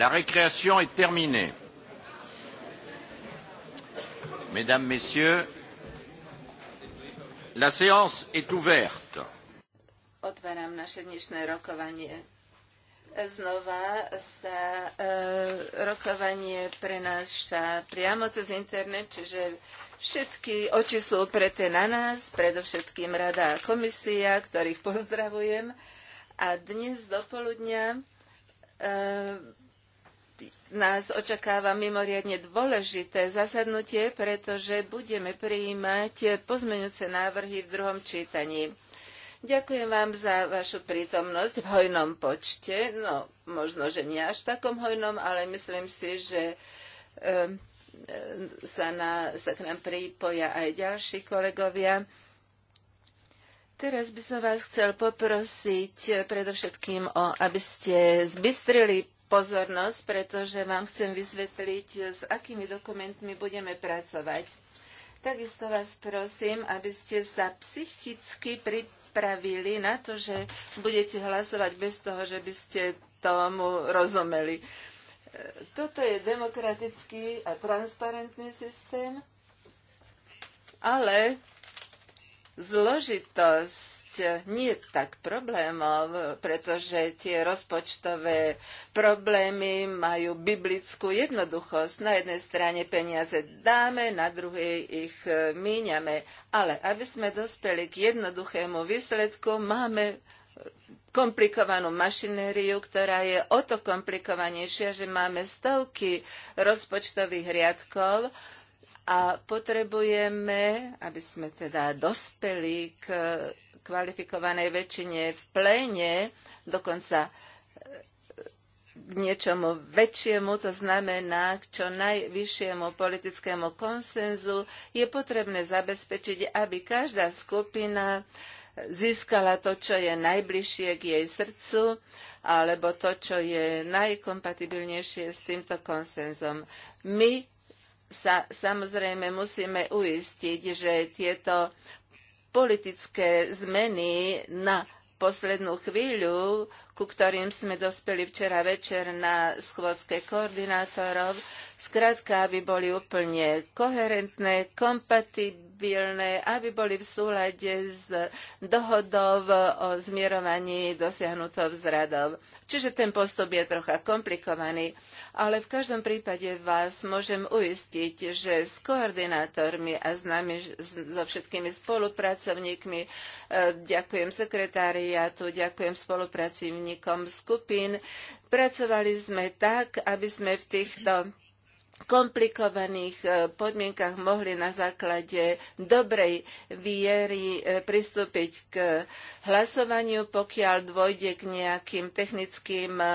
La récréation est terminée. Mesdames, Messieurs, la séance est ouverte. Otváram naše dnešné rokovanie. Znova sa e, rokovanie prenáša priamo cez internet, čiže všetky oči sú preté na nás, predovšetkým Rada a Komisia, ktorých pozdravujem. A dnes do poludnia e, nás očakáva mimoriadne dôležité zasadnutie, pretože budeme prijímať pozmeňujúce návrhy v druhom čítaní. Ďakujem vám za vašu prítomnosť v hojnom počte. No, možno, že nie až v takom hojnom, ale myslím si, že e, sa, na, sa k nám pripoja aj ďalší kolegovia. Teraz by som vás chcel poprosiť predovšetkým, o, aby ste zbystrili pozornosť, pretože vám chcem vysvetliť, s akými dokumentmi budeme pracovať. Takisto vás prosím, aby ste sa psychicky pripravili na to, že budete hlasovať bez toho, že by ste tomu rozumeli. Toto je demokratický a transparentný systém, ale zložitosť nie tak problémov, pretože tie rozpočtové problémy majú biblickú jednoduchosť. Na jednej strane peniaze dáme, na druhej ich e, míňame. Ale aby sme dospeli k jednoduchému výsledku, máme e, komplikovanú mašinériu, ktorá je o to komplikovanejšia, že máme stovky rozpočtových riadkov, a potrebujeme, aby sme teda dospeli k kvalifikovanej väčšine v pléne, dokonca k e, niečomu väčšiemu, to znamená k čo najvyššiemu politickému konsenzu, je potrebné zabezpečiť, aby každá skupina získala to, čo je najbližšie k jej srdcu, alebo to, čo je najkompatibilnejšie s týmto konsenzom. My sa samozrejme musíme uistiť, že tieto politické zmeny na poslednú chvíľu, ku ktorým sme dospeli včera večer na schôdzke koordinátorov, skrátka, aby boli úplne koherentné, kompatibilné, aby boli v súlade s dohodou o zmierovaní dosiahnutou z Čiže ten postup je trocha komplikovaný, ale v každom prípade vás môžem uistiť, že s koordinátormi a s nami, so všetkými spolupracovníkmi, eh, ďakujem sekretáriatu, ďakujem spolupracovníkom, pracovníkom skupín. Pracovali sme tak, aby sme v týchto komplikovaných e, podmienkach mohli na základe dobrej viery e, pristúpiť k hlasovaniu. Pokiaľ dôjde k nejakým technickým e,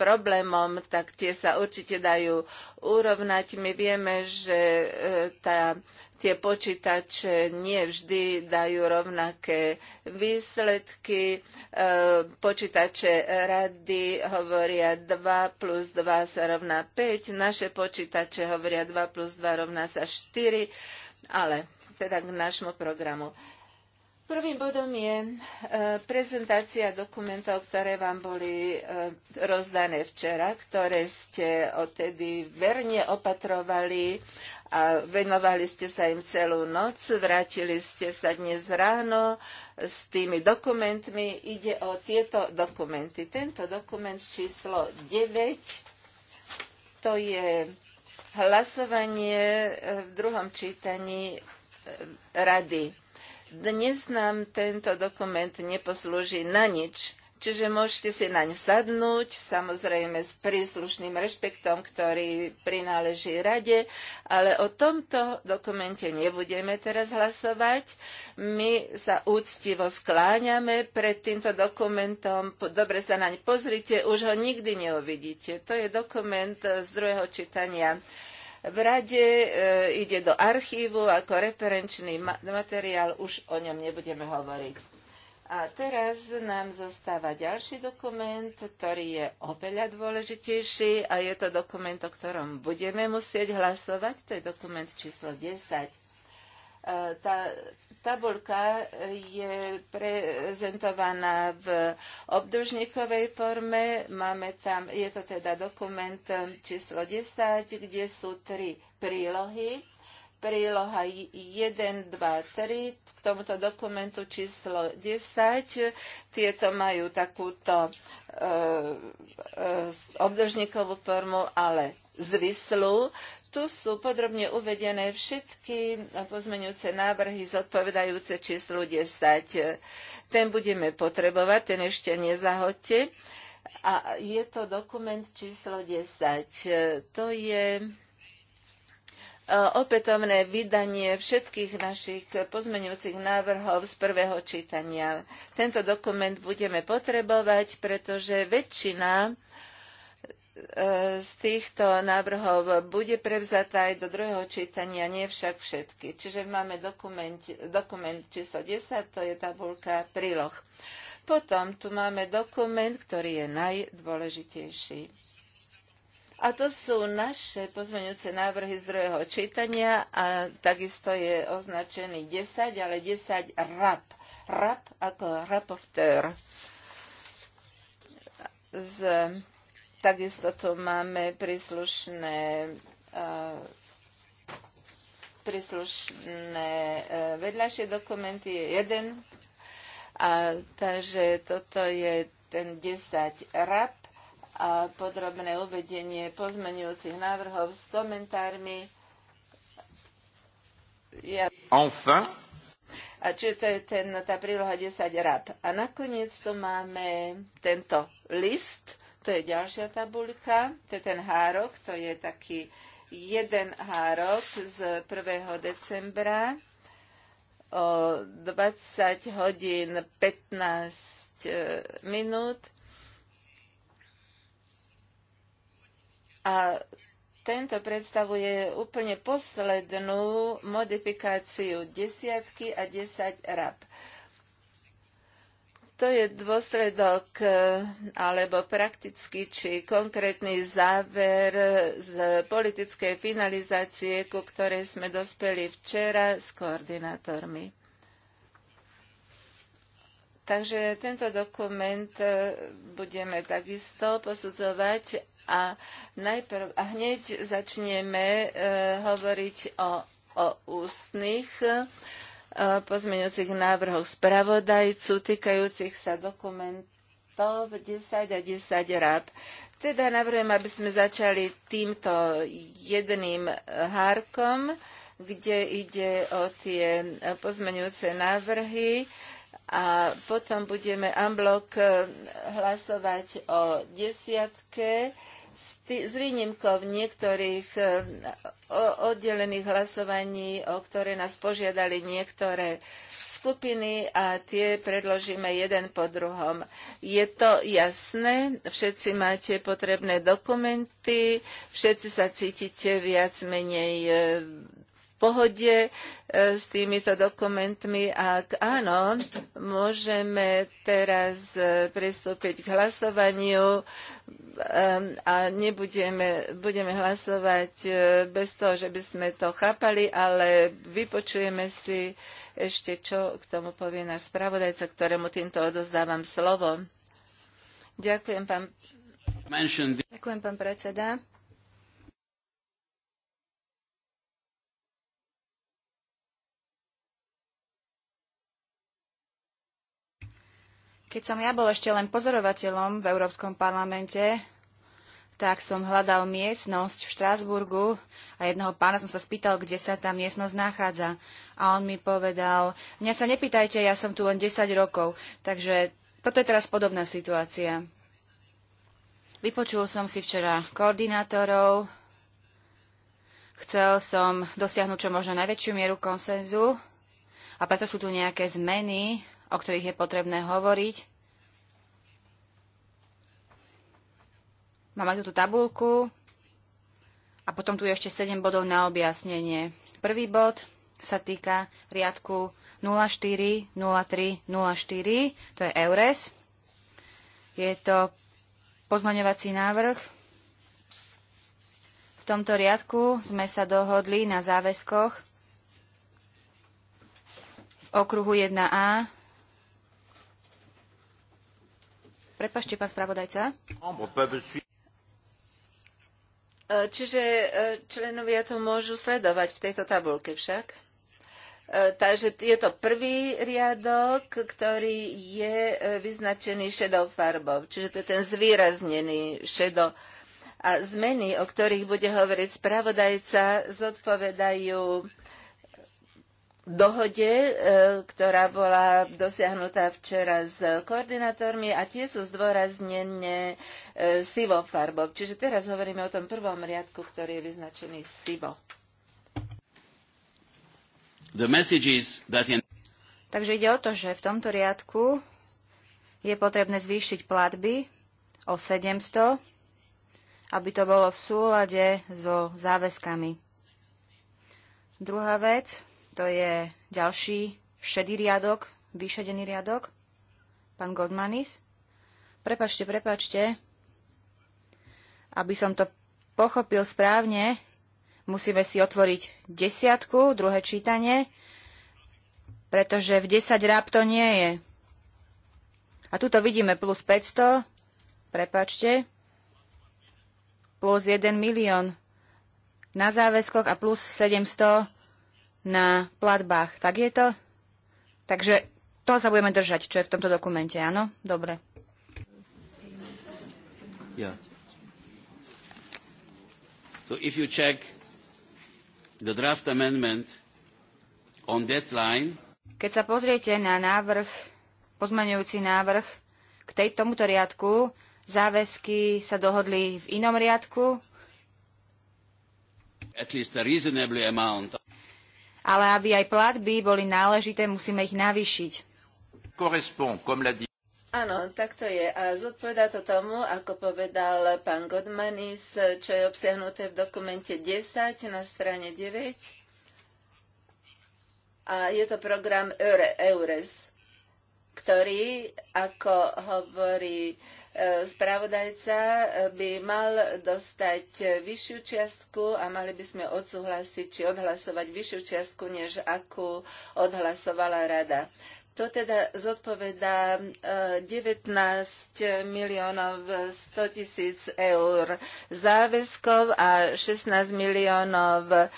problémom, tak tie sa určite dajú urovnať. My vieme, že tá tie počítače nie vždy dajú rovnaké výsledky. E, počítače rady hovoria 2 plus 2 sa rovná 5, naše počítače hovoria 2 plus 2 rovná sa 4, ale teda k nášmu programu. Prvým bodom je e, prezentácia dokumentov, ktoré vám boli e, rozdané včera, ktoré ste odtedy verne opatrovali a venovali ste sa im celú noc, vrátili ste sa dnes ráno s tými dokumentmi. Ide o tieto dokumenty. Tento dokument číslo 9, to je hlasovanie e, v druhom čítaní rady dnes nám tento dokument neposlúži na nič, čiže môžete si naň sadnúť, samozrejme s príslušným rešpektom, ktorý prináleží rade, ale o tomto dokumente nebudeme teraz hlasovať. My sa úctivo skláňame pred týmto dokumentom, dobre sa naň pozrite, už ho nikdy neuvidíte. To je dokument z druhého čítania v rade e, ide do archívu ako referenčný materiál, už o ňom nebudeme hovoriť. A teraz nám zostáva ďalší dokument, ktorý je oveľa dôležitejší a je to dokument, o ktorom budeme musieť hlasovať. To je dokument číslo 10. Tá tabulka je prezentovaná v obdržníkovej forme. Máme tam, je to teda dokument číslo 10, kde sú tri prílohy. Príloha 1, 2, 3 k tomuto dokumentu číslo 10. Tieto majú takúto e, e, obdržníkovú formu, ale zvislú. Tu sú podrobne uvedené všetky pozmeňujúce návrhy zodpovedajúce číslu 10. Ten budeme potrebovať, ten ešte nezahodte. A je to dokument číslo 10. To je e, opätovné vydanie všetkých našich pozmeňujúcich návrhov z prvého čítania. Tento dokument budeme potrebovať, pretože väčšina E, z týchto návrhov bude prevzatá aj do druhého čítania, nie však všetky. Čiže máme dokument, dokument číslo 10, to je tabulka príloh. Potom tu máme dokument, ktorý je najdôležitejší. A to sú naše pozmeňujúce návrhy z druhého čítania a takisto je označený 10, ale 10 rap. Rap ako raportér z Takisto tu máme príslušné príslušné e, vedľajšie dokumenty je jeden. A, takže toto je ten 10 rap a podrobné uvedenie pozmenujúcich návrhov s komentármi. Ja... Enfin. A čiže to je ten, tá príloha 10 rap. A nakoniec tu máme tento list, to je ďalšia tabulka, to je ten hárok, to je taký jeden hárok z 1. decembra o 20 hodín 15 e, minút. A tento predstavuje úplne poslednú modifikáciu desiatky a 10 rab. To je dôsledok e, alebo praktický či konkrétny záver z politickej finalizácie, ku ktorej sme dospeli včera s koordinátormi. Takže tento dokument e, budeme takisto posudzovať a, najprv, a hneď začneme e, hovoriť o, o ústnych e, E, pozmeňujúcich návrhov spravodajcu týkajúcich sa dokumentov 10 a 10 rab. Teda navrhujem, aby sme začali týmto jedným hárkom, kde ide o tie pozmeňujúce návrhy a potom budeme unblock hlasovať o desiatke, s výnimkou niektorých e, oddelených hlasovaní, o ktoré nás požiadali niektoré skupiny a tie predložíme jeden po druhom. Je to jasné, všetci máte potrebné dokumenty, všetci sa cítite viac menej e, pohode e, s týmito dokumentmi? Ak áno, môžeme teraz e, pristúpiť k hlasovaniu e, a nebudeme budeme hlasovať bez toho, že by sme to chápali, ale vypočujeme si ešte, čo k tomu povie náš spravodajca, ktorému týmto odozdávam slovo. Ďakujem, pán, Ďakujem, pán predseda. Keď som ja bol ešte len pozorovateľom v Európskom parlamente, tak som hľadal miestnosť v Štrásburgu a jedného pána som sa spýtal, kde sa tá miestnosť nachádza. A on mi povedal, mňa sa nepýtajte, ja som tu len 10 rokov. Takže toto je teraz podobná situácia. Vypočul som si včera koordinátorov, chcel som dosiahnuť čo možno najväčšiu mieru konsenzu a preto sú tu nejaké zmeny o ktorých je potrebné hovoriť. Máme tu tabulku a potom tu je ešte 7 bodov na objasnenie. Prvý bod sa týka riadku 040304, to je EURES. Je to pozmaňovací návrh. V tomto riadku sme sa dohodli na záväzkoch v okruhu 1A Prepašte, pán spravodajca. E, čiže e, členovia to môžu sledovať v tejto tabulke však. E, takže je to prvý riadok, ktorý je vyznačený šedou farbou. Čiže to je ten zvýraznený šedo. A zmeny, o ktorých bude hovoriť spravodajca, zodpovedajú dohode, e, ktorá bola dosiahnutá včera s koordinátormi a tie sú zdôraznené e, sivou farbou. Čiže teraz hovoríme o tom prvom riadku, ktorý je vyznačený sivo. The that in... Takže ide o to, že v tomto riadku je potrebné zvýšiť platby o 700, aby to bolo v súlade so záväzkami. Druhá vec, to je ďalší šedý riadok, vyšedený riadok. Pán Godmanis. Prepačte, prepačte. Aby som to pochopil správne, musíme si otvoriť desiatku, druhé čítanie, pretože v 10 ráb to nie je. A tuto vidíme plus 500, prepačte, plus 1 milión na záväzkoch a plus 700 na platbách. Tak je to? Takže toho sa budeme držať, čo je v tomto dokumente, áno? Dobre. Yeah. So if you check the draft amendment on keď sa pozriete na návrh, pozmaňujúci návrh k tej, tomuto riadku, záväzky sa dohodli v inom riadku. At least a reasonably amount ale aby aj platby boli náležité, musíme ich navýšiť. Áno, tak to je. A zodpovedá to tomu, ako povedal pán Godmanis, čo je obsiahnuté v dokumente 10 na strane 9. A je to program Eures, ktorý, ako hovorí Spravodajca eh, by mal dostať vyššiu čiastku a mali by sme odsúhlasiť či odhlasovať vyššiu čiastku, než akú odhlasovala rada. To teda zodpovedá 19 eh, miliónov 100 tisíc eur záväzkov a 16 miliónov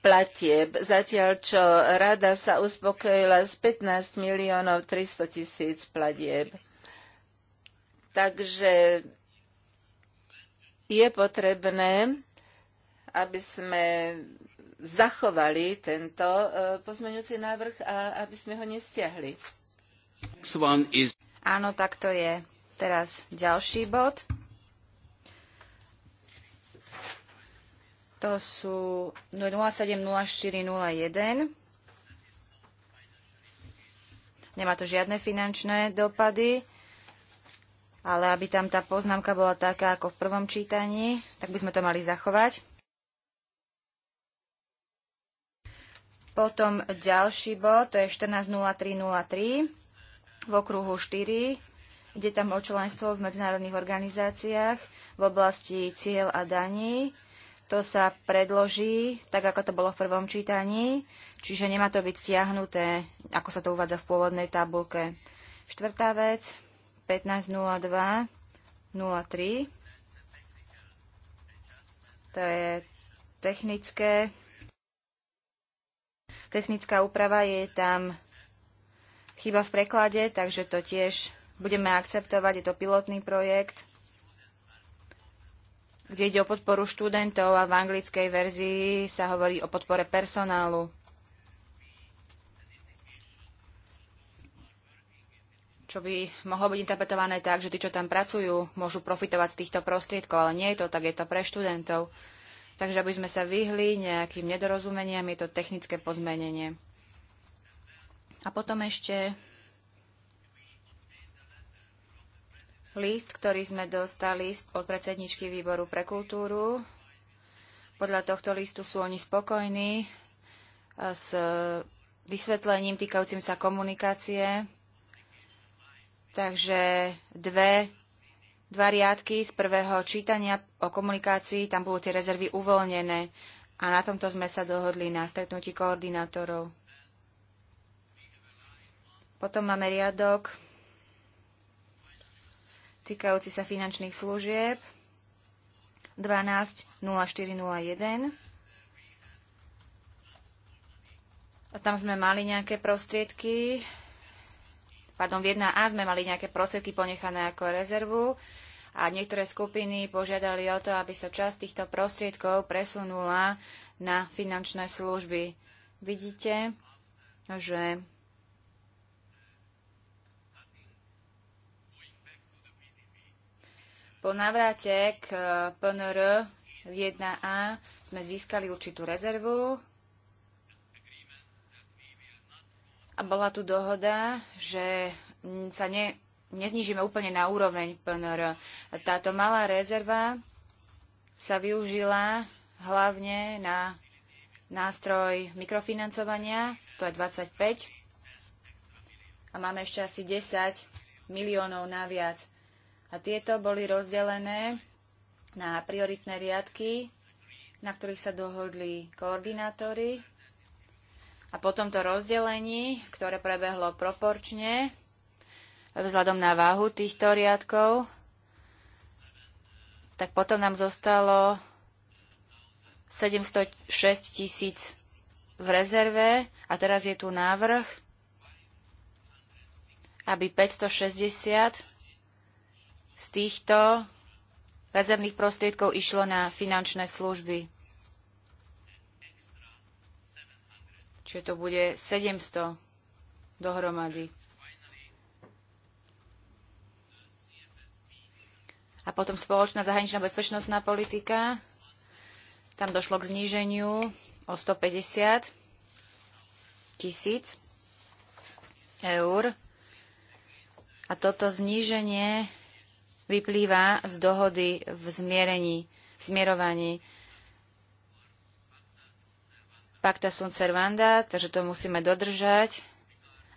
platieb, zatiaľ čo rada sa uspokojila s 15 miliónov 300 tisíc platieb. Takže je potrebné, aby sme zachovali tento e, pozmeňujúci návrh a aby sme ho nestiahli. Is... Áno, tak to je. Teraz ďalší bod. To sú 070401. No, Nemá to žiadne finančné dopady ale aby tam tá poznámka bola taká ako v prvom čítaní, tak by sme to mali zachovať. Potom ďalší bod, to je 14.03.03 v okruhu 4. Ide tam o členstvo v medzinárodných organizáciách v oblasti cieľ a daní. To sa predloží, tak ako to bolo v prvom čítaní, čiže nemá to byť stiahnuté, ako sa to uvádza v pôvodnej tabulke. Štvrtá vec, 15.02.03. To je technické. Technická úprava je tam chyba v preklade, takže to tiež budeme akceptovať. Je to pilotný projekt, kde ide o podporu študentov a v anglickej verzii sa hovorí o podpore personálu. čo by mohlo byť interpretované tak, že tí, čo tam pracujú, môžu profitovať z týchto prostriedkov, ale nie je to tak, je to pre študentov. Takže aby sme sa vyhli nejakým nedorozumeniam, je to technické pozmenenie. A potom ešte list, ktorý sme dostali od predsedničky výboru pre kultúru. Podľa tohto listu sú oni spokojní e, s vysvetlením týkajúcim sa komunikácie Takže dve, dva riadky z prvého čítania o komunikácii, tam budú tie rezervy uvoľnené. A na tomto sme sa dohodli na stretnutí koordinátorov. Potom máme riadok týkajúci sa finančných služieb 12.04.01. A tam sme mali nejaké prostriedky pardon, v 1A sme mali nejaké prostriedky ponechané ako rezervu a niektoré skupiny požiadali o to, aby sa časť týchto prostriedkov presunula na finančné služby. Vidíte, že po navrate k PNR v 1A sme získali určitú rezervu, A bola tu dohoda, že sa ne, neznižíme úplne na úroveň PNR. Táto malá rezerva sa využila hlavne na nástroj mikrofinancovania, to je 25, a máme ešte asi 10 miliónov naviac. A tieto boli rozdelené na prioritné riadky, na ktorých sa dohodli koordinátori a po tomto rozdelení, ktoré prebehlo proporčne, vzhľadom na váhu týchto riadkov, tak potom nám zostalo 706 tisíc v rezerve a teraz je tu návrh, aby 560 z týchto rezervných prostriedkov išlo na finančné služby. Čiže to bude 700 dohromady. A potom spoločná zahraničná bezpečnostná politika. Tam došlo k zníženiu o 150 tisíc eur. A toto zníženie vyplýva z dohody v zmierení, zmierovaní pacta sunt servanda, takže to musíme dodržať.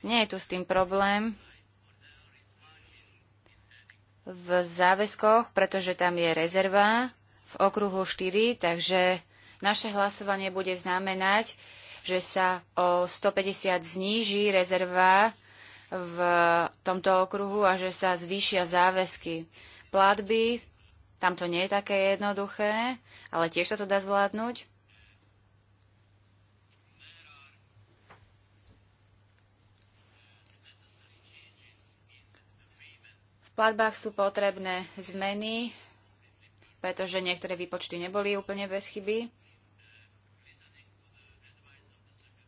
Nie je tu s tým problém v záväzkoch, pretože tam je rezerva v okruhu 4, takže naše hlasovanie bude znamenať, že sa o 150 zníži rezerva v tomto okruhu a že sa zvýšia záväzky. Platby, tam to nie je také jednoduché, ale tiež sa to dá zvládnuť. platbách sú potrebné zmeny, pretože niektoré výpočty neboli úplne bez chyby.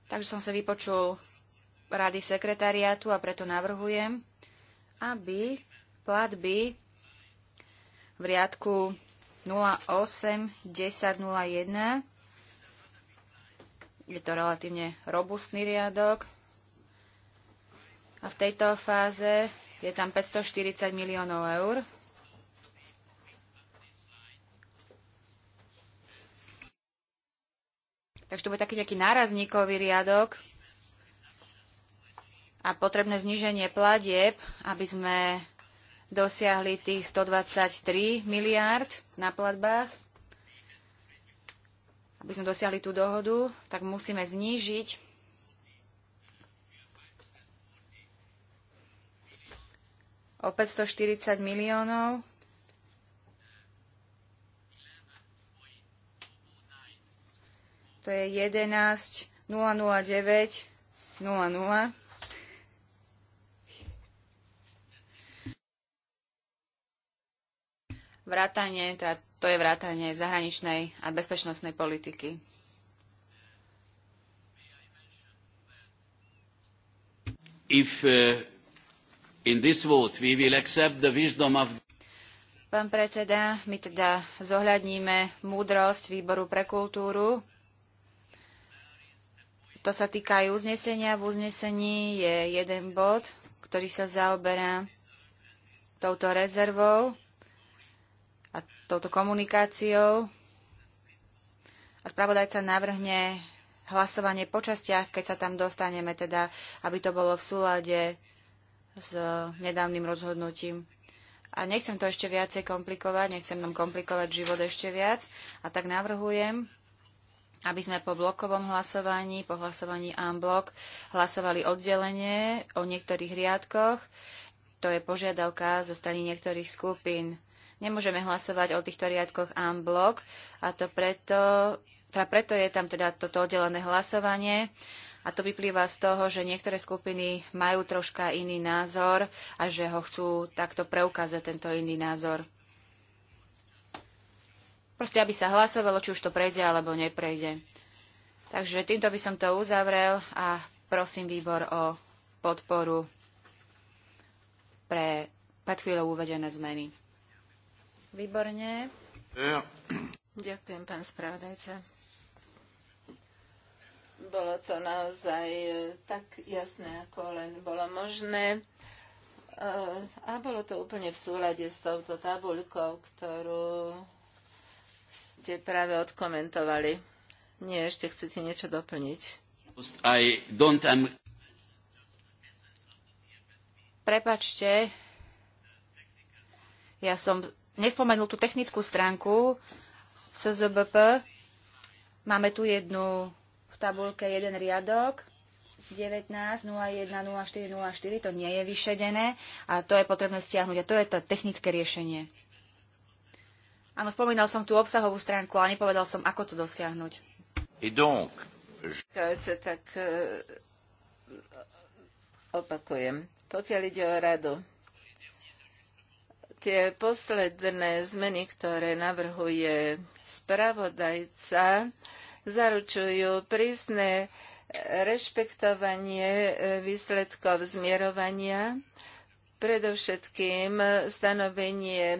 Takže som sa vypočul rady sekretariátu a preto navrhujem, aby platby v riadku 081001 je to relatívne robustný riadok a v tejto fáze je tam 540 miliónov eur. Takže to bude taký nejaký nárazníkový riadok a potrebné zníženie platieb, aby sme dosiahli tých 123 miliárd na platbách. Aby sme dosiahli tú dohodu, tak musíme znížiť o 540 miliónov. To je 11 009 00. Vrátanie, teda to je vrátanie zahraničnej a bezpečnostnej politiky. If, uh... Pán predseda, my teda zohľadníme múdrosť výboru pre kultúru. To sa týka aj uznesenia. V uznesení je jeden bod, ktorý sa zaoberá touto rezervou a touto komunikáciou. A spravodajca navrhne hlasovanie po častiach, keď sa tam dostaneme, teda aby to bolo v súlade s nedávnym rozhodnutím. A nechcem to ešte viacej komplikovať, nechcem nám komplikovať život ešte viac. A tak navrhujem, aby sme po blokovom hlasovaní, po hlasovaní unblock, hlasovali oddelenie o niektorých riadkoch. To je požiadavka zo strany niektorých skupín. Nemôžeme hlasovať o týchto riadkoch unblock blok a to preto, teda preto je tam teda toto oddelené hlasovanie a to vyplýva z toho, že niektoré skupiny majú troška iný názor a že ho chcú takto preukázať tento iný názor. Proste, aby sa hlasovalo, či už to prejde alebo neprejde. Takže týmto by som to uzavrel a prosím výbor o podporu pre pred chvíľou uvedené zmeny. Výborne. Ja. Ďakujem, pán spravodajca. Bolo to naozaj e, tak jasné, ako len bolo možné. E, a bolo to úplne v súlade s touto tabuľkou, ktorú ste práve odkomentovali. Nie, ešte chcete niečo doplniť. I don't, Prepačte, ja som nespomenul tú technickú stránku SZBP. Máme tu jednu v tabulke jeden riadok 19.01.04.04, to nie je vyšedené a to je potrebné stiahnuť a to je to technické riešenie. Áno, spomínal som tú obsahovú stránku, ale nepovedal som, ako to dosiahnuť. I donc... Tak e, opakujem. Pokiaľ ide o radu, tie posledné zmeny, ktoré navrhuje spravodajca, zaručujú prísne e, rešpektovanie e, výsledkov zmierovania, predovšetkým stanovenie e,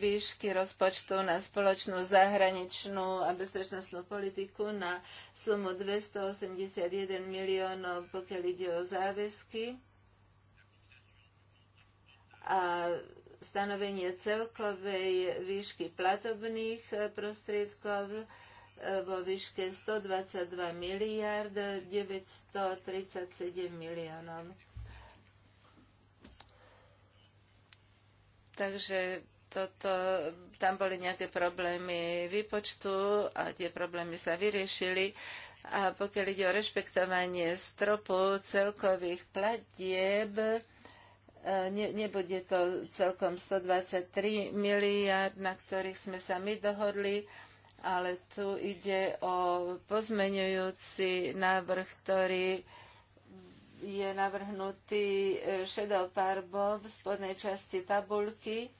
výšky rozpočtu na spoločnú zahraničnú a bezpečnostnú politiku na sumu 281 miliónov, pokiaľ ide o záväzky a stanovenie celkovej výšky platobných prostriedkov vo výške 122 miliard 937 miliónov. Takže toto, tam boli nejaké problémy výpočtu a tie problémy sa vyriešili. A pokiaľ ide o rešpektovanie stropu celkových platieb, e, ne, nebude to celkom 123 miliard, na ktorých sme sa my dohodli, ale tu ide o pozmenujúci návrh, ktorý je navrhnutý šedou farbou v spodnej časti tabulky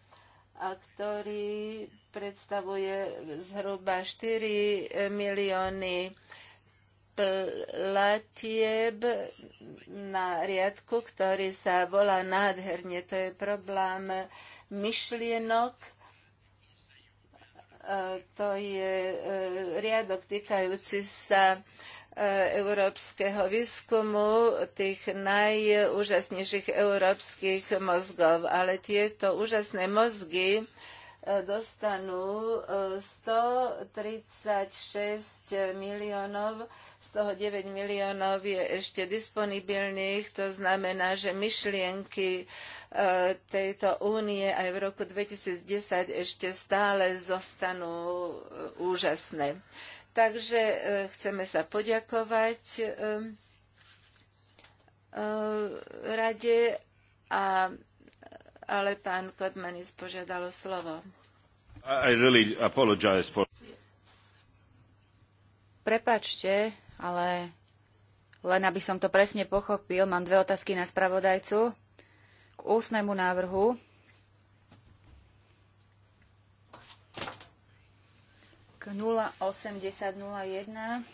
a ktorý predstavuje zhruba 4 milióny platieb na riadku, ktorý sa volá nádherne. To je problém myšlienok, to je e, riadok týkajúci sa e, európskeho výskumu tých najúžasnejších európskych mozgov. Ale tieto úžasné mozgy dostanú 136 e, miliónov, z toho 9 miliónov je ešte disponibilných, to znamená, že myšlienky e, tejto únie aj v roku 2010 ešte stále zostanú e, úžasné. Takže chceme sa poďakovať rade a ale pán Kodmanis požiadal slovo. I really apologize for... Prepačte, ale len aby som to presne pochopil, mám dve otázky na spravodajcu. K ústnemu návrhu k 08001.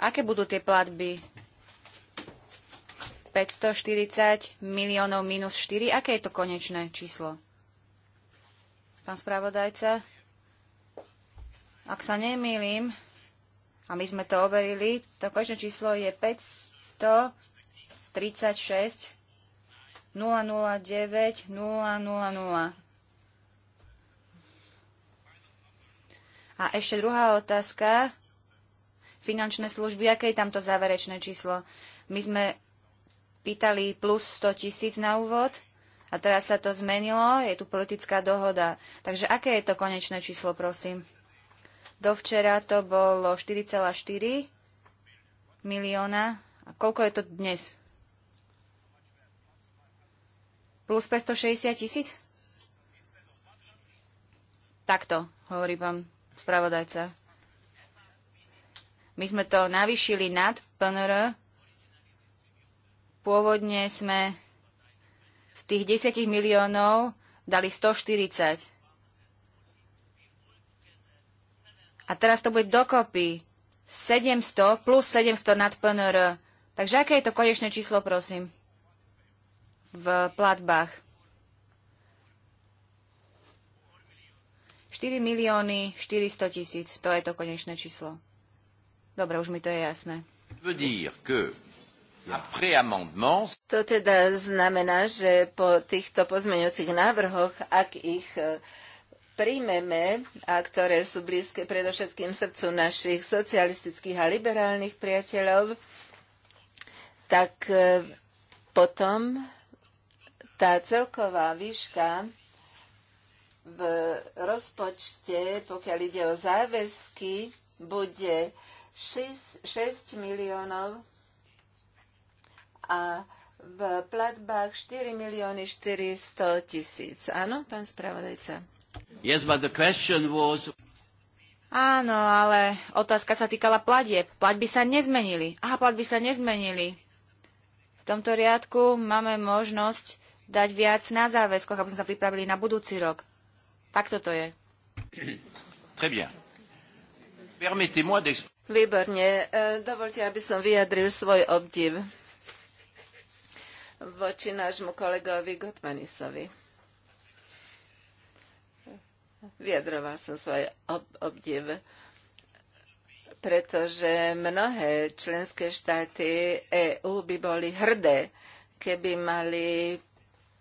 Aké budú tie platby 540 miliónov minus 4. Aké je to konečné číslo? Pán spravodajca? Ak sa nemýlim, a my sme to overili, to konečné číslo je 536 009 000. A ešte druhá otázka. Finančné služby, aké je tamto záverečné číslo? My sme pýtali plus 100 tisíc na úvod a teraz sa to zmenilo, je tu politická dohoda. Takže aké je to konečné číslo, prosím? Dovčera to bolo 4,4 milióna. A koľko je to dnes? Plus 560 tisíc? Takto, hovorí vám spravodajca. My sme to navýšili nad PNR Pôvodne sme z tých 10 miliónov dali 140. A teraz to bude dokopy 700 plus 700 nad PNR. Takže aké je to konečné číslo, prosím, v platbách? 4 milióny 400 tisíc, to je to konečné číslo. Dobre, už mi to je jasné. To teda znamená, že po týchto pozmeňujúcich návrhoch, ak ich e, príjmeme a ktoré sú blízke predovšetkým srdcu našich socialistických a liberálnych priateľov, tak e, potom tá celková výška v rozpočte, pokiaľ ide o záväzky, bude 6, 6 miliónov a v platbách 4 milióny 400 tisíc. Áno, pán spravodajca? Yes, but the question was... Áno, ale otázka sa týkala platieb. Platby sa nezmenili. Aha, platby sa nezmenili. V tomto riadku máme možnosť dať viac na záväzkoch, aby sme sa pripravili na budúci rok. Takto to je. Très bien. Permettez-moi d'exprimer. Výborne. E, dovolte, aby som vyjadril svoj obdiv voči nášmu kolegovi Gottmanisovi. Vyjadroval som svoj ob- obdiv, pretože mnohé členské štáty EÚ by boli hrdé, keby mali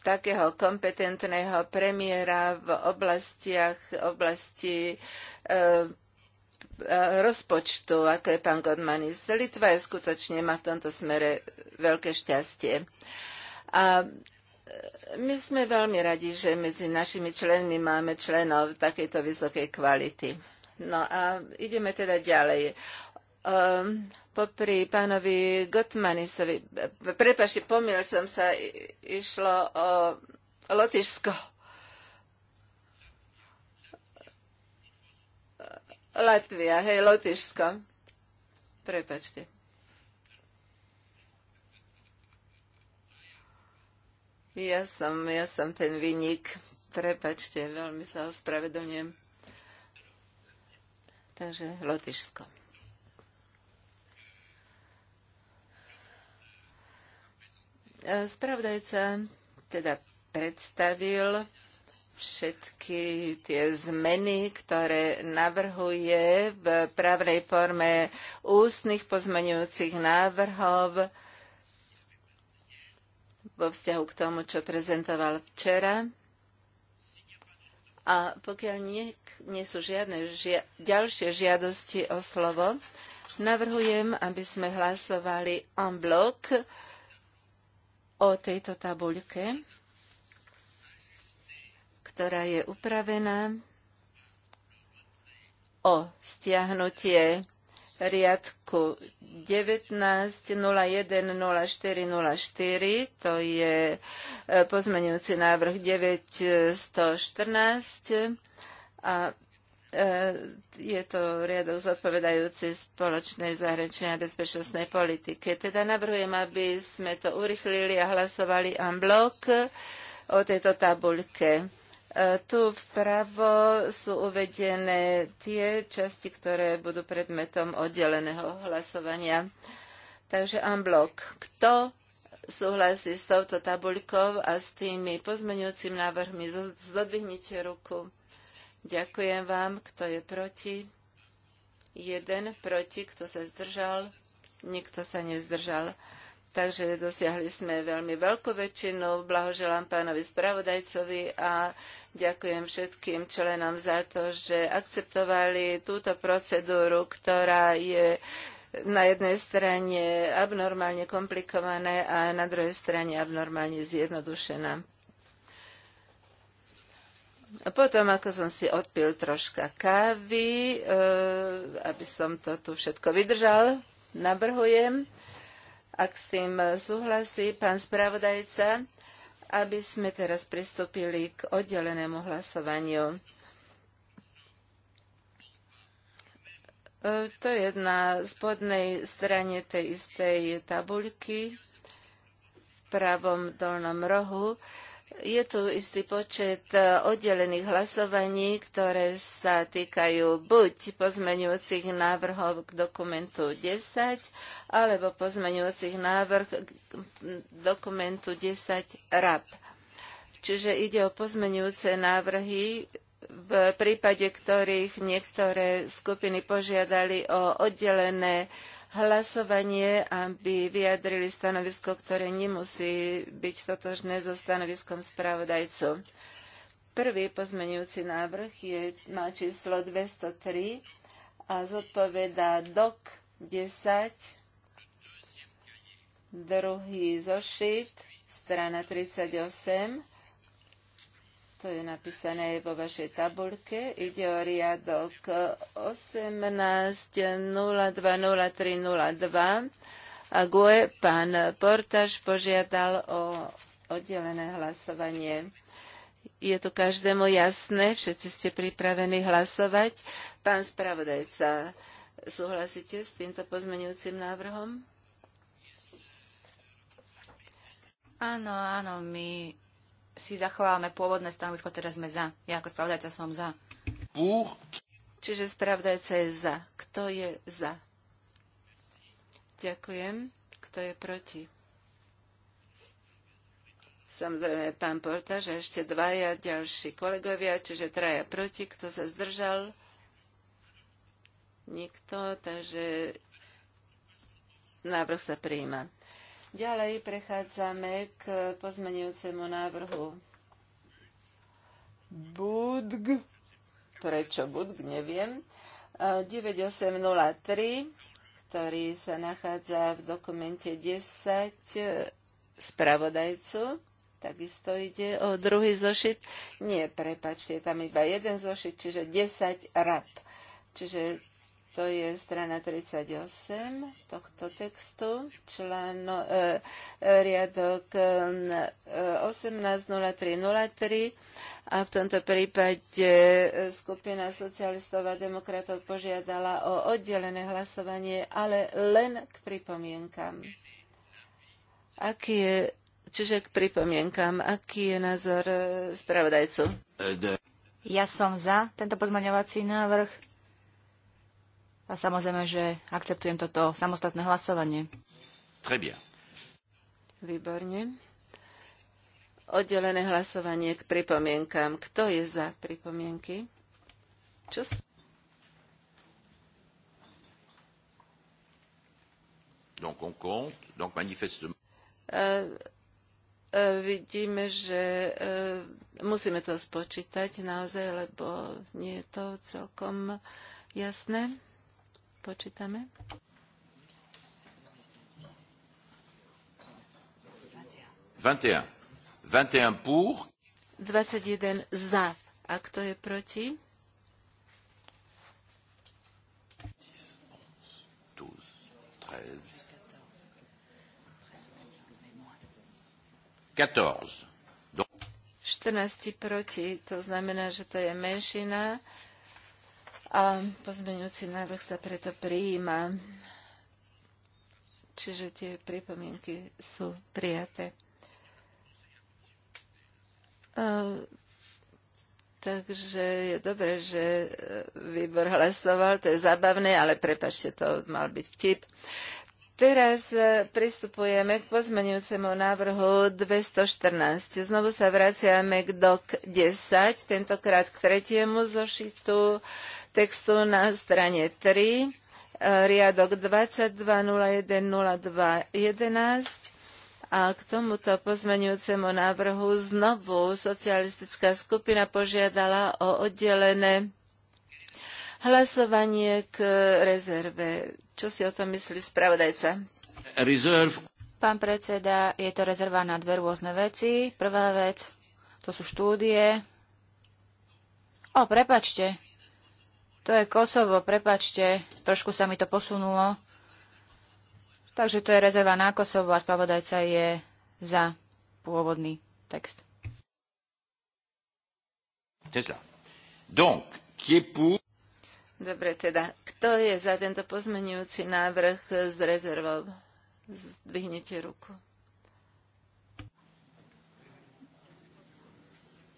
takého kompetentného premiéra v oblastiach, oblasti e, E, rozpočtu, ako je pán Godmanis. Litva je skutočne má v tomto smere veľké šťastie. A e, my sme veľmi radi, že medzi našimi členmi máme členov takejto vysokej kvality. No a ideme teda ďalej. Um, popri pánovi Gottmanisovi, prepaši, pomýl som sa, išlo o Lotyšsko. Latvia, hej, Lotyšsko. Prepačte. Ja som, ja som ten vynik. Prepačte, veľmi sa ospravedlňujem. Takže Lotyšsko. Spravodajca teda predstavil všetky tie zmeny, ktoré navrhuje v právnej forme ústnych pozmeňujúcich návrhov vo vzťahu k tomu, čo prezentoval včera. A pokiaľ nie, nie sú žiadne žia, ďalšie žiadosti o slovo, navrhujem, aby sme hlasovali en bloc o tejto tabuľke ktorá je upravená o stiahnutie riadku 19.01.04.04, to je e, pozmeňujúci návrh 914 a e, je to riadok zodpovedajúci spoločnej zahraničnej a bezpečnostnej politike. Teda navrhujem, aby sme to urychlili a hlasovali en bloc o tejto tabuľke. Tu vpravo sú uvedené tie časti, ktoré budú predmetom oddeleného hlasovania. Takže unblock. Kto súhlasí s touto tabuľkou a s tými pozmeňujúcim návrhmi? Zodvihnite ruku. Ďakujem vám. Kto je proti? Jeden proti. Kto sa zdržal? Nikto sa nezdržal. Takže dosiahli sme veľmi veľkú väčšinu. Blahoželám pánovi spravodajcovi a ďakujem všetkým členom za to, že akceptovali túto procedúru, ktorá je na jednej strane abnormálne komplikované a na druhej strane abnormálne zjednodušená. A potom, ako som si odpil troška kávy, eh, aby som to tu všetko vydržal, nabrhujem ak s tým e, súhlasí pán spravodajca, aby sme teraz pristúpili k oddelenému hlasovaniu. E, to je na spodnej strane tej istej tabuľky v pravom dolnom rohu. Je tu istý počet e, oddelených hlasovaní, ktoré sa týkajú buď pozmeňujúcich návrhov k dokumentu 10, alebo pozmeňujúcich návrh k dokumentu 10 RAP. Čiže ide o pozmeňujúce návrhy, v prípade ktorých niektoré skupiny požiadali o oddelené návrhy, hlasovanie, aby vyjadrili stanovisko, ktoré nemusí byť totožné so stanoviskom spravodajcu. Prvý pozmenujúci návrh je, má číslo 203 a zodpovedá dok 10, druhý zošit, strana 38 to je napísané vo vašej tabulke. Ide o riadok 18.02.03.02 a GUE pán Portaž požiadal o oddelené hlasovanie. Je to každému jasné? Všetci ste pripravení hlasovať? Pán spravodajca, súhlasíte s týmto pozmenujúcim návrhom? Áno, áno, my si zachováme pôvodné stanovisko, teda sme za. Ja ako spravodajca som za. Pour... Čiže spravodajca je za. Kto je za? Ďakujem. Kto je proti? Samozrejme, pán Porta, že ešte dvaja ďalší kolegovia, čiže traja proti. Kto sa zdržal? Nikto, takže návrh sa prijíma. Ďalej prechádzame k pozmenujúcemu návrhu. Budg. Prečo Budg? Neviem. 9803, ktorý sa nachádza v dokumente 10 e, spravodajcu. Takisto ide o druhý zošit. Nie, prepačte, je tam iba jeden zošit, čiže 10 rad. Čiže to je strana 38 tohto textu, člán e, e, riadok e, 18.03.03 e, a v tomto prípade e, skupina socialistov a demokratov požiadala o oddelené hlasovanie, ale len k pripomienkam. Aký je, čiže k pripomienkam, aký je názor spravodajcu? Ja som za tento pozmaňovací návrh a samozrejme, že akceptujem toto samostatné hlasovanie. Très bien. Výborne. Oddelené hlasovanie k pripomienkám. Kto je za pripomienky? Čo? Donc on compte, donc manifestement. Uh, uh, vidíme, že uh, musíme to spočítať naozaj, lebo nie je to celkom jasné počítame. Vingt-et-un. 21 pour. 21 za. A kto je proti? 10, 11, 12, 13. 14. 14 proti, to znamená, že to je menšina. A pozmeňujúci návrh sa preto prijíma. Čiže tie pripomienky sú prijaté. Takže je dobré, že e, výbor hlasoval, to je zábavné, ale prepačte, to mal byť vtip. Teraz e, pristupujeme k pozmeňujúcemu návrhu 214. Znovu sa vraciame k DOC 10, tentokrát k tretiemu zošitu textu na strane 3, e, riadok 22010211 a k tomuto pozmeňujúcemu návrhu znovu socialistická skupina požiadala o oddelené hlasovanie k rezerve čo si o tom myslí spravodajca? Reserve. Pán predseda, je to rezerva na dve rôzne veci. Prvá vec, to sú štúdie. O, prepačte. To je Kosovo, prepačte. Trošku sa mi to posunulo. Takže to je rezerva na Kosovo a spravodajca je za pôvodný text. Tesla. Donc, qui est pour Dobre, teda, kto je za tento pozmenujúci návrh s rezervou? zdvihnete ruku.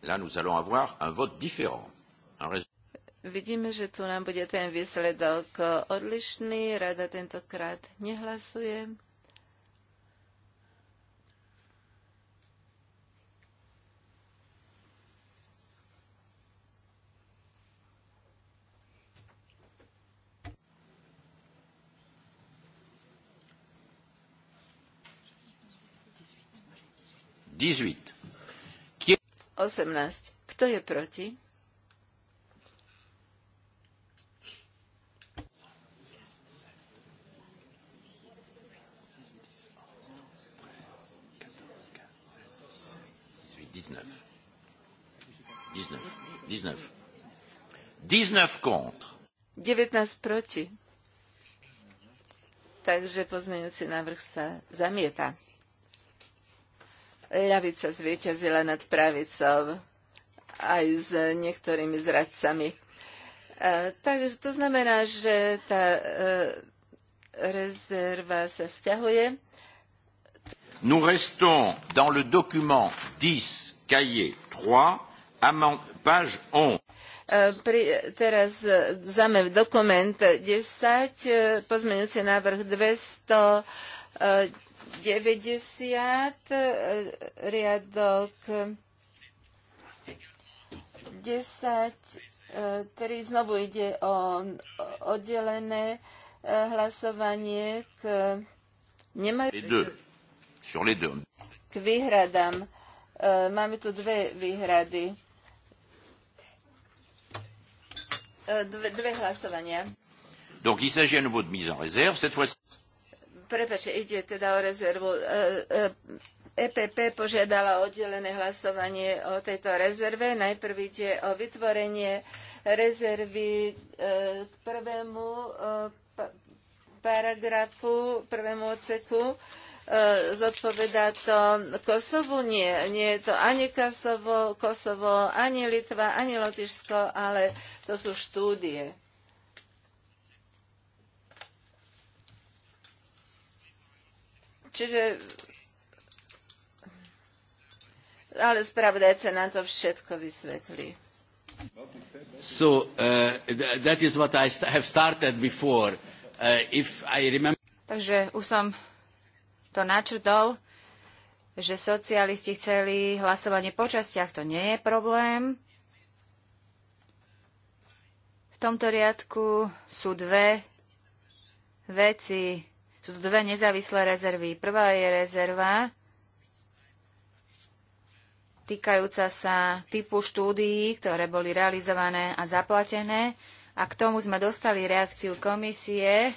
Là, nous allons avoir un vote différent. Un rés... Vidíme, že tu nám bude ten výsledok odlišný. Rada tentokrát nehlasuje. 18. 18. Kto je proti? Dix-neuf. Dix-neuf contre. 19 proti. Takže pozmeňujúci návrh sa zamieta ľavica zvíťazila nad pravicou aj s niektorými zradcami. E, Takže to znamená, že tá e, rezerva sa stiahuje. Nous restons dans le document 10, cahier 3, amant, page 11. E, pri, teraz zame dokument 10, e, pozmeňujúci návrh 200, 90, e, riadok 10, ktorý e, znovu ide o oddelené e, hlasovanie k nemajú... K výhradám. Máme tu dve výhrady. Dve, dve hlasovania. Donc il s'agit à nouveau de mise en réserve, cette fois-ci. Prepače, ide teda o rezervu. EPP e, e požiadala oddelené hlasovanie o tejto rezerve. Najprv ide o vytvorenie rezervy k e, prvému paragrafu, prvému odseku zodpovedá to Kosovu? Nie, nie je to ani Kosovo, Kosovo, ani Litva, ani Lotyšsko, ale to sú štúdie. Čiže ale spravodajca nám to všetko vysvetlí. So, uh, that is what I have started before. Uh, if I remember... Takže už som to načrtol, že socialisti chceli hlasovanie po častiach. To nie je problém. V tomto riadku sú dve veci sú to dve nezávislé rezervy. Prvá je rezerva týkajúca sa typu štúdií, ktoré boli realizované a zaplatené. A k tomu sme dostali reakciu komisie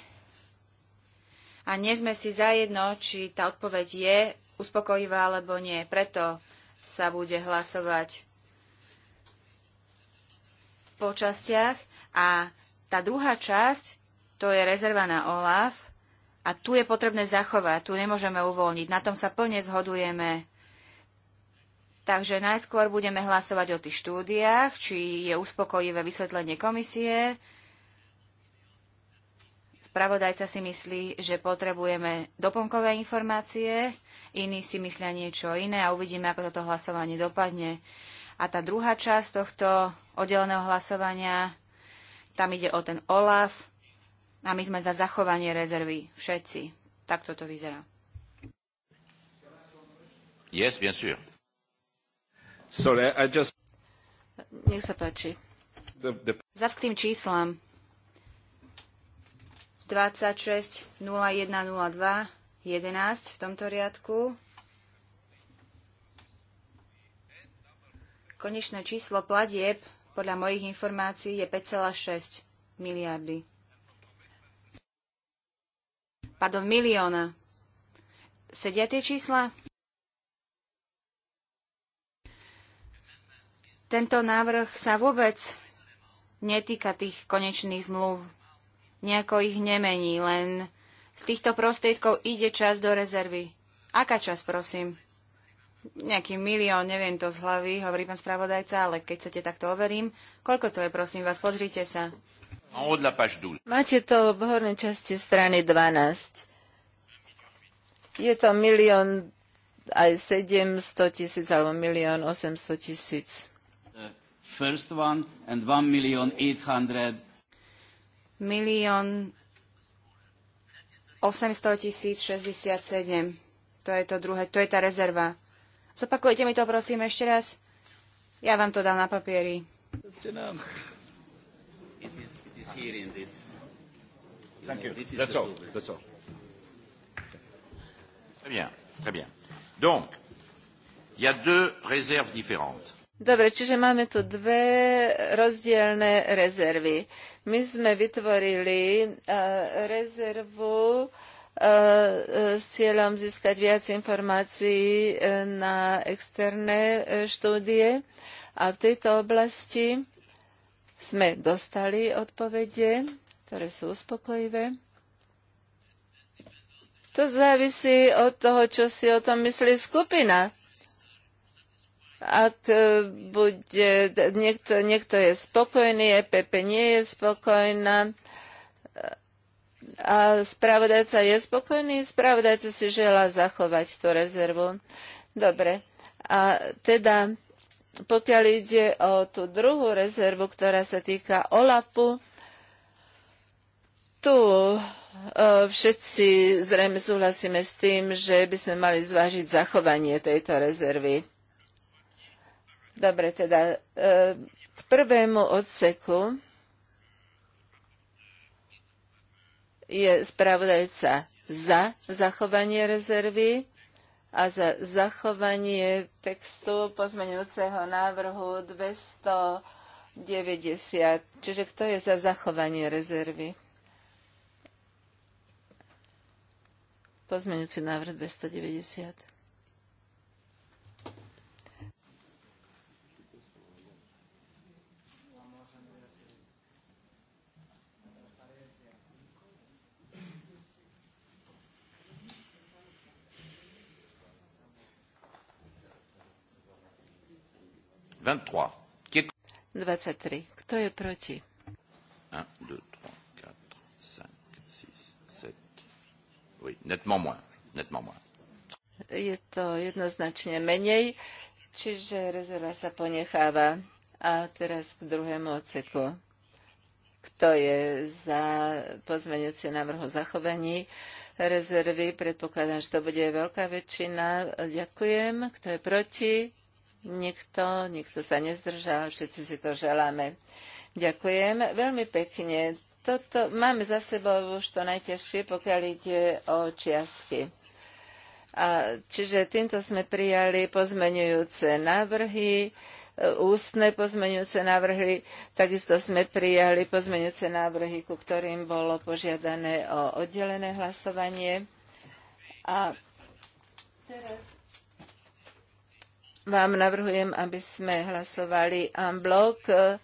a nie sme si zajedno, či tá odpoveď je uspokojivá alebo nie. Preto sa bude hlasovať po častiach. A tá druhá časť, to je rezerva na OLAF, a tu je potrebné zachovať, tu nemôžeme uvoľniť. Na tom sa plne zhodujeme. Takže najskôr budeme hlasovať o tých štúdiách, či je uspokojivé vysvetlenie komisie. Spravodajca si myslí, že potrebujeme doplnkové informácie, iní si myslia niečo iné a uvidíme, ako toto hlasovanie dopadne. A tá druhá časť tohto oddeleného hlasovania, tam ide o ten OLAF, a my sme za zachovanie rezervy. Všetci. Tak toto vyzerá. Yes, bien sûr. Sorry, uh, I just... Nech sa páči. The, the... Zas k tým číslam. 26 01 02 11 v tomto riadku. Konečné číslo platieb podľa mojich informácií je 5,6 miliardy pardon, milióna. Sedia tie čísla? Tento návrh sa vôbec netýka tých konečných zmluv. Nejako ich nemení, len z týchto prostriedkov ide čas do rezervy. Aká čas, prosím? Nejaký milión, neviem to z hlavy, hovorí pán spravodajca, ale keď chcete, tak to overím. Koľko to je, prosím vás, pozrite sa. Máte to v hornej časti strany 12. Je to milión aj 700 tisíc alebo milión 800 tisíc. First one and 1 million 800. Milión 800 tisíc 67. To je to druhé, to je tá rezerva. Zopakujete mi to prosím ešte raz? Ja vám to dám na papieri here in this. You know, This is That's all. That's all. Très bien. Très bien. Donc, il y a deux réserves différentes. Dobre, čiže máme tu dve rozdielne rezervy. My sme vytvorili uh, rezervu eh, eh, s cieľom získať viac informácií na externé štúdie. A v tejto oblasti sme dostali odpovede, ktoré sú uspokojivé. To závisí od toho, čo si o tom myslí skupina. Ak e, bude, niekto, niekto je spokojný, EPP nie je spokojná, a spravodajca je spokojný, spravodajca si želá zachovať tú rezervu. Dobre. A teda pokiaľ ide o tú druhú rezervu, ktorá sa týka OLAFu, tu e, všetci zrejme súhlasíme s tým, že by sme mali zvážiť zachovanie tejto rezervy. Dobre, teda e, k prvému odseku je spravodajca za zachovanie rezervy a za zachovanie textu pozmeňujúceho návrhu 290. Čiže kto je za zachovanie rezervy? Pozmeňujúci návrh 290. 23. 23. Kto je proti? 1, 2, 3, 4, 5, 6, 7. Oui, nettement moins. Nettement moins. Je to jednoznačne menej, čiže rezerva sa ponecháva. A teraz k druhému odseku. Kto je za pozmeňujúci návrh o zachovaní rezervy? Predpokladám, že to bude veľká väčšina. Ďakujem. Kto je proti? Nikto, nikto sa nezdržal, všetci si to želáme. Ďakujem veľmi pekne. Toto máme za sebou už to najťažšie, pokiaľ ide o čiastky. A, čiže týmto sme prijali pozmenujúce návrhy, e, ústne pozmenujúce návrhy, takisto sme prijali pozmenujúce návrhy, ku ktorým bolo požiadané o oddelené hlasovanie. A teraz vám navrhujem, aby sme hlasovali en bloc e,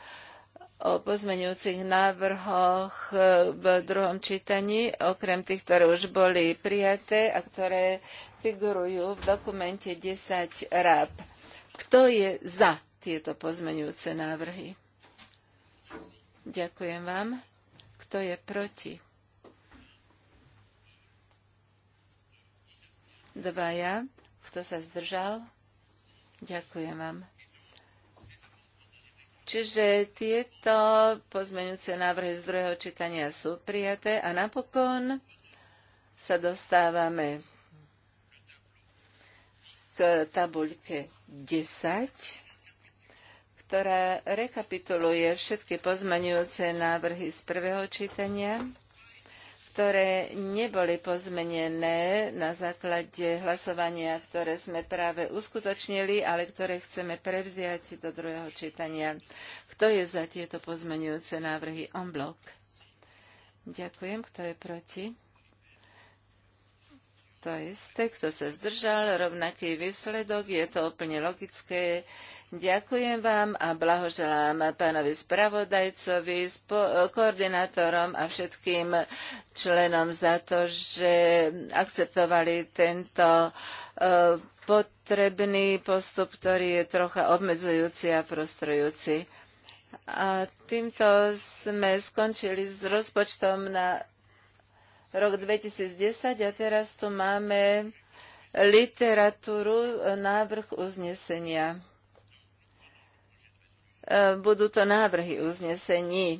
o pozmeňujúcich návrhoch e, v druhom čítaní, okrem tých, ktoré už boli prijaté a ktoré figurujú v dokumente 10 RAB. Kto je za tieto pozmeňujúce návrhy? Ďakujem vám. Kto je proti? Dvaja. Kto sa zdržal? Ďakujem vám. Čiže tieto pozmeňujúce návrhy z druhého čítania sú prijaté a napokon sa dostávame k tabuľke 10, ktorá rekapituluje všetky pozmeňujúce návrhy z prvého čítania ktoré neboli pozmenené na základe hlasovania, ktoré sme práve uskutočnili, ale ktoré chceme prevziať do druhého čítania. Kto je za tieto pozmenujúce návrhy en blok? Ďakujem. Kto je proti? to isté, kto sa zdržal, rovnaký výsledok, je to úplne logické. Ďakujem vám a blahoželám pánovi spravodajcovi, spo- koordinátorom a všetkým členom za to, že akceptovali tento e, potrebný postup, ktorý je trocha obmedzujúci a frustrujúci. A týmto sme skončili s rozpočtom na rok 2010 a teraz tu máme literatúru e, návrh uznesenia. E, budú to návrhy uznesení. E,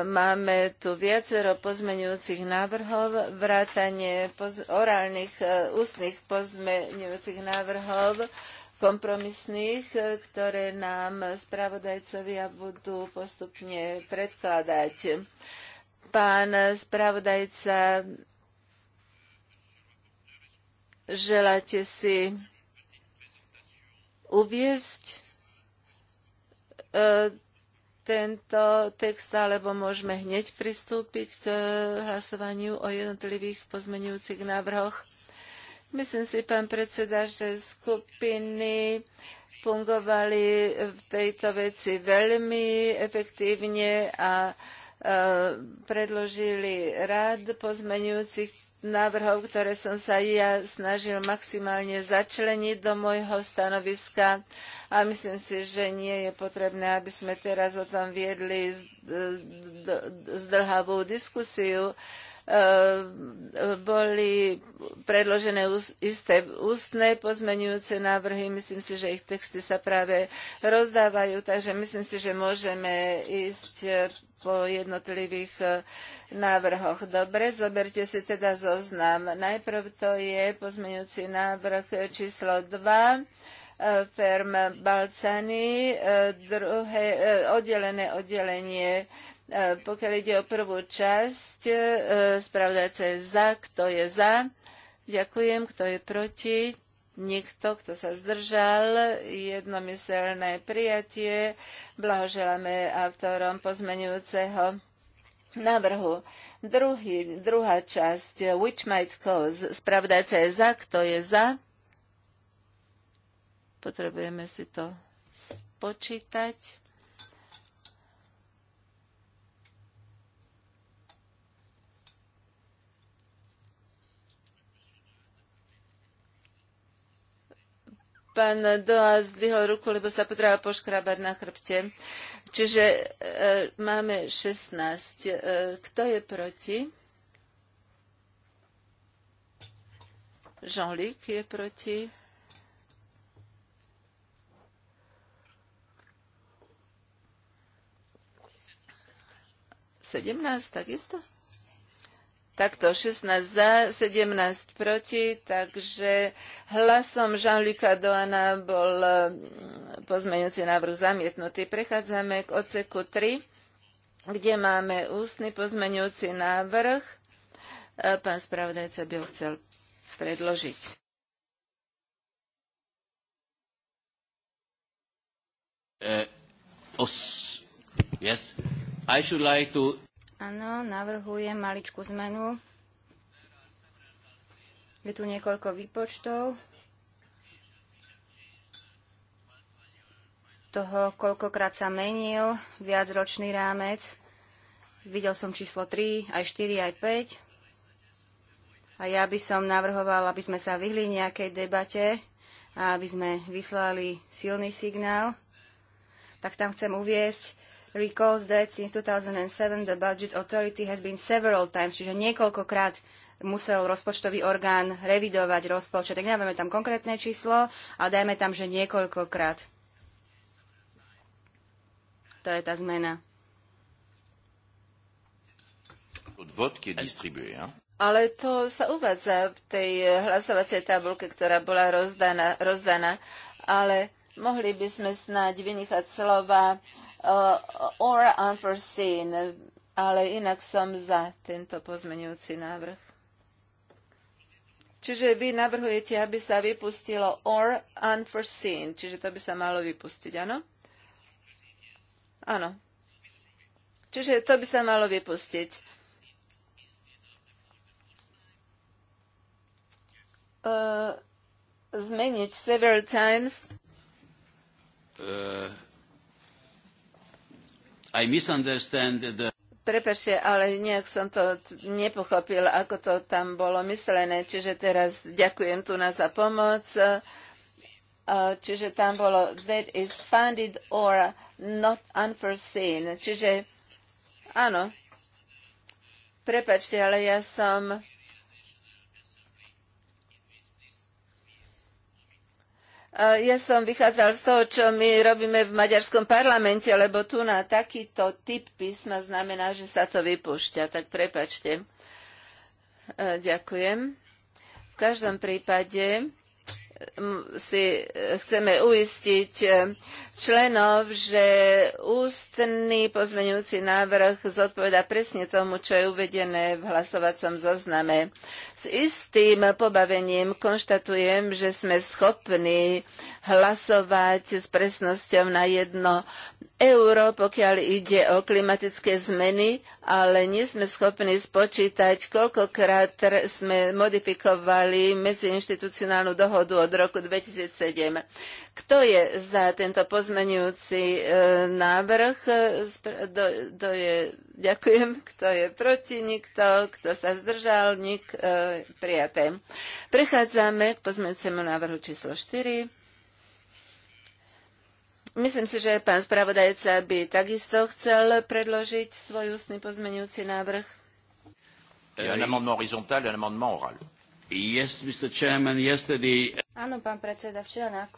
máme tu viacero pozmenujúcich návrhov, vrátanie orálnych ústnych pozmenujúcich návrhov kompromisných, ktoré nám spravodajcovia budú postupne predkladať. Pán spravodajca, želáte si uviesť e, tento text, alebo môžeme hneď pristúpiť k hlasovaniu o jednotlivých pozmenujúcich návrhoch. Myslím si, pán predseda, že skupiny fungovali v tejto veci veľmi efektívne a Eh, predložili rád pozmenujúcich návrhov, ktoré som sa ja snažil maximálne začleniť do môjho stanoviska a myslím si, že nie je potrebné, aby sme teraz o tom viedli zdlhavú diskusiu. Eh, boli predložené isté ústne pozmeňujúce návrhy. Myslím si, že ich texty sa práve rozdávajú, takže myslím si, že môžeme ísť eh, po jednotlivých eh, návrhoch. Dobre, zoberte si teda zoznam. Najprv to je pozmeňujúci návrh číslo 2 firm Balcany, druhé oddelené oddelenie E, pokiaľ ide o prvú časť, e, spravodajca je za, kto je za. Ďakujem, kto je proti. Nikto, kto sa zdržal, jednomyselné prijatie. Blahoželáme autorom pozmenujúceho návrhu. Druhý, druhá časť, which might cause, spravodajca je za, kto je za. Potrebujeme si to spočítať. pán Doa zdvihol ruku, lebo sa potreboval poškrabať na chrbte. Čiže e, máme 16. E, kto je proti? Jean-Luc je proti. Sedemnáct, takisto? Takto 16 za, 17 proti, takže hlasom Jean-Luca Doana bol eh, pozmeňujúci návrh zamietnutý. Prechádzame k odseku 3, kde máme ústny pozmeňujúci návrh. Eh, pán spravodajca by ho chcel predložiť. Uh, os, yes. I should like to Áno, navrhujem maličku zmenu. Je tu niekoľko výpočtov toho, koľkokrát sa menil viacročný rámec. Videl som číslo 3, aj 4, aj 5. A ja by som navrhoval, aby sme sa vyhli nejakej debate a aby sme vyslali silný signál. Tak tam chcem uviesť, recalls that since 2007 the budget authority has been several times, čiže niekoľkokrát musel rozpočtový orgán revidovať rozpočet. Tak nedávame tam konkrétne číslo, ale dajme tam, že niekoľkokrát. To je tá zmena. Ale to sa uvádza v tej hlasovacej tabulke, ktorá bola rozdaná. rozdaná. Ale Mohli by sme snáď vynichať slova uh, or unforeseen, ale inak som za tento pozmenujúci návrh. Čiže vy navrhujete, aby sa vypustilo or unforeseen, čiže to by sa malo vypustiť, áno? Áno. Čiže to by sa malo vypustiť. Uh, zmeniť several times i misunderstand the Prepačte, ale nejak som to nepochopil, ako to tam bolo myslené. Čiže teraz ďakujem tu na za pomoc. E, čiže tam bolo that is funded or not unforeseen. Čiže áno, prepačte, ale ja som Ja som vychádzal z toho, čo my robíme v maďarskom parlamente, lebo tu na takýto typ písma znamená, že sa to vypúšťa. Tak prepačte. E, ďakujem. V každom prípade si e, chceme uistiť e, členov, že ústný pozmeňujúci návrh zodpoveda presne tomu, čo je uvedené v hlasovacom zozname. S istým pobavením konštatujem, že sme schopní hlasovať s presnosťou na jedno euro, pokiaľ ide o klimatické zmeny, ale nie sme schopní spočítať, koľkokrát sme modifikovali medziinstitucionálnu dohodu od roku 2007. Kto je za tento pozmenujúci e, návrh? E, do, do je, ďakujem. Kto je proti? Nikto. Kto sa zdržal? Nik. E, prijaté. Prechádzame k pozmenujúcemu návrhu číslo 4. Myslím si, že pán spravodajca by takisto chcel predložiť svoj ústny pozmeňujúci návrh. Áno, pán predseda, včera na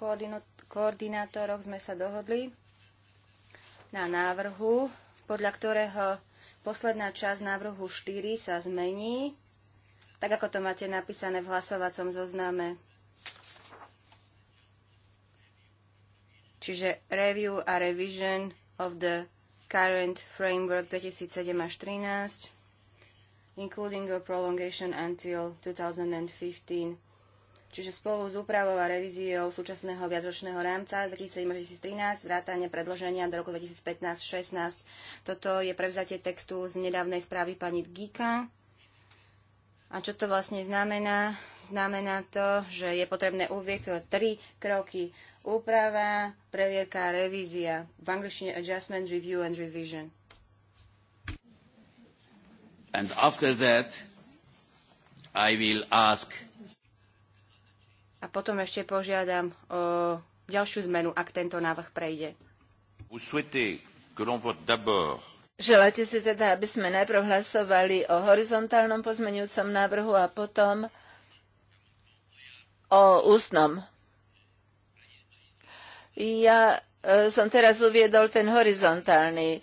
koordinátoroch sme sa dohodli na návrhu, podľa ktorého posledná časť návrhu 4 sa zmení, tak ako to máte napísané v hlasovacom zozname. čiže Review a Revision of the Current Framework 2007 až 2013, including a prolongation until 2015. Čiže spolu s úpravou a revíziou súčasného viacročného rámca 2007-2013, vrátanie predloženia do roku 2015-16. Toto je prevzatie textu z nedávnej správy pani Gika. A čo to vlastne znamená? Znamená to, že je potrebné uvieť tri kroky úprava, previerka, revízia. V angličtine adjustment, review and revision. And after that, I will ask a potom ešte požiadam o ďalšiu zmenu, ak tento návrh prejde. Želáte si teda, aby sme najprv hlasovali o horizontálnom pozmenujúcom návrhu a potom o ústnom ja e, som teraz uviedol ten horizontálny. E,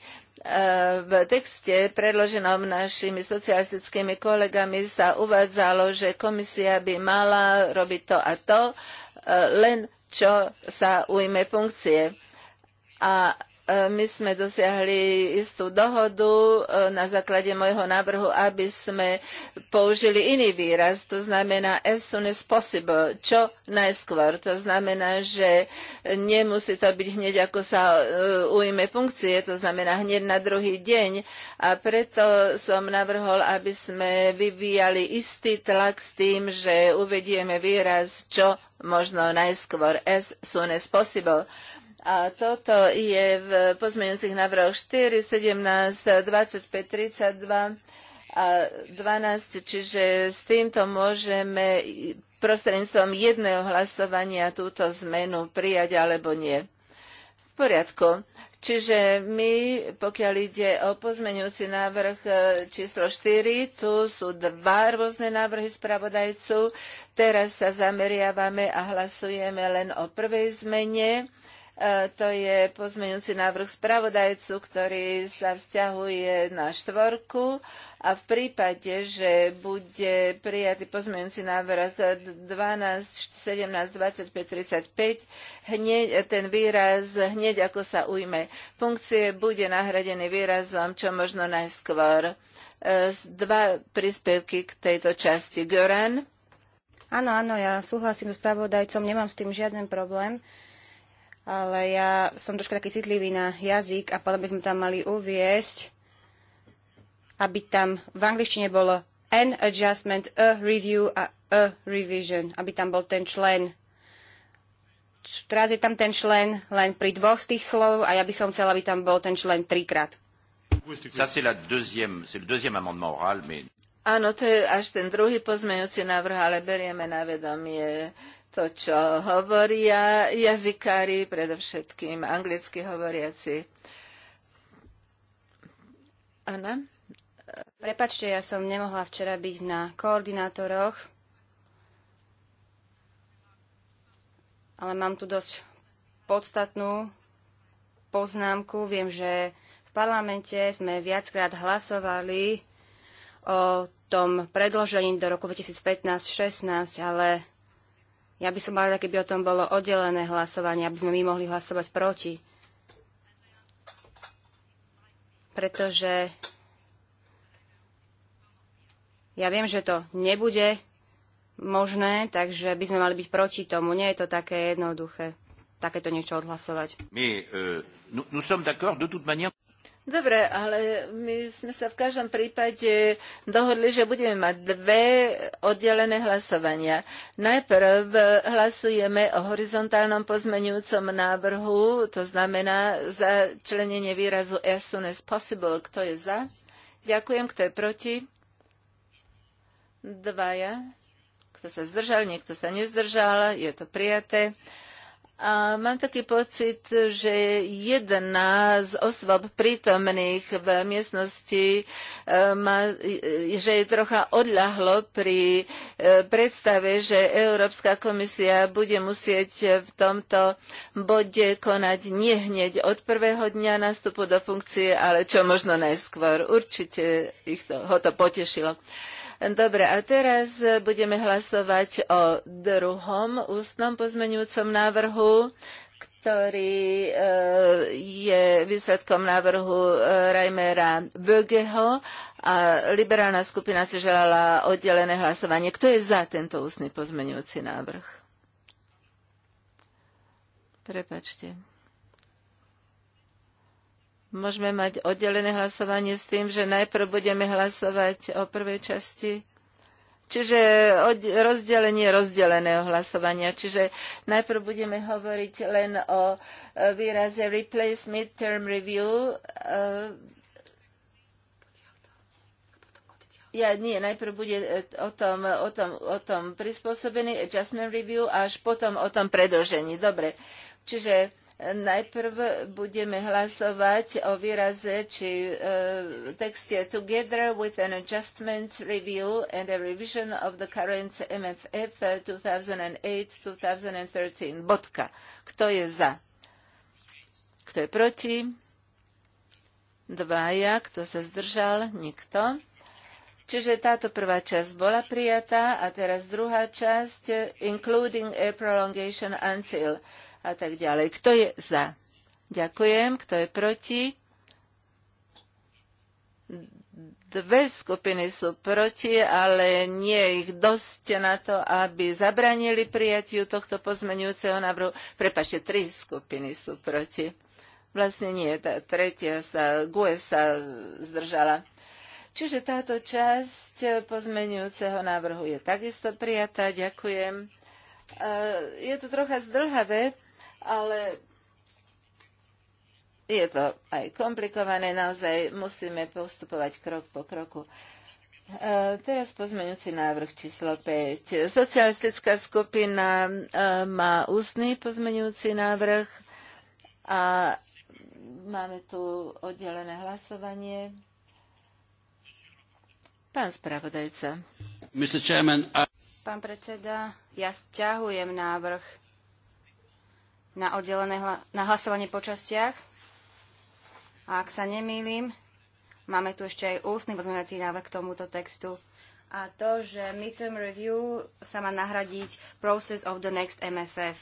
v texte predloženom našimi socialistickými kolegami sa uvádzalo, že komisia by mala robiť to a to, e, len čo sa ujme funkcie. A E, my sme dosiahli istú dohodu e, na základe môjho návrhu, aby sme použili iný výraz, to znamená as soon as possible, čo najskôr. To znamená, že nemusí to byť hneď, ako sa e, ujme funkcie, to znamená hneď na druhý deň. A preto som navrhol, aby sme vyvíjali istý tlak s tým, že uvedieme výraz čo možno najskôr, as soon as possible a toto je v pozmeňujúcich návrhoch 4, 17, 25, 32 a 12, čiže s týmto môžeme prostredníctvom jedného hlasovania túto zmenu prijať alebo nie. V poriadku. Čiže my, pokiaľ ide o pozmeňujúci návrh e, číslo 4, tu sú dva rôzne návrhy spravodajcu. Teraz sa zameriavame a hlasujeme len o prvej zmene E, to je pozmeňujúci návrh spravodajcu, ktorý sa vzťahuje na štvorku a v prípade, že bude prijatý pozmeňujúci návrh 12, 17, 25, 35, hneď, ten výraz hneď ako sa ujme funkcie bude nahradený výrazom čo možno najskôr. E, dva príspevky k tejto časti. Göran? Áno, áno, ja súhlasím s spravodajcom, nemám s tým žiaden problém ale ja som trošku taký citlivý na jazyk a potom by sme tam mali uviesť, aby tam v angličtine bolo an adjustment, a review a a revision, aby tam bol ten člen. Teraz je tam ten člen len pri dvoch z tých slov a ja by som chcela, aby tam bol ten člen trikrát. Ça, c'est la deuxième, c'est le deuxième amendement oral, mais... Áno, to je až ten druhý pozmeňujúci návrh, ale berieme na vedomie to, čo hovoria jazykári, predovšetkým anglicky hovoriaci. Anna? Prepačte, ja som nemohla včera byť na koordinátoroch, ale mám tu dosť podstatnú poznámku. Viem, že v parlamente sme viackrát hlasovali o tom predložení do roku 2015-16, ale ja by som bola, keby o tom bolo oddelené hlasovanie, aby sme my mohli hlasovať proti. Pretože ja viem, že to nebude možné, takže by sme mali byť proti tomu. Nie je to také jednoduché takéto niečo odhlasovať. My, uh, nous, nous Dobre, ale my sme sa v každom prípade dohodli, že budeme mať dve oddelené hlasovania. Najprv hlasujeme o horizontálnom pozmenujúcom návrhu, to znamená začlenenie výrazu as soon as possible. Kto je za? Ďakujem. Kto je proti? Dvaja. Kto sa zdržal, niekto sa nezdržal, je to prijaté. A mám taký pocit, že jedna z osôb prítomných v miestnosti, e, má, e, že je trocha odľahlo pri e, predstave, že Európska komisia bude musieť v tomto bode konať nie hneď od prvého dňa nástupu do funkcie, ale čo možno najskôr. Určite ich to, ho to potešilo. Dobre, a teraz budeme hlasovať o druhom ústnom pozmeňujúcom návrhu ktorý eh, je výsledkom návrhu eh, Reimera Bögeho a liberálna skupina si želala oddelené hlasovanie. Kto je za tento ústny pozmeňujúci návrh? Prepačte. Môžeme mať oddelené hlasovanie s tým, že najprv budeme hlasovať o prvej časti. Čiže rozdelenie rozdeleného hlasovania. Čiže najprv budeme hovoriť len o e, výraze replace midterm review. E, ja, nie, najprv bude e, o tom, o tom, o tom prispôsobený adjustment review až potom o tom predlžení. Dobre. Čiže Najprv budeme hlasovať o výraze či e, texte Together with an adjustment review and a revision of the current MFF 2008-2013. Bodka. Kto je za? Kto je proti? Dvaja. Kto sa zdržal? Nikto. Čiže táto prvá časť bola prijatá a teraz druhá časť, including a prolongation until a tak ďalej. Kto je za? Ďakujem. Kto je proti? Dve skupiny sú proti, ale nie ich dosť na to, aby zabranili prijatiu tohto pozmenujúceho návrhu. Prepašte, tri skupiny sú proti. Vlastne nie, tá tretia sa, GUE sa zdržala. Čiže táto časť pozmenujúceho návrhu je takisto prijatá. Ďakujem. Je to trocha zdlhavé, ale je to aj komplikované, naozaj musíme postupovať krok po kroku. E, teraz pozmeňujúci návrh číslo 5. Socialistická skupina e, má ústny pozmeňujúci návrh a máme tu oddelené hlasovanie. Pán spravodajca. Pán predseda, ja stiahujem návrh na oddelené hla- na hlasovanie po častiach. A ak sa nemýlim, máme tu ešte aj ústny pozmeňovací návrh k tomuto textu. A to, že midterm review sa má nahradiť process of the next MFF.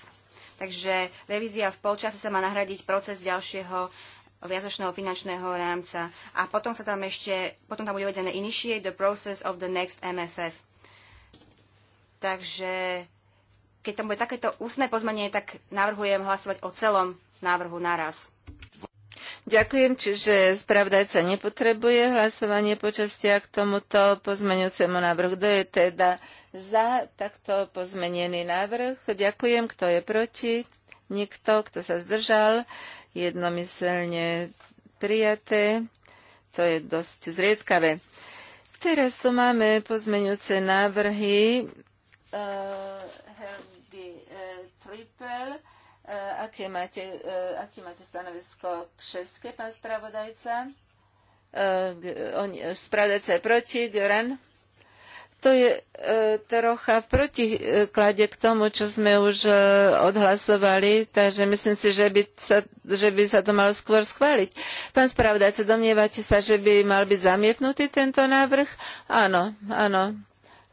Takže revízia v polčase sa má nahradiť proces ďalšieho viazočného finančného rámca. A potom sa tam ešte, potom tam bude uvedené initiate the process of the next MFF. Takže keď tam bude takéto ústne pozmenie, tak navrhujem hlasovať o celom návrhu naraz. Ďakujem, čiže spravdajca nepotrebuje hlasovanie počastia k tomuto pozmeňujúcemu návrhu. Kto je teda za takto pozmenený návrh? Ďakujem, kto je proti? Nikto, kto sa zdržal? Jednomyselne prijaté. To je dosť zriedkavé. Teraz tu máme pozmeňujúce návrhy. E Ripple. E, aké máte, e, aké máte stanovisko k šestke, pán spravodajca? E, spravodajca je proti, Göran? to je trocha v protiklade k tomu, čo sme už odhlasovali, takže myslím si, že by, sa, že by sa to malo skôr schváliť. Pán spravodajca, domnievate sa, že by mal byť zamietnutý tento návrh? Áno, áno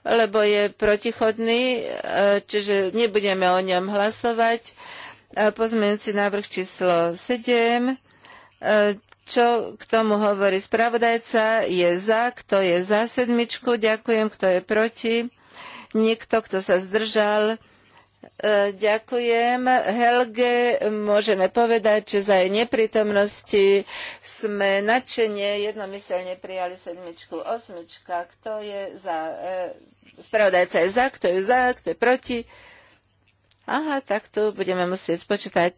lebo je protichodný, e, čiže nebudeme o ňom hlasovať. Pozmeňujúci návrh číslo 7. E, čo k tomu hovorí spravodajca? Je za, kto je za sedmičku? Ďakujem, kto je proti? Nikto, kto sa zdržal? E, ďakujem. Helge, môžeme povedať, že za jej neprítomnosti sme nadšenie jednomyselne prijali sedmičku. Osmička, kto je za? Spravodajca je za, kto je za, kto je proti. Aha, tak tu budeme musieť spočítať.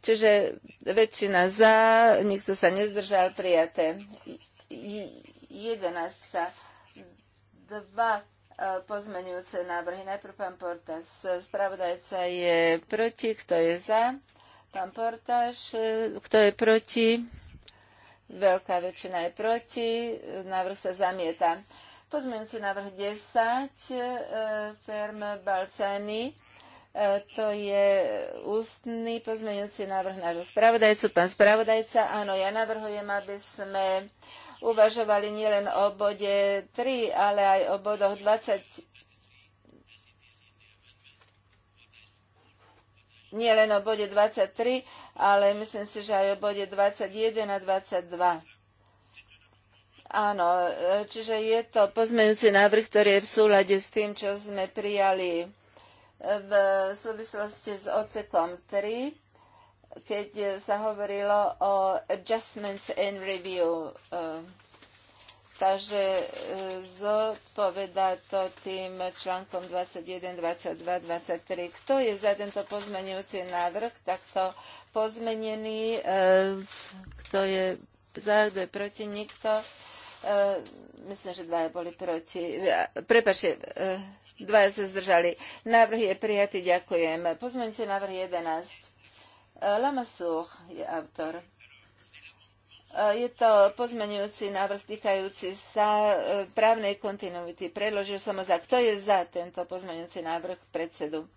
Čiže väčšina za, nikto sa nezdržal, prijaté. 11. Dva e, pozmenujúce návrhy. Najprv pán Portas. Spravodajca je proti, kto je za? Pán Portáš, e, kto je proti? Veľká väčšina je proti. Návrh sa zamieta. Pozmeňujúci návrh 10 e, firm Balcany. E, to je ústny pozmeňujúci návrh nášho spravodajcu. Pán spravodajca, áno, ja navrhujem, aby sme uvažovali nielen o bode 3, ale aj o bodoch 20, nie len o bode 23, ale myslím si, že aj o bode 21 a 22. Áno, e, čiže je to pozmeňujúci návrh, ktorý je v súlade s tým, čo sme prijali e, v súvislosti s odsekom 3, keď sa hovorilo o adjustments and review. E, takže zodpoveda to tým článkom 21, 22, 23. Kto je za tento pozmeňujúci návrh, takto pozmenený? Kto je za, kto je proti? Nikto? E, myslím, že dvaja boli proti. E, Prepašte, e, dvaja sa zdržali. Návrh je prijatý, ďakujem. Pozmeňte návrh 11. Lamasúr je autor. Je to pozmeňujúci návrh týkajúci sa právnej kontinuity. Predložil som ho za. Kto je za tento pozmeňujúci návrh predsedu?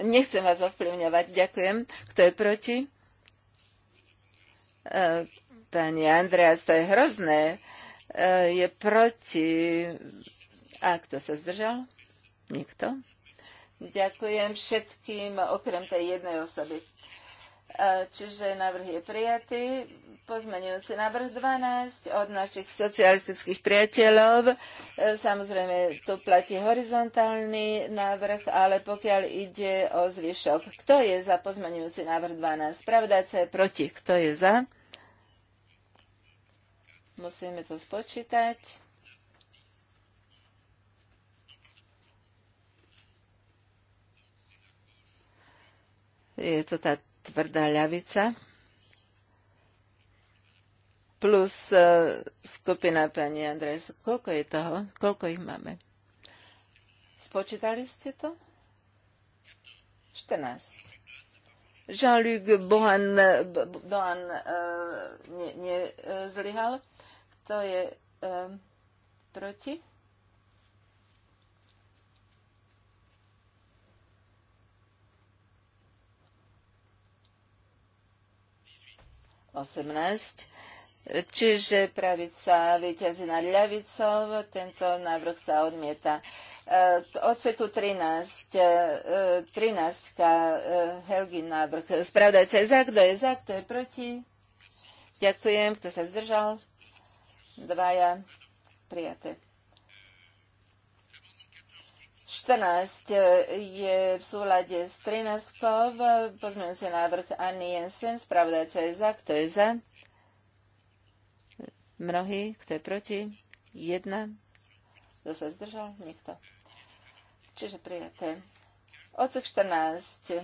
Nechcem vás ovplyvňovať. Ďakujem. Kto je proti? Pani Andreas, to je hrozné. E, je proti. A kto sa zdržal? Nikto. Ďakujem všetkým, okrem tej jednej osoby. E, čiže návrh je prijatý. Pozmenujúci návrh 12 od našich socialistických priateľov. E, samozrejme, tu platí horizontálny návrh, ale pokiaľ ide o zvyšok, kto je za pozmenujúci návrh 12? pravda je proti. Kto je za? Musíme to spočítať. Je to tá tvrdá ľavica plus e, skupina pani Andres. Koľko je toho? Koľko ich máme? Spočítali ste to? 14. Jean-Luc Bohan, Bohan nezlyhal. Ne, e, Kto je e, proti? Osemnáct. Čiže pravica vyťazí nad ľavicou, tento návrh sa odmieta v odseku 13, 13 Helgin návrh. Spravdajca je za, kto je za, kto je proti. Ďakujem, kto sa zdržal. Dvaja prijaté. 14 e, je v súlade s 13. Pozmeňujúci návrh Anny Jensen. Spravodajca je za. Kto je za? Mnohí. Kto je proti? Jedna. Kto sa zdržal? Niekto. Čiže prijaté. Odsek 14.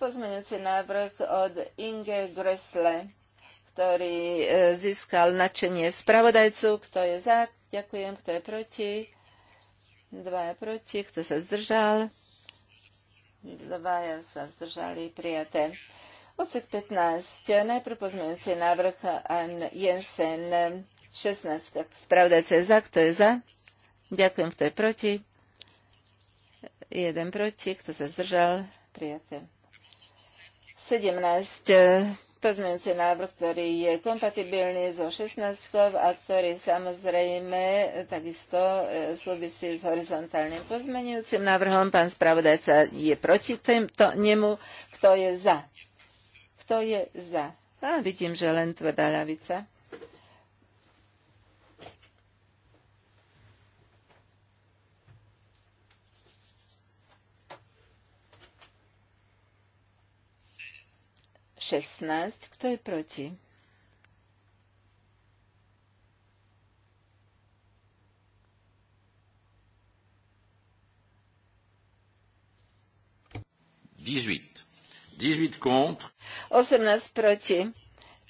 Pozmeňujúci návrh od Inge Gressle, ktorý e, získal nadšenie spravodajcu. Kto je za? Ďakujem. Kto je proti? Dva je proti. Kto sa zdržal? Dvaja sa zdržali. Prijaté. Odsek 15. Najprv pozmeňujúci návrh Ann Jensen. 16. Spravodajca je za. Kto je za? Ďakujem, kto je proti. Jeden proti, kto sa zdržal, prijaté. 17. E, pozmeňujúci návrh, ktorý je kompatibilný so 16 a ktorý samozrejme takisto e, súvisí s horizontálnym pozmeňujúcim návrhom. Pán spravodajca je proti týmto nemu. Kto je za? Kto je za? A vidím, že len tvrdá ľavica. 16. Kto je proti? dix contre. 18 proti.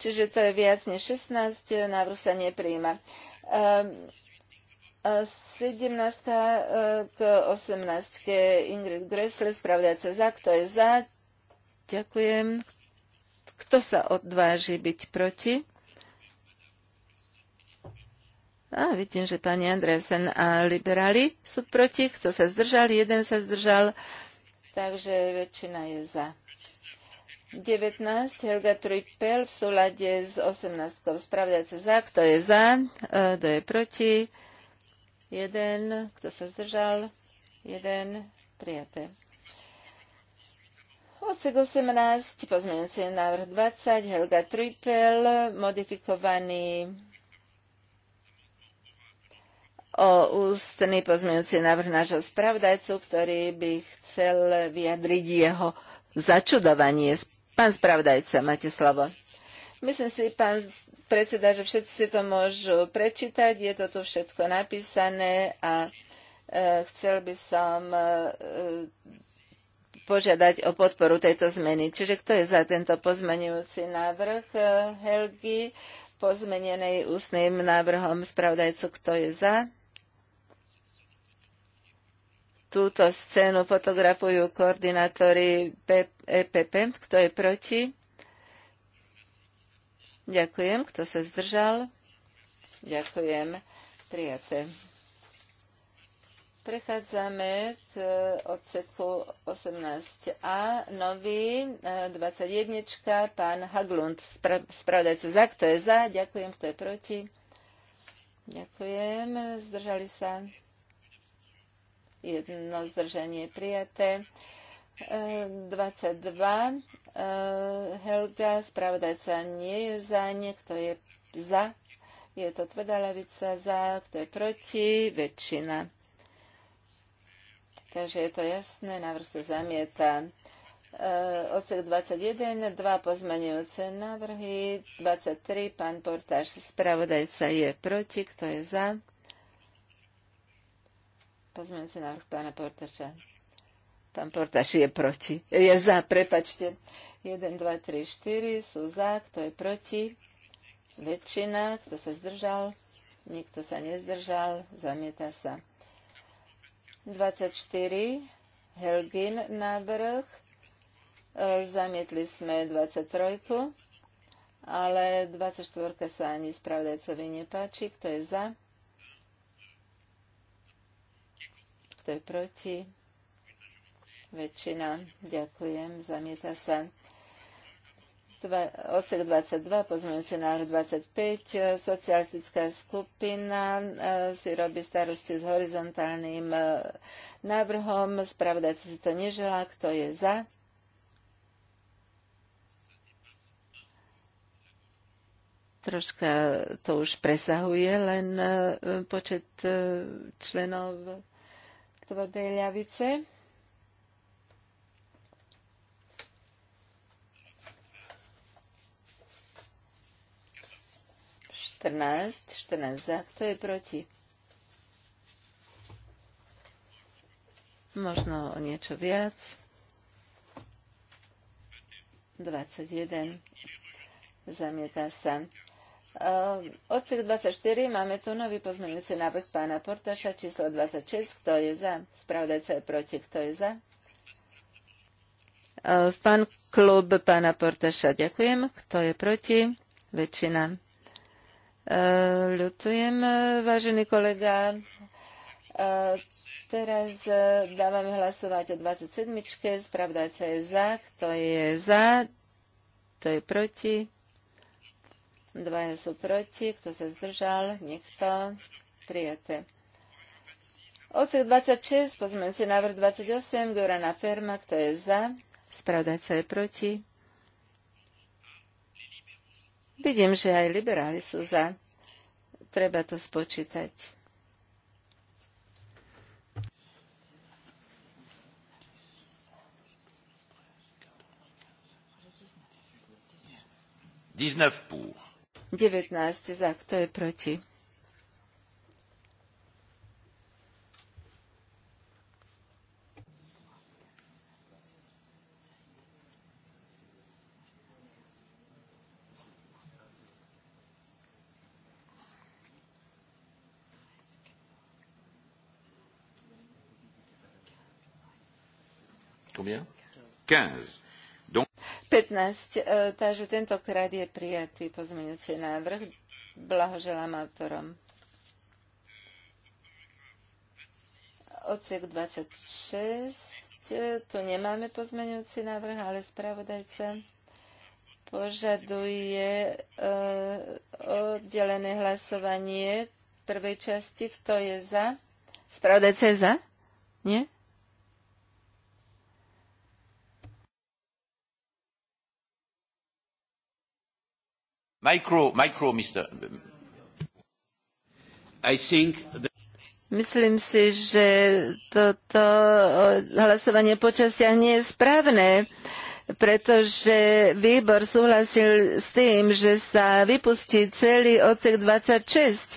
Čiže to je viac než 16, návrh sa nepríjima. 17 ehm, e, k 18 Ingrid Gressle, spravdáca za, kto je za, ďakujem, kto sa odváži byť proti? A vidím, že pani Andresen a liberáli sú proti. Kto sa zdržal? Jeden sa zdržal. Takže väčšina je za. 19. Helga Trujpel v súlade s 18. Spravdajte za. Kto je za? Kto je proti? Jeden. Kto sa zdržal? Jeden. Prijaté. Odsek 18, pozmeňujúci návrh 20, Helga Trippel, modifikovaný o ústny pozmeňujúci návrh nášho spravodajcu, ktorý by chcel vyjadriť jeho začudovanie. Pán spravodajca, máte slovo. Myslím si, pán predseda, že všetci si to môžu prečítať. Je to tu všetko napísané a e, chcel by som e, požiadať o podporu tejto zmeny. Čiže kto je za tento pozmenujúci návrh eh, Helgi, pozmenenej ústnym návrhom spravodajcu, kto je za? Túto scénu fotografujú koordinátori EPP. E kto je proti? Ďakujem. Kto sa zdržal? Ďakujem. Prijaté. Prechádzame k e, odseku 18a, nový 21, e, pán Haglund, spravodajca za, kto je za, ďakujem, kto je proti. Ďakujem, zdržali sa. Jedno zdržanie prijaté. 22. E, Helga, spravodajca nie je za, niekto je za. Je to tvrdá lavica za, kto je proti, väčšina. Takže je to jasné, návrh sa zamieta. E, odsek 21, dva pozmenujúce návrhy, 23, pán Portáš, spravodajca je proti, kto je za? Pozmenujúci návrh pána Portáša. Pán Portáš je proti, je za, prepačte. 1, 2, 3, 4 sú za, kto je proti? Väčšina, kto sa zdržal? Nikto sa nezdržal, zamieta sa. 24, Helgin návrh, e, zamietli sme 23, ale 24 sa ani spravdajcovi nepáči. Kto je za? Kto je proti? Väčšina. Ďakujem. Zamieta sa odsek 22, pozmeňujúci návrh 25. E, socialistická skupina e, si robí starosti s horizontálnym e, návrhom. Spravodajca si to neželá. Kto je za? Troška to už presahuje len počet členov tvrdej ľavice. 14, 14 za, kto je proti? Možno o niečo viac. 21. Zamieta sa. Uh, Odsek 24. Máme tu nový pozmeňujúci návrh pána Portaša, číslo 26. Kto je za? Spravodajca je proti. Kto je za? Uh, Pán klub pána Portaša, ďakujem. Kto je proti? Väčšina. Eh, ľutujem, eh, vážený kolega. Eh, teraz dávame hlasovať o 27. Spravdajca je za. Kto je za? Kto je proti? Dvaja sú proti. Kto sa zdržal? Nikto. Prijaté. Odsek 26, pozmeňujúci návrh 28, Gorana Ferma, kto je za? Spravdajca je proti. Vidím, že aj liberáli sú za. Treba to spočítať. Devätnásť za, kto je proti? Combien 15. Donc... 15. E, takže tentokrát je prijatý pozmeňujúci návrh. Blahoželám autorom. Odsek 26. E, tu nemáme pozmeňujúci návrh, ale spravodajca požaduje e, oddelené hlasovanie prvej časti. Kto je za? Spravodajca je za? Nie? Micro, micro, I think that... Myslím si, že toto hlasovanie po nie je správne, pretože výbor súhlasil s tým, že sa vypustí celý odsek 26,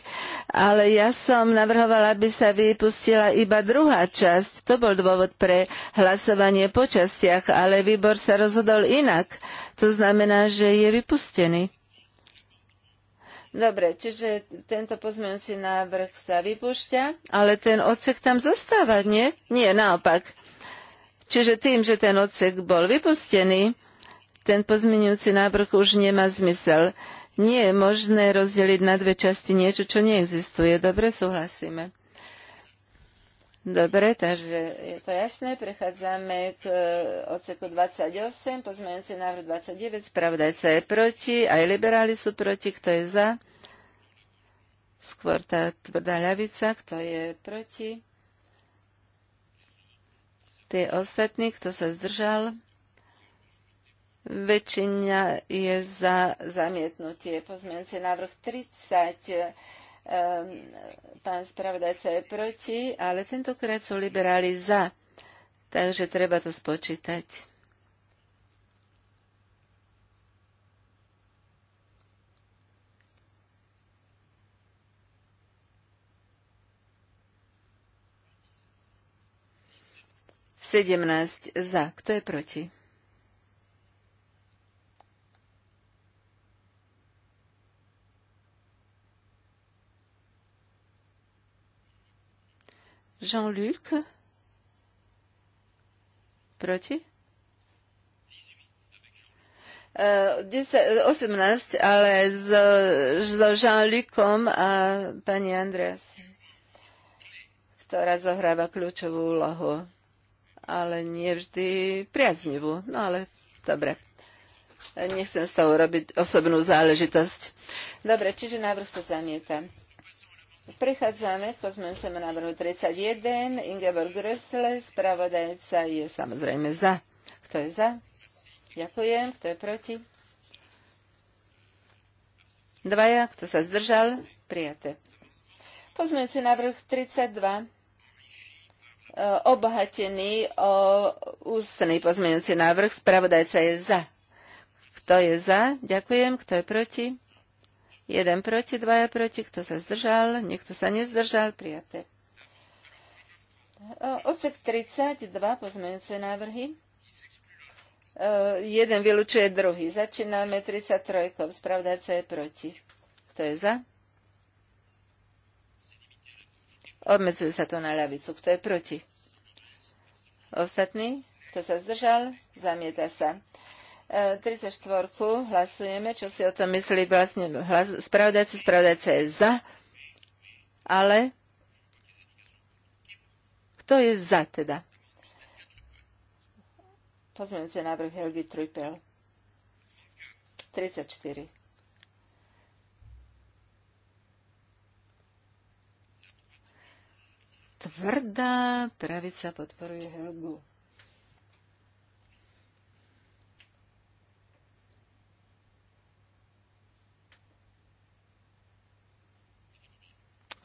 ale ja som navrhovala, aby sa vypustila iba druhá časť. To bol dôvod pre hlasovanie po častiach, ale výbor sa rozhodol inak. To znamená, že je vypustený. Dobre, čiže tento pozmeňujúci návrh sa vypúšťa, ale ten odsek tam zostáva, nie? Nie, naopak. Čiže tým, že ten odsek bol vypustený, ten pozmeňujúci návrh už nemá zmysel. Nie je možné rozdeliť na dve časti niečo, čo neexistuje. Dobre, súhlasíme. Dobre, takže je to jasné. Prechádzame k e, odseku 28, pozmeňujúci návrh 29. Spravodajca je proti, aj liberáli sú proti. Kto je za? Skôr tá tvrdá ľavica. Kto je proti? Tie ostatní, kto sa zdržal? Väčšina je za zamietnutie. Pozmeňujúci návrh 30 Ehm, pán spravodajca je proti, ale tentokrát sú liberáli za. Takže treba to spočítať. Sedemnáct za. Kto je proti? Jean-Luc. Proti? 10, e, 18, ale so, so Jean-Lucom a pani Andreas, ktorá zohráva kľúčovú úlohu, ale nie vždy priaznivú. No ale dobre. Nechcem z toho robiť osobnú záležitosť. Dobre, čiže návrh sa zamieta. Prechádzame k pozmeňujúcemu návrhu 31. Ingeborg Grösle, spravodajca je samozrejme za. Kto je za? Ďakujem. Kto je proti? Dvaja. Kto sa zdržal? Prijaté. Pozmeňujúci návrh 32 e, obohatený o ústny pozmeňujúci návrh. Spravodajca je za. Kto je za? Ďakujem. Kto je proti? Jeden proti, dvaja proti, kto sa zdržal, niekto sa nezdržal, prijaté. E, odsek 32, pozmeňujúce návrhy. E, jeden vylučuje druhý. Začíname 33. Spravdáca je proti. Kto je za? Obmedzujú sa to na ľavicu. Kto je proti? Ostatný? Kto sa zdržal? Zamieta sa. 34 hlasujeme, čo si o tom myslí vlastne hlas, spravodajca. Spravodajca je za, ale kto je za teda? Pozmeňujúce návrh Helgi Trujpel. 34. Tvrdá pravica podporuje Helgu.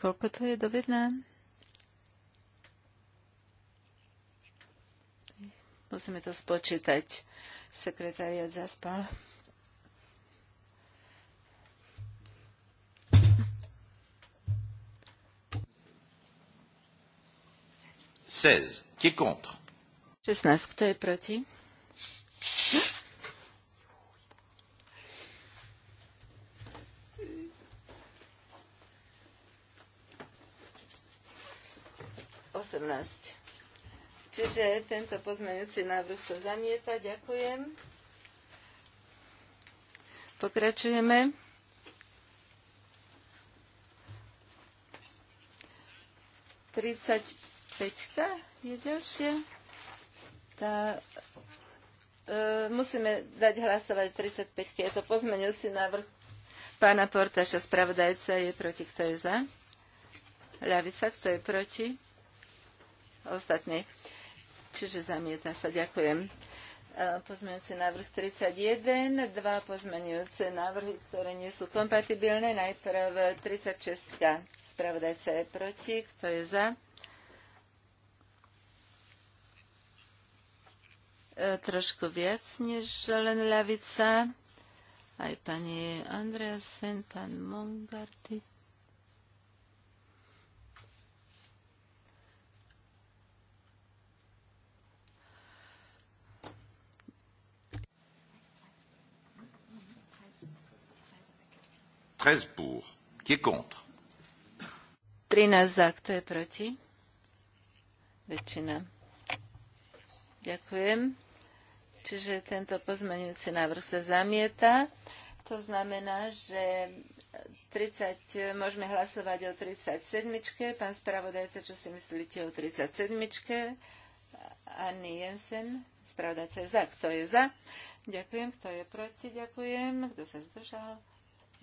Koľko to je do vedna? Musíme to spočítať. Sekretariat zaspal. Seize. Qui est contre? 16. Kto je proti? Čiže tento pozmeňujúci návrh sa zamieta. Ďakujem. Pokračujeme. Tridsať peťka je ďalšia. Tá, e, musíme dať hlasovať 35. Je to pozmeňujúci návrh pána Portaša, spravodajca je proti, kto je za. Ľavica, kto je proti? ostatní. Čiže zamieta sa. Ďakujem. E, pozmeňujúci návrh 31, dva pozmeňujúce návrhy, ktoré nie sú kompatibilné. Najprv 36. Spravodajca je proti. Kto je za? E, trošku viac než len ľavica. Aj pani Andreasen, pán Mongartic. 13 pour. Qui est contre? 13 za, kto je proti? Väčšina. Ďakujem. Čiže tento pozmeňujúci návrh sa zamieta. To znamená, že 30, môžeme hlasovať o 37. Pán spravodajca, čo si myslíte o 37. Ani Jensen, spravodajca je za. Kto je za? Ďakujem. Kto je proti? Ďakujem. Kto sa zdržal?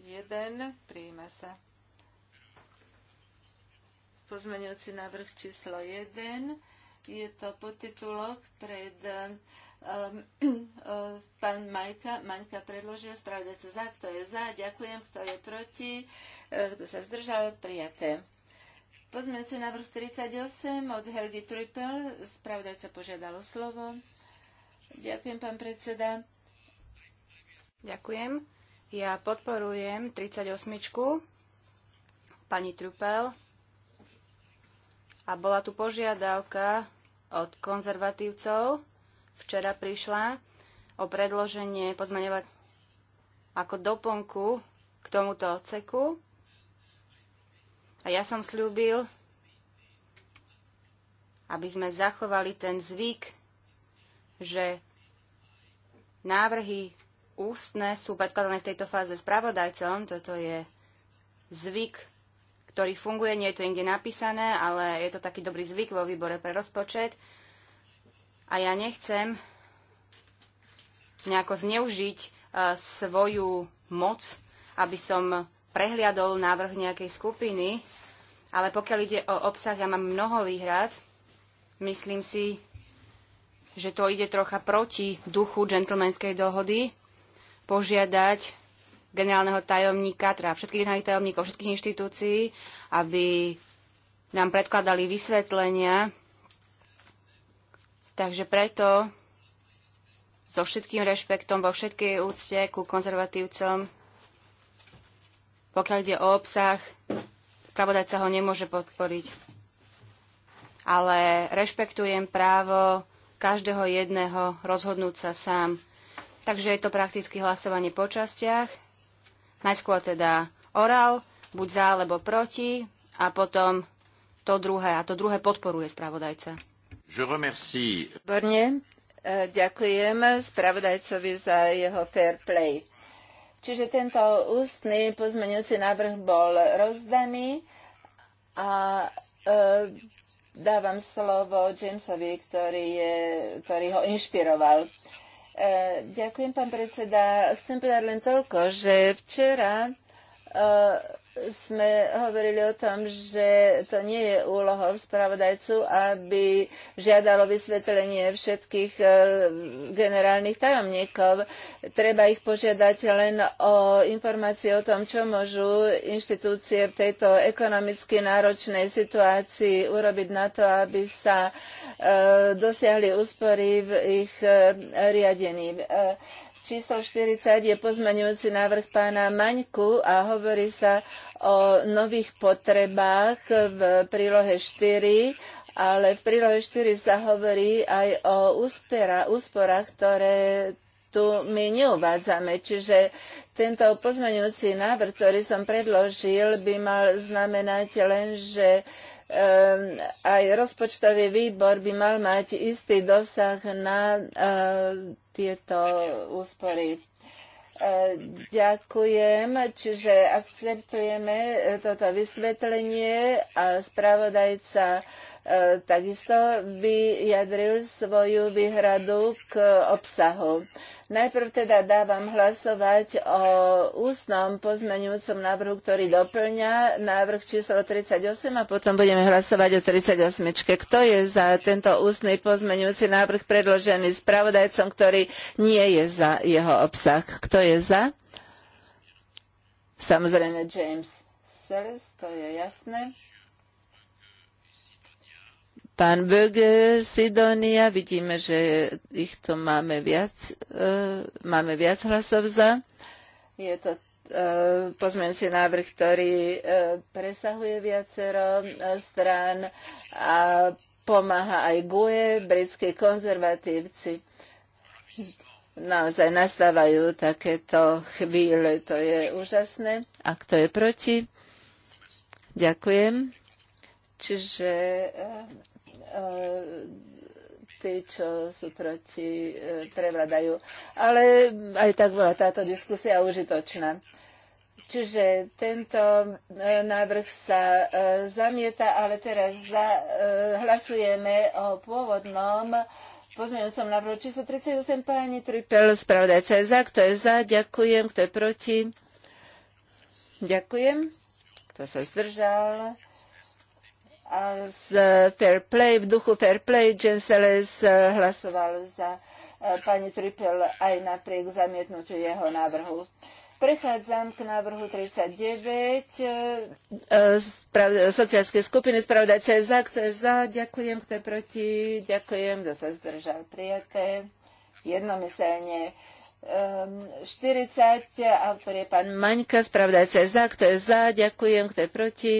1. Príjme sa. Pozmeňujúci návrh číslo 1. Je to podtitulok pred Um, um, pán Majka, Majka predložil spravodajca za, kto je za, ďakujem, kto je proti, eh, kto sa zdržal, prijaté. Pozmeňujúci návrh 38 od Helgi Trupel, spravodajca požiadalo slovo. Ďakujem, pán predseda. Ďakujem. Ja podporujem 38. pani Trupel a bola tu požiadavka od konzervatívcov. Včera prišla o predloženie pozmeňovať ako doplnku k tomuto odseku. A ja som slúbil, aby sme zachovali ten zvyk, že návrhy ústne sú predkladané v tejto fáze spravodajcom. Toto je zvyk, ktorý funguje, nie je to inde napísané, ale je to taký dobrý zvyk vo výbore pre rozpočet. A ja nechcem nejako zneužiť e, svoju moc, aby som prehliadol návrh nejakej skupiny, ale pokiaľ ide o obsah, ja mám mnoho výhrad. Myslím si, že to ide trocha proti duchu džentlmenskej dohody požiadať generálneho tajomníka, teda všetkých generálnych tajomníkov všetkých inštitúcií, aby nám predkladali vysvetlenia. Takže preto so všetkým rešpektom, vo všetkej úcte ku konzervatívcom, pokiaľ ide o obsah, pravodajca ho nemôže podporiť. Ale rešpektujem právo každého jedného rozhodnúť sa sám. Takže je to prakticky hlasovanie po častiach. Najskôr teda orál, buď za alebo proti a potom to druhé. A to druhé podporuje spravodajca. Je remercie. Borne, e, ďakujem spravodajcovi za jeho fair play. Čiže tento ústny pozmeňujúci návrh bol rozdaný a e, dávam slovo Jamesovi, ktorý, je, ktorý ho inšpiroval. E, ďakujem, pán predseda. Chcem povedať len toľko, že včera e, sme hovorili o tom, že to nie je úlohou spravodajcu, aby žiadalo vysvetlenie všetkých e, generálnych tajomníkov. Treba ich požiadať len o informácie o tom, čo môžu inštitúcie v tejto ekonomicky náročnej situácii urobiť na to, aby sa e, dosiahli úspory v ich e, riadení Číslo 40 je pozmeňujúci návrh pána Maňku a hovorí sa o nových potrebách v prílohe 4 ale v prílohe 4 sa hovorí aj o úspera, úsporách, ktoré tu my neuvádzame. Čiže tento pozmeňujúci návrh, ktorý som predložil, by mal znamenať len, že Ehm, aj rozpočtový výbor by mal mať istý dosah na eh, tieto úspory. Eh, ďakujem, čiže akceptujeme eh, toto vysvetlenie a spravodajca E, takisto vyjadril svoju výhradu k obsahu. Najprv teda dávam hlasovať o ústnom pozmeňujúcom návrhu, ktorý doplňa návrh číslo 38 a potom budeme hlasovať o 38. Kto je za tento ústny pozmeňujúci návrh predložený spravodajcom, ktorý nie je za jeho obsah? Kto je za? Samozrejme James Sellers, to je jasné pán Böge, Sidonia. Vidíme, že ich to máme viac, e, máme viac hlasov za. Je to e, pozmeňujúci návrh, ktorý e, presahuje viacero e, strán a pomáha aj GUE, britskí konzervatívci. Naozaj nastávajú takéto chvíle, to je úžasné. A kto je proti? Ďakujem. Čiže e, E, tí, čo sú proti, e, prevladajú. Ale aj tak bola táto diskusia užitočná. Čiže tento e, návrh sa zamieta, ale teraz za, hlasujeme o pôvodnom pozmeňujúcom návrhu číslo 38 páni Tripel, spravodajca je za, kto je za, ďakujem, kto je proti. Ďakujem. Kto sa zdržal? a z fair play, v duchu fair play Jim Seles eh, hlasoval za eh, pani Trippel aj napriek zamietnutiu jeho návrhu. Prechádzam k návrhu 39 eh, sociálskej skupiny spravodajca je za, kto je za, ďakujem, kto je proti, ďakujem, kto sa zdržal, prijaté, jednomyselne. 40, ehm, autor je pán Maňka, spravodajca je za, kto je za, ďakujem, kto je proti,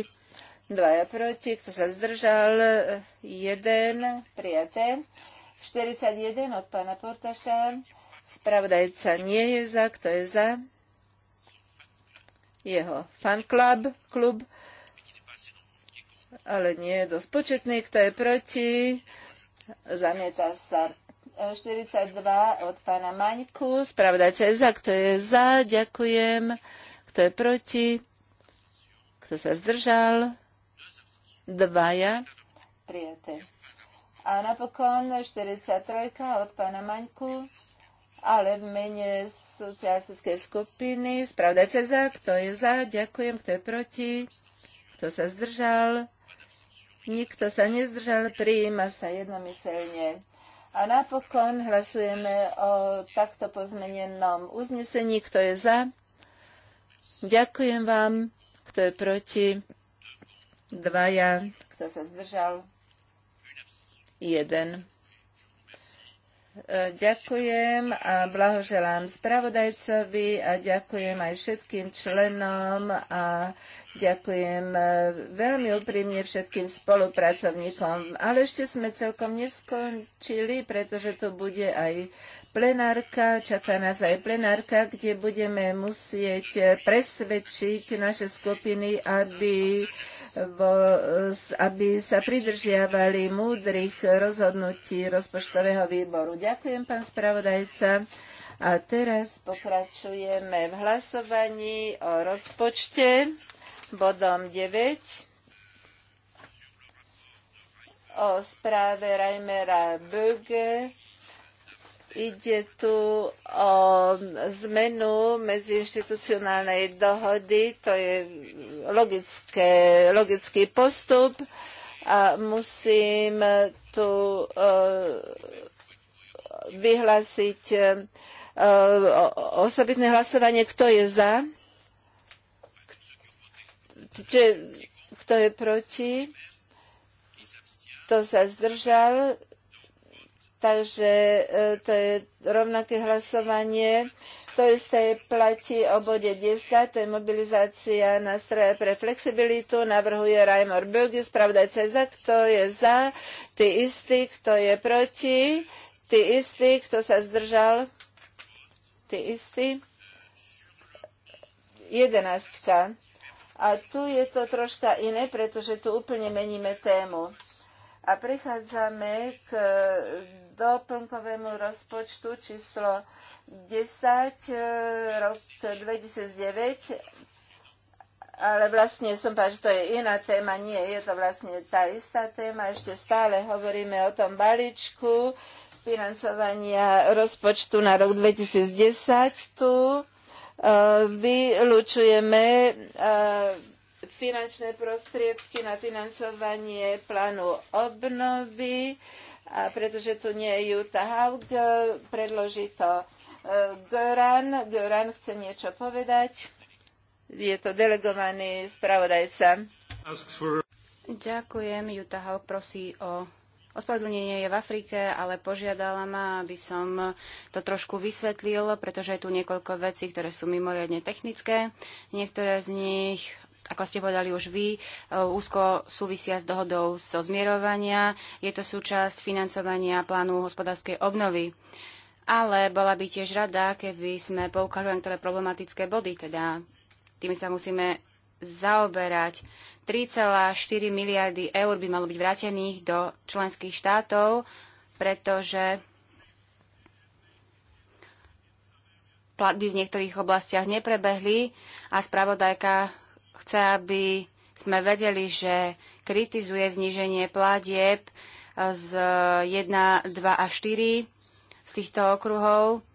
dvaja proti, kto sa zdržal, jeden prijaté. 41 od pána Portaša, spravodajca nie je za, kto je za? Jeho fan club, klub, ale nie je dosť početný, kto je proti, zamieta sa. 42 od pána Maňku, spravodajca je za, kto je za, ďakujem, kto je proti, kto sa zdržal, dvaja prijaté. A napokon 43 od pána Maňku, ale v mene socialistickej skupiny. Spravdajte za, kto je za, ďakujem, kto je proti, kto sa zdržal. Nikto sa nezdržal, prijíma sa jednomyselne. A napokon hlasujeme o takto pozmenenom uznesení, kto je za. Ďakujem vám, kto je proti dvaja, kto sa zdržal, jeden. E, ďakujem a blahoželám spravodajcovi a ďakujem aj všetkým členom a ďakujem e, veľmi úprimne všetkým spolupracovníkom. Ale ešte sme celkom neskončili, pretože to bude aj plenárka, čaká nás aj plenárka, kde budeme musieť presvedčiť naše skupiny, aby aby sa pridržiavali múdrych rozhodnutí rozpočtového výboru. Ďakujem, pán spravodajca. A teraz pokračujeme v hlasovaní o rozpočte bodom 9 o správe Reimera Böge Ide tu o zmenu medziinstitucionálnej dohody, to je logické, logický postup a musím tu e, vyhlásiť e, osobitné hlasovanie, kto je za, kto je proti, kto sa zdržal, Takže e, to je rovnaké hlasovanie. To isté platí o bode 10, to je mobilizácia nástroja pre flexibilitu. Navrhuje Raimor Bögi, spravdaj CZ, kto je za, ty istý, kto je proti, ty istý, kto sa zdržal, ty istý. Jedenáctka. A tu je to troška iné, pretože tu úplne meníme tému. A prechádzame k e, doplnkovému rozpočtu číslo 10 e, rok 2009 ale vlastne som povedal, že to je iná téma. Nie, je to vlastne tá istá téma. Ešte stále hovoríme o tom balíčku financovania rozpočtu na rok 2010. Tu e, vylúčujeme finančné prostriedky na financovanie plánu obnovy a pretože tu nie je Jutta Haug, e, predloží to e, Göran. Göran chce niečo povedať. Je to delegovaný spravodajca. Ďakujem. Jutta Haug prosí o Ospravedlnenie je v Afrike, ale požiadala ma, aby som to trošku vysvetlil, pretože je tu niekoľko vecí, ktoré sú mimoriadne technické. Niektoré z nich ako ste povedali už vy, e, úzko súvisia s dohodou zo so zmierovania. Je to súčasť financovania plánu hospodárskej obnovy. Ale bola by tiež rada, keby sme poukázali na ktoré problematické body, teda tými sa musíme zaoberať. 3,4 miliardy eur by malo byť vrátených do členských štátov, pretože platby v niektorých oblastiach neprebehli a spravodajka Chce, aby sme vedeli, že kritizuje zníženie pládieb e, z 1, 2 a 4 z týchto okruhov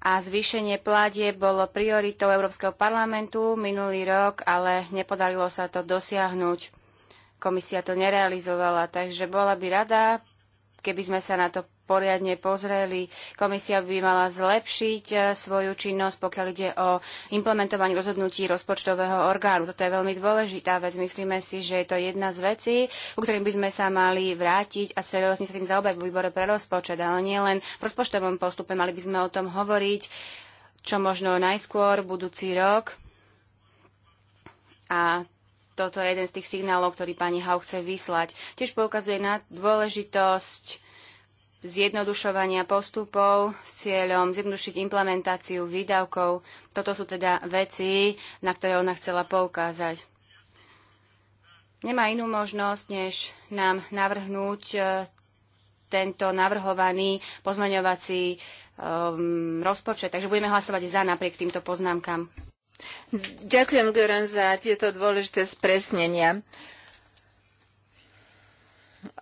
a zvýšenie pládie bolo prioritou Európskeho parlamentu minulý rok, ale nepodarilo sa to dosiahnuť. Komisia to nerealizovala, takže bola by rada, keby sme sa na to poriadne pozreli. Komisia by mala zlepšiť e, svoju činnosť, pokiaľ ide o implementovanie rozhodnutí rozpočtového orgánu. Toto je veľmi dôležitá vec. Myslíme si, že je to jedna z vecí, ku ktorým by sme sa mali vrátiť a seriózne sa tým zaoberať v výbore pre rozpočet, ale nie len v rozpočtovom postupe. Mali by sme o tom hovoriť čo možno najskôr budúci rok. A toto je jeden z tých signálov, ktorý pani Hau chce vyslať. Tiež poukazuje na dôležitosť zjednodušovania postupov s cieľom zjednodušiť implementáciu výdavkov. Toto sú teda veci, na ktoré ona chcela poukázať. Nemá inú možnosť, než nám navrhnúť e, tento navrhovaný pozmaňovací e, rozpočet. Takže budeme hlasovať za napriek týmto poznámkam. Ďakujem, Goran, za tieto dôležité spresnenia.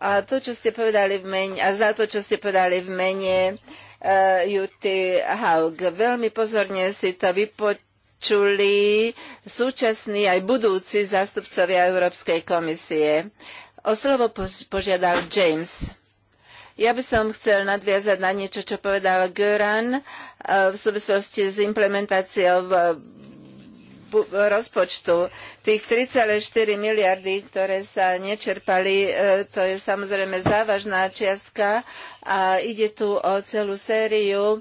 A to, čo ste povedali v mene, a za to, čo ste povedali v mene uh, Juty Haug, veľmi pozorne si to vypočuli súčasní aj budúci zástupcovia Európskej komisie. O slovo požiadal James. Ja by som chcel nadviazať na niečo, čo povedal Göran uh, v súvislosti s implementáciou v rozpočtu. Tých 3,4 miliardy, ktoré sa nečerpali, e, to je samozrejme závažná čiastka a ide tu o celú sériu e,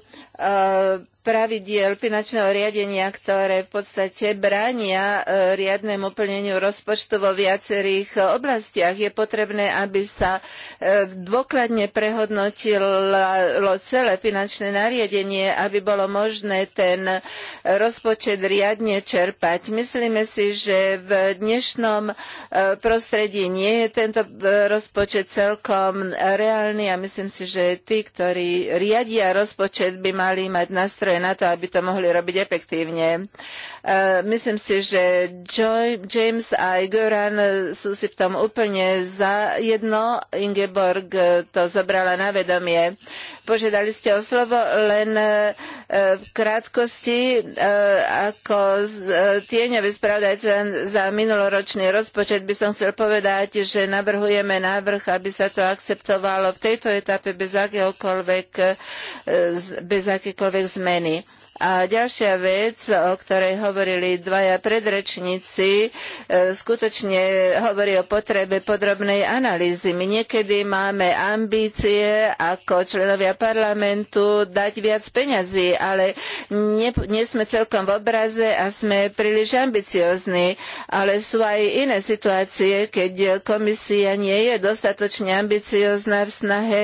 pravidiel finančného riadenia, ktoré v podstate bránia e, riadnemu plneniu rozpočtu vo viacerých oblastiach. Je potrebné, aby sa e, dôkladne prehodnotilo celé finančné nariadenie, aby bolo možné ten rozpočet riadne čerpať. Myslíme si, že v dnešnom prostredí nie je tento rozpočet celkom reálny a myslím si, že že tí, ktorí riadia rozpočet, by mali mať nástroje na to, aby to mohli robiť efektívne. E, myslím si, že James a Goran sú si v tom úplne za jedno. Ingeborg to zobrala na vedomie. Požiadali ste o slovo len e, e, v krátkosti e, ako tieňový spravodajca za minuloročný rozpočet by som chcel povedať, že navrhujeme návrh, aby sa to akceptovalo v tejto etape bez akéhokoľvek, bez akékoľvek zmeny. A ďalšia vec, o ktorej hovorili dvaja predrečníci, e, skutočne hovorí o potrebe podrobnej analýzy. My niekedy máme ambície ako členovia parlamentu dať viac peňazí, ale nie, nie sme celkom v obraze a sme príliš ambiciozni, Ale sú aj iné situácie, keď komisia nie je dostatočne ambiciozná v snahe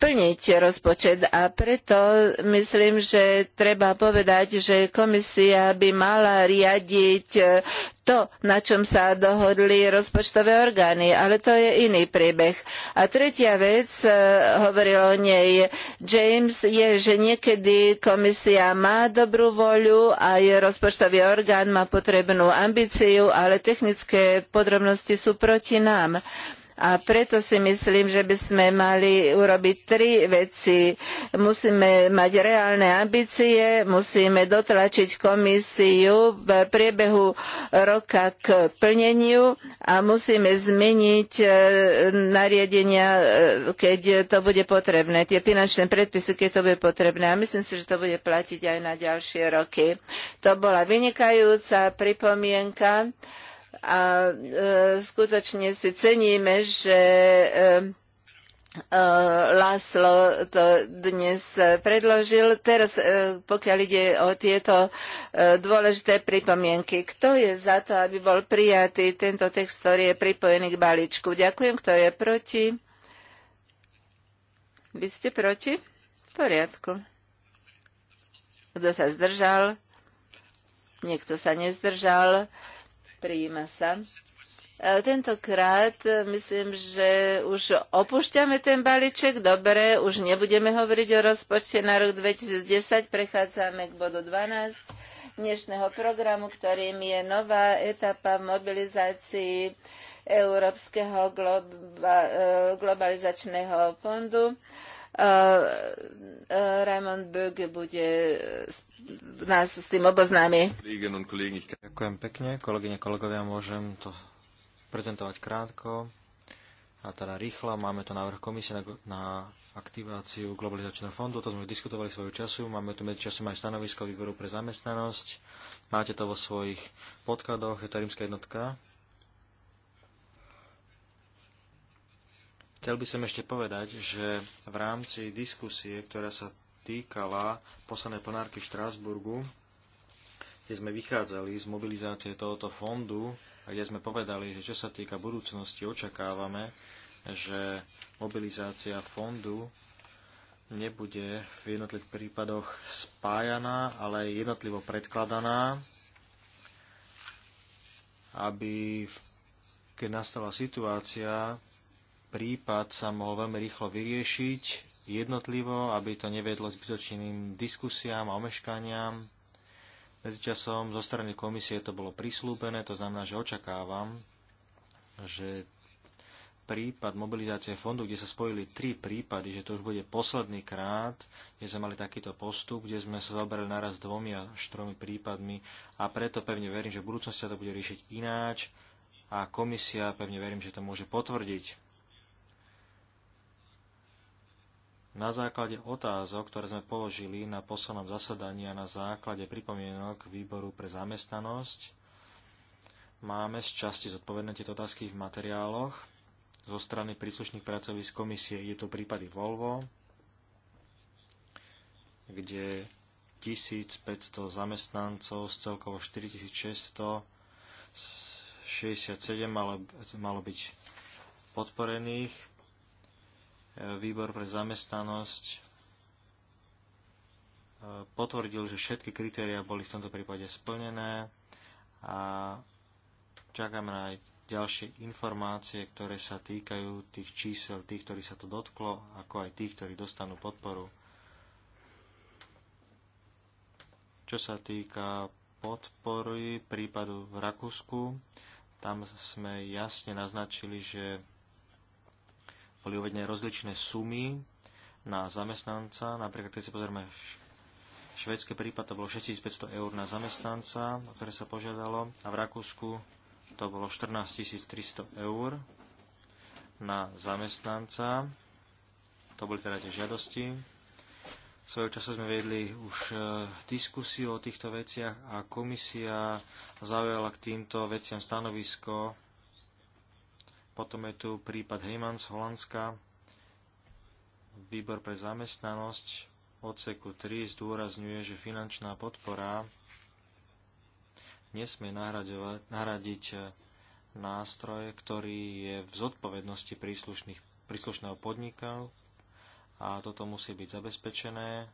plniť rozpočet. A preto myslím, že treba povedať, povedať, že komisia by mala riadiť e, to, na čom sa dohodli rozpočtové orgány, ale to je iný príbeh. A tretia vec, e, hovoril o nej James, je, že niekedy komisia má dobrú voľu a je rozpočtový orgán má potrebnú ambíciu, ale technické podrobnosti sú proti nám. A preto si myslím, že by sme mali urobiť tri veci. Musíme mať reálne ambície, musíme dotlačiť komisiu v priebehu roka k plneniu a musíme zmeniť e, nariadenia, e, keď to bude potrebné, tie finančné predpisy, keď to bude potrebné. A myslím si, že to bude platiť aj na ďalšie roky. To bola vynikajúca pripomienka. A e, skutočne si ceníme, že e, e, Laslo to dnes predložil. Teraz, pokiaľ ide o tieto dôležité pripomienky, kto je za to, aby bol prijatý tento text, ktorý je pripojený k balíčku? Ďakujem. Kto je proti? Vy ste proti? V poriadku. Kto sa zdržal? Niekto sa nezdržal. Uh, Prijíma sa. E, tentokrát e, myslím, že už opúšťame ten balíček. Dobre, už nebudeme hovoriť o rozpočte na rok 2010. Prechádzame k bodu 12 dnešného programu, ktorým je nová etapa v mobilizácii Európskeho globa, e, globalizačného fondu. Äh, äh, Raymond Böge bude äh, nás s tým oboznámi. Ďakujem pekne, kolegyne, kolegovia, môžem to prezentovať krátko a teda rýchlo. Máme to návrh komisie na, na aktiváciu globalizačného fondu, to sme diskutovali svojho času, máme tu časom aj stanovisko výboru pre zamestnanosť, máte to vo svojich podkladoch, je to rímska jednotka, Chcel by som ešte povedať, že v rámci diskusie, ktorá sa týkala poslednej plenárky v Štrásburgu, kde sme vychádzali z mobilizácie tohoto fondu a kde sme povedali, že čo sa týka budúcnosti, očakávame, že mobilizácia fondu nebude v jednotlivých prípadoch spájaná, ale jednotlivo predkladaná, aby keď nastala situácia, prípad sa mohol veľmi rýchlo vyriešiť jednotlivo, aby to neviedlo k zbytočným diskusiám a omeškaniam. Medzičasom zo strany komisie to bolo prislúbené, to znamená, že očakávam, že prípad mobilizácie fondu, kde sa spojili tri prípady, že to už bude posledný krát, kde sme mali takýto postup, kde sme sa zaoberali naraz dvomi a štromi prípadmi a preto pevne verím, že v budúcnosti sa to bude riešiť ináč a komisia pevne verím, že to môže potvrdiť. Na základe otázok, ktoré sme položili na poslednom zasadaní a na základe pripomienok výboru pre zamestnanosť, máme z časti zodpovedné tieto otázky v materiáloch zo strany príslušných pracovníc komisie. Je to prípady Volvo, kde 1500 zamestnancov z celkovo 4667 malo, malo byť podporených výbor pre zamestnanosť e, potvrdil, že všetky kritéria boli v tomto prípade splnené a čakáme na aj ďalšie informácie, ktoré sa týkajú tých čísel, tých, ktorí sa to dotklo, ako aj tých, ktorí dostanú podporu. Čo sa týka podpory prípadu v Rakúsku, tam sme jasne naznačili, že boli uvedené rozličné sumy na zamestnanca. Napríklad, keď si pozrieme švedský prípad, to bolo 6500 eur na zamestnanca, o ktoré sa požiadalo. A v Rakúsku to bolo 14 300 eur na zamestnanca. To boli teda tie žiadosti. Svojho času sme vedli už e, diskusiu o týchto veciach a komisia zaujala k týmto veciam stanovisko potom je tu prípad Heyman z Holandska, výbor pre zamestnanosť odseku 3 zdôrazňuje, že finančná podpora nesmie nahradiť eh, nástroj, ktorý je v zodpovednosti príslušného podnika a toto musí byť zabezpečené.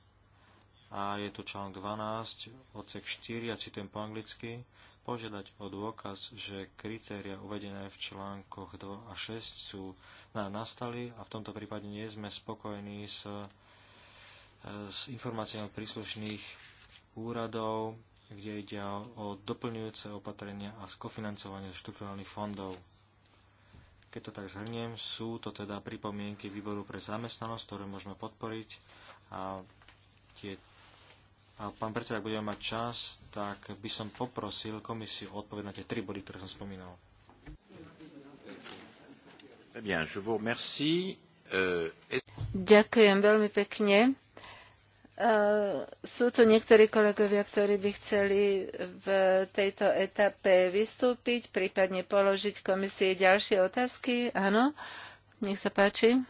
A je tu článok 12, odsek 4, ja citujem po anglicky požiadať o dôkaz, že kritéria uvedené v článkoch 2 a 6 sú na nastali a v tomto prípade nie sme spokojní s, e, s informáciami príslušných úradov, kde ide o, doplňujúce opatrenia a skofinancovanie štruktúrnych fondov. Keď to tak zhrniem, sú to teda pripomienky výboru pre zamestnanosť, ktoré môžeme podporiť a tie a pán predseda, ak budeme mať čas, tak by som poprosil komisiu o odpoveď na tie tri body, ktoré som spomínal. Eh euh, Ďakujem veľmi pekne. Sú tu niektorí kolegovia, ktorí by chceli v tejto etape vystúpiť, prípadne položiť komisii ďalšie otázky. Áno, nech sa páči.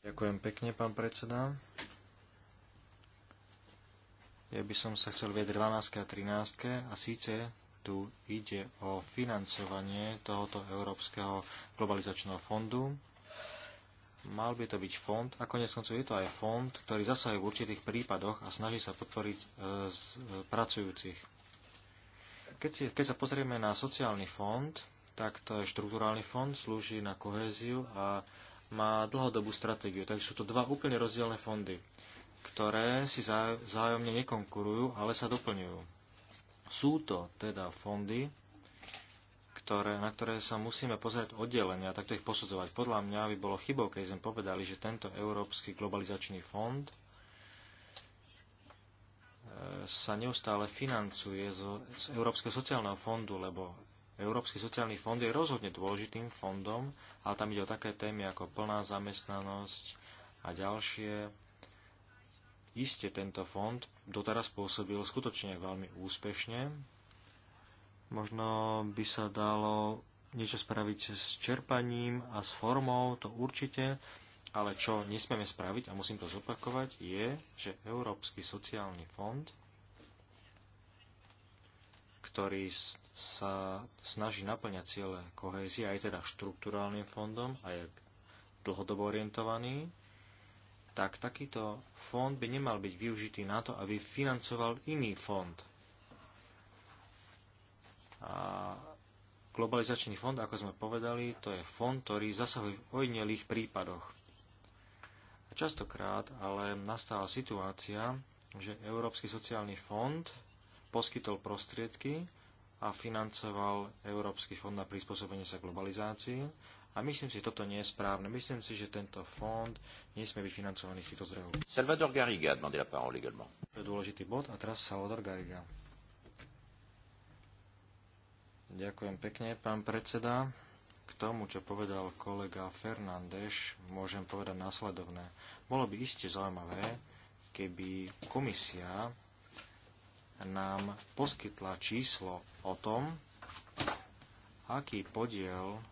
Ďakujem pekne, pán predseda. Ja by som sa chcel vieť 12 a 13 a síce tu ide o financovanie tohoto Európskeho globalizačného fondu. Mal by to byť fond, a konec koncov je to aj fond, ktorý zasahuje v určitých prípadoch a snaží sa podporiť z, e, e, pracujúcich. Keď, si, keď sa pozrieme na sociálny fond, tak to je štruktúrálny fond, slúži na kohéziu a má dlhodobú stratégiu. Takže sú to dva úplne rozdielne fondy ktoré si vzájomne nekonkurujú, ale sa doplňujú. Sú to teda fondy, ktoré, na ktoré sa musíme pozerať oddelenia a takto ich posudzovať. Podľa mňa by bolo chybou, keď sme povedali, že tento Európsky globalizačný fond e, sa neustále financuje zo, z Európskeho sociálneho fondu, lebo Európsky sociálny fond je rozhodne dôležitým fondom, ale tam ide o také témy ako plná zamestnanosť a ďalšie Isté tento fond doteraz pôsobil skutočne veľmi úspešne. Možno by sa dalo niečo spraviť s čerpaním a s formou, to určite, ale čo nesmieme spraviť, a musím to zopakovať, je, že Európsky sociálny fond, ktorý sa snaží naplňať ciele kohézie, aj teda štruktúrálnym fondom, a je dlhodobo orientovaný, tak takýto fond by nemal byť využitý na to, aby financoval iný fond. A globalizačný fond, ako sme povedali, to je fond, ktorý zasahuje v ojnelých prípadoch. A častokrát ale nastala situácia, že Európsky sociálny fond poskytol prostriedky a financoval Európsky fond na prispôsobenie sa globalizácii a myslím si, že toto nie je správne. Myslím si, že tento fond nesmie byť financovaný z týchto zdrojov. Salvador Garriga demandé la parole également. To je dôležitý bod a teraz Salvador Garriga. Ďakujem pekne, pán predseda. K tomu, čo povedal kolega Fernández, môžem povedať následovné. Bolo by iste zaujímavé, keby komisia nám poskytla číslo o tom, aký podiel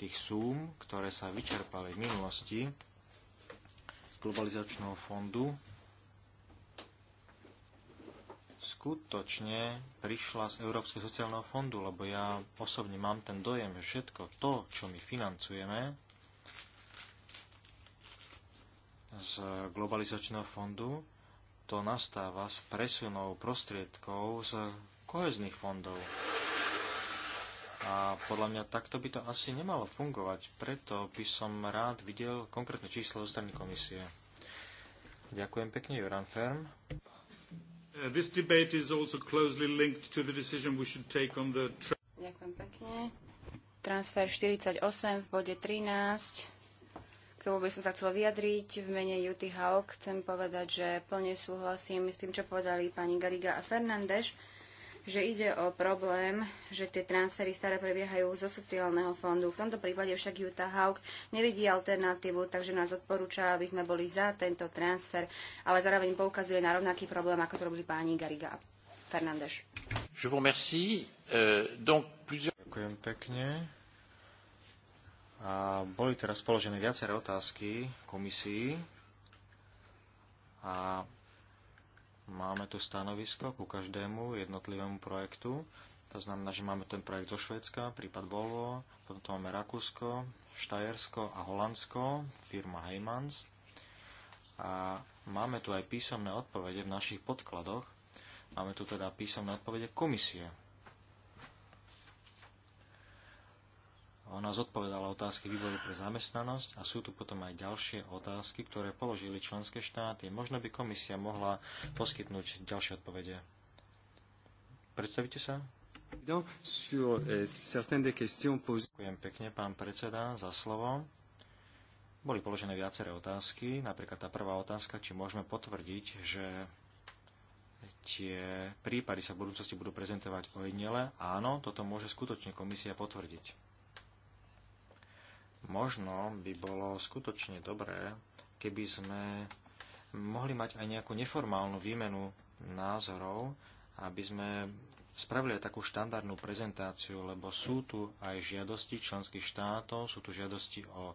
tých súm, ktoré sa vyčerpali v minulosti z globalizačného fondu, skutočne prišla z Európskeho sociálneho fondu, lebo ja osobne mám ten dojem, že všetko to, čo my financujeme z globalizačného fondu, to nastáva s presunou prostriedkov z kohezných fondov. A podľa mňa takto by to asi nemalo fungovať. Preto by som rád videl konkrétne číslo zo strany komisie. Ďakujem pekne, Joran Ferm. Uh, this debate is also closely linked to the decision we should take on the... Ďakujem pekne. Transfer 48 v bode 13. K tomu by som sa chcel vyjadriť. V mene Juty Hauk chcem povedať, že plne súhlasím s tým, čo povedali pani Gariga a Fernández že ide o problém, že tie transfery staré prebiehajú zo sociálneho fondu. V tomto prípade však Utah Hawk nevidí alternatívu, takže nás odporúča, aby sme boli za tento transfer, ale zároveň poukazuje na rovnaký problém, ako to robili páni Gariga a Fernández. Je vous remercie. Euh, donc plusieurs... Ďakujem pekne. A boli teraz položené viaceré otázky komisii a máme tu stanovisko ku každému jednotlivému projektu. To znamená, že máme ten projekt zo Švedska, prípad Volvo, potom to máme Rakúsko, Štajersko a Holandsko, firma Heymans. A máme tu aj písomné odpovede v našich podkladoch. Máme tu teda písomné odpovede komisie Ona zodpovedala otázky výboru pre zamestnanosť a sú tu potom aj ďalšie otázky, ktoré položili členské štáty. Možno by komisia mohla poskytnúť ďalšie odpovede. Predstavíte sa? Euh, Ďakujem pekne, pán predseda, za slovo. Boli položené viaceré otázky, napríklad tá prvá otázka, či môžeme potvrdiť, že tie prípady sa v budúcnosti budú prezentovať ojedinele. Áno, toto môže skutočne komisia potvrdiť. Možno by bolo skutočne dobré, keby sme mohli mať aj nejakú neformálnu výmenu názorov, aby sme spravili aj takú štandardnú prezentáciu, lebo sú tu aj žiadosti členských štátov, sú tu žiadosti o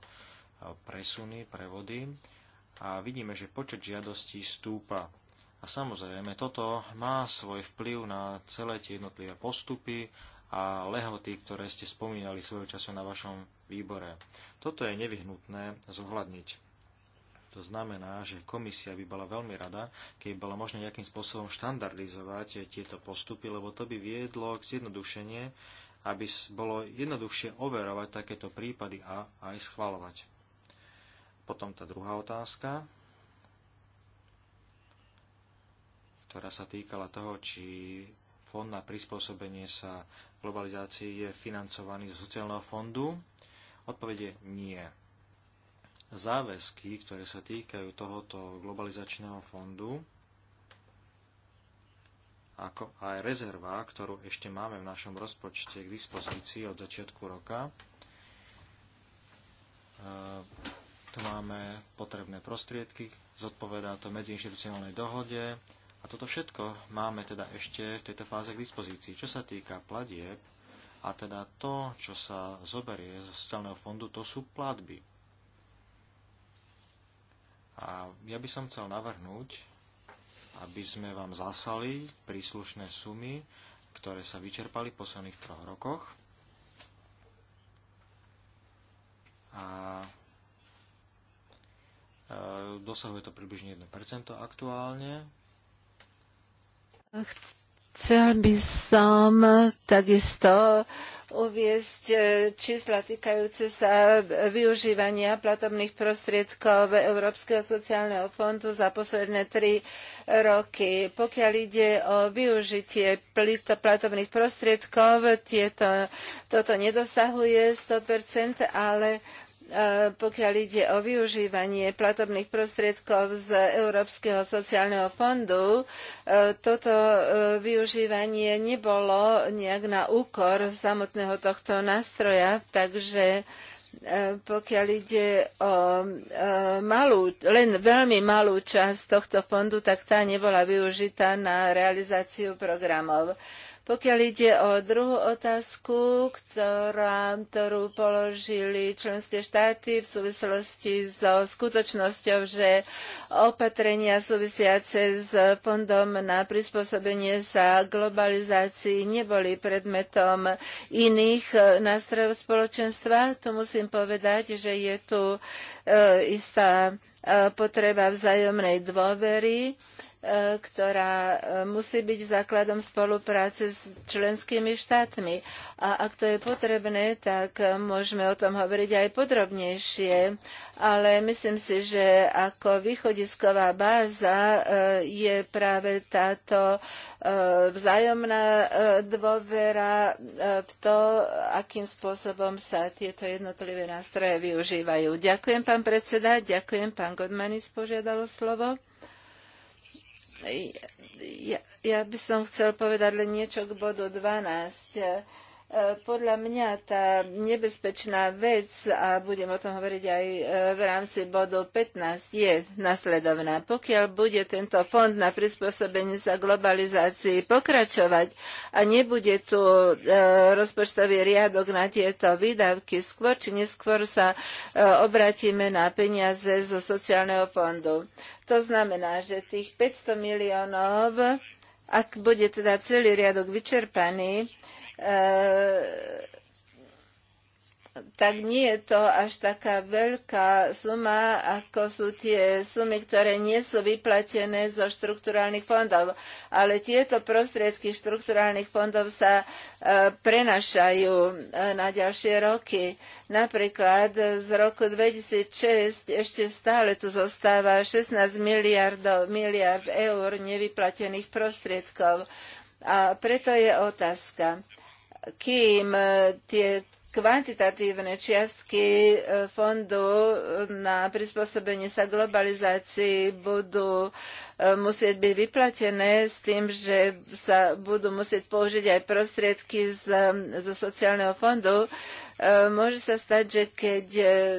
presuny, prevody a vidíme, že počet žiadostí stúpa. A samozrejme, toto má svoj vplyv na celé tie jednotlivé postupy a lehoty, ktoré ste spomínali svojho času na vašom výbore. Toto je nevyhnutné zohľadniť. To znamená, že komisia by bola veľmi rada, keď bola možné nejakým spôsobom štandardizovať tieto postupy, lebo to by viedlo k zjednodušenie, aby bolo jednoduchšie overovať takéto prípady a aj schvalovať. Potom tá druhá otázka, ktorá sa týkala toho, či fond na prispôsobenie sa globalizácii je financovaný zo sociálneho fondu? Odpovede nie. Záväzky, ktoré sa týkajú tohoto globalizačného fondu, ako aj rezerva, ktorú ešte máme v našom rozpočte k dispozícii od začiatku roka, e, tu máme potrebné prostriedky, zodpovedá to medziinštitucionálnej dohode, a toto všetko máme teda ešte v tejto fáze k dispozícii. Čo sa týka platieb, a teda to, čo sa zoberie zo sociálneho fondu, to sú platby. A ja by som chcel navrhnúť, aby sme vám zasali príslušné sumy, ktoré sa vyčerpali v posledných troch rokoch. A e, dosahuje to približne 1% aktuálne, Chcel by som takisto uviezť e, čísla týkajúce sa využívania platobných prostriedkov Európskeho sociálneho fondu za posledné tri roky. Pokiaľ ide o využitie platobných prostriedkov, tieto, toto nedosahuje 100%, ale Eh, pokiaľ ide o využívanie platobných prostriedkov z Európskeho sociálneho fondu, eh, toto eh, využívanie nebolo nejak na úkor samotného tohto nástroja, takže pokiaľ ide o malú, len veľmi malú časť tohto fondu, tak tá nebola využitá na realizáciu programov. Pokiaľ ide o druhú otázku, ktorá, ktorú položili členské štáty v súvislosti so skutočnosťou, že opatrenia súvisiace s fondom na prispôsobenie sa globalizácii neboli predmetom iných nástrojov spoločenstva, tu musím povedať, že je tu E, istá e, potreba vzájomnej dôvery, e, ktorá musí byť základom spolupráce s členskými štátmi. A ak to je potrebné, tak môžeme o tom hovoriť aj podrobnejšie, ale myslím si, že ako východisková báza je práve táto vzájomná dôvera v to, akým spôsobom sa tieto jednotlivé nástroje využívajú. Ďakujem, pán pán predseda. Ďakujem. Pán Godmanis požiadalo slovo. Ja, ja, ja by som chcel povedať len niečo k bodu 12 podľa mňa tá nebezpečná vec, a budem o tom hovoriť aj e, v rámci bodu 15, je nasledovná. Pokiaľ bude tento fond na prispôsobenie sa globalizácii pokračovať a nebude tu e, rozpočtový riadok na tieto výdavky, skôr či neskôr sa e, obratíme na peniaze zo sociálneho fondu. To znamená, že tých 500 miliónov, ak bude teda celý riadok vyčerpaný, E, tak nie je to až taká veľká suma, ako sú tie sumy, ktoré nie sú vyplatené zo štrukturálnych fondov. Ale tieto prostriedky štrukturálnych fondov sa e, prenašajú e, na ďalšie roky. Napríklad z roku 2006 ešte stále tu zostáva 16 miliardov, miliard eur nevyplatených prostriedkov. A preto je otázka kým e, tie kvantitatívne čiastky e, fondu na prispôsobenie sa globalizácii budú e, musieť byť vyplatené s tým, že sa budú musieť použiť aj prostriedky z, zo sociálneho fondu. Môže sa stať, že keď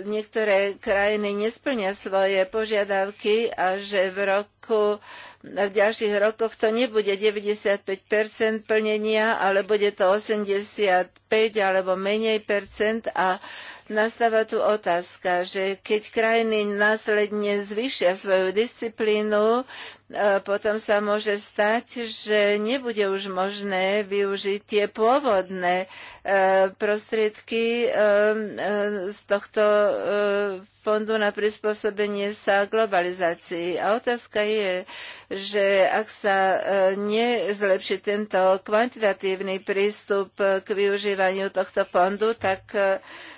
niektoré krajiny nesplnia svoje požiadavky a že v roku v ďalších rokoch to nebude 95% plnenia, ale bude to 85 alebo menej percent a nastáva tu otázka, že keď krajiny následne zvýšia svoju disciplínu, e, potom sa môže stať, že nebude už možné využiť tie pôvodné e, prostriedky e, z tohto fondu na prispôsobenie sa globalizácii. A otázka je, že ak sa nezlepší tento kvantitatívny prístup k využívaniu tohto fondu, tak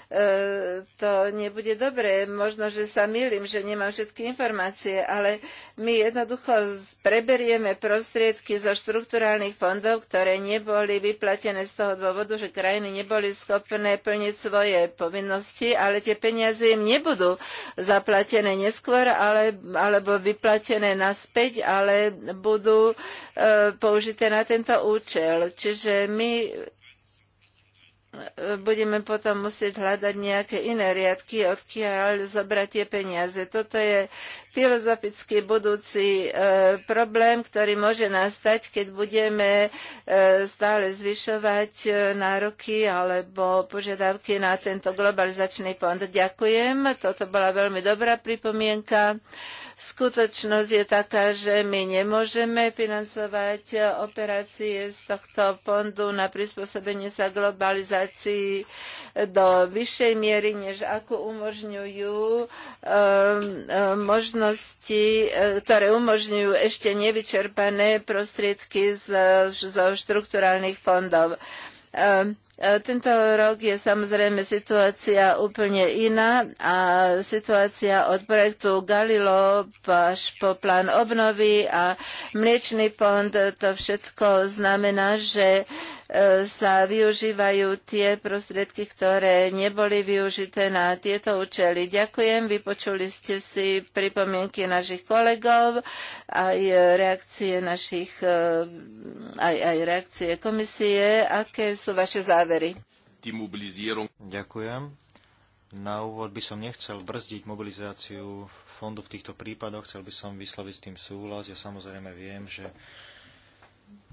E, to nebude dobré. Možno, že sa milím, že nemám všetky informácie, ale my jednoducho preberieme prostriedky zo štrukturálnych fondov, ktoré neboli vyplatené z toho dôvodu, že krajiny neboli schopné plniť svoje povinnosti, ale tie peniaze im nebudú zaplatené neskôr ale, alebo vyplatené naspäť, ale budú e, použité na tento účel. Čiže my budeme potom musieť hľadať nejaké iné riadky, odkiaľ zobrať tie peniaze. Toto je filozofický budúci e, problém, ktorý môže nastať, keď budeme e, stále zvyšovať e, nároky alebo požiadavky na tento globalizačný fond. Ďakujem, toto bola veľmi dobrá pripomienka. E, Skutočnosť je taká, že my nemôžeme financovať operácie z tohto fondu na prispôsobenie sa globalizácii do vyššej miery, než ako umožňujú ehm, ehm, možnosti, e, ktoré umožňujú ešte nevyčerpané prostriedky zo, zo fondov. Ehm, E, tento rok je samozrejme situácia úplne iná a situácia od projektu Galilo až po plán obnovy a mliečný pond, to všetko znamená, že E, sa využívajú tie prostriedky, ktoré neboli využité na tieto účely. Ďakujem, vypočuli ste si pripomienky našich kolegov, aj reakcie našich, e, aj, aj reakcie komisie. Aké sú vaše závery? Ďakujem. Na úvod by som nechcel brzdiť mobilizáciu fondu v týchto prípadoch, chcel by som vysloviť s tým súhlas. Ja samozrejme viem, že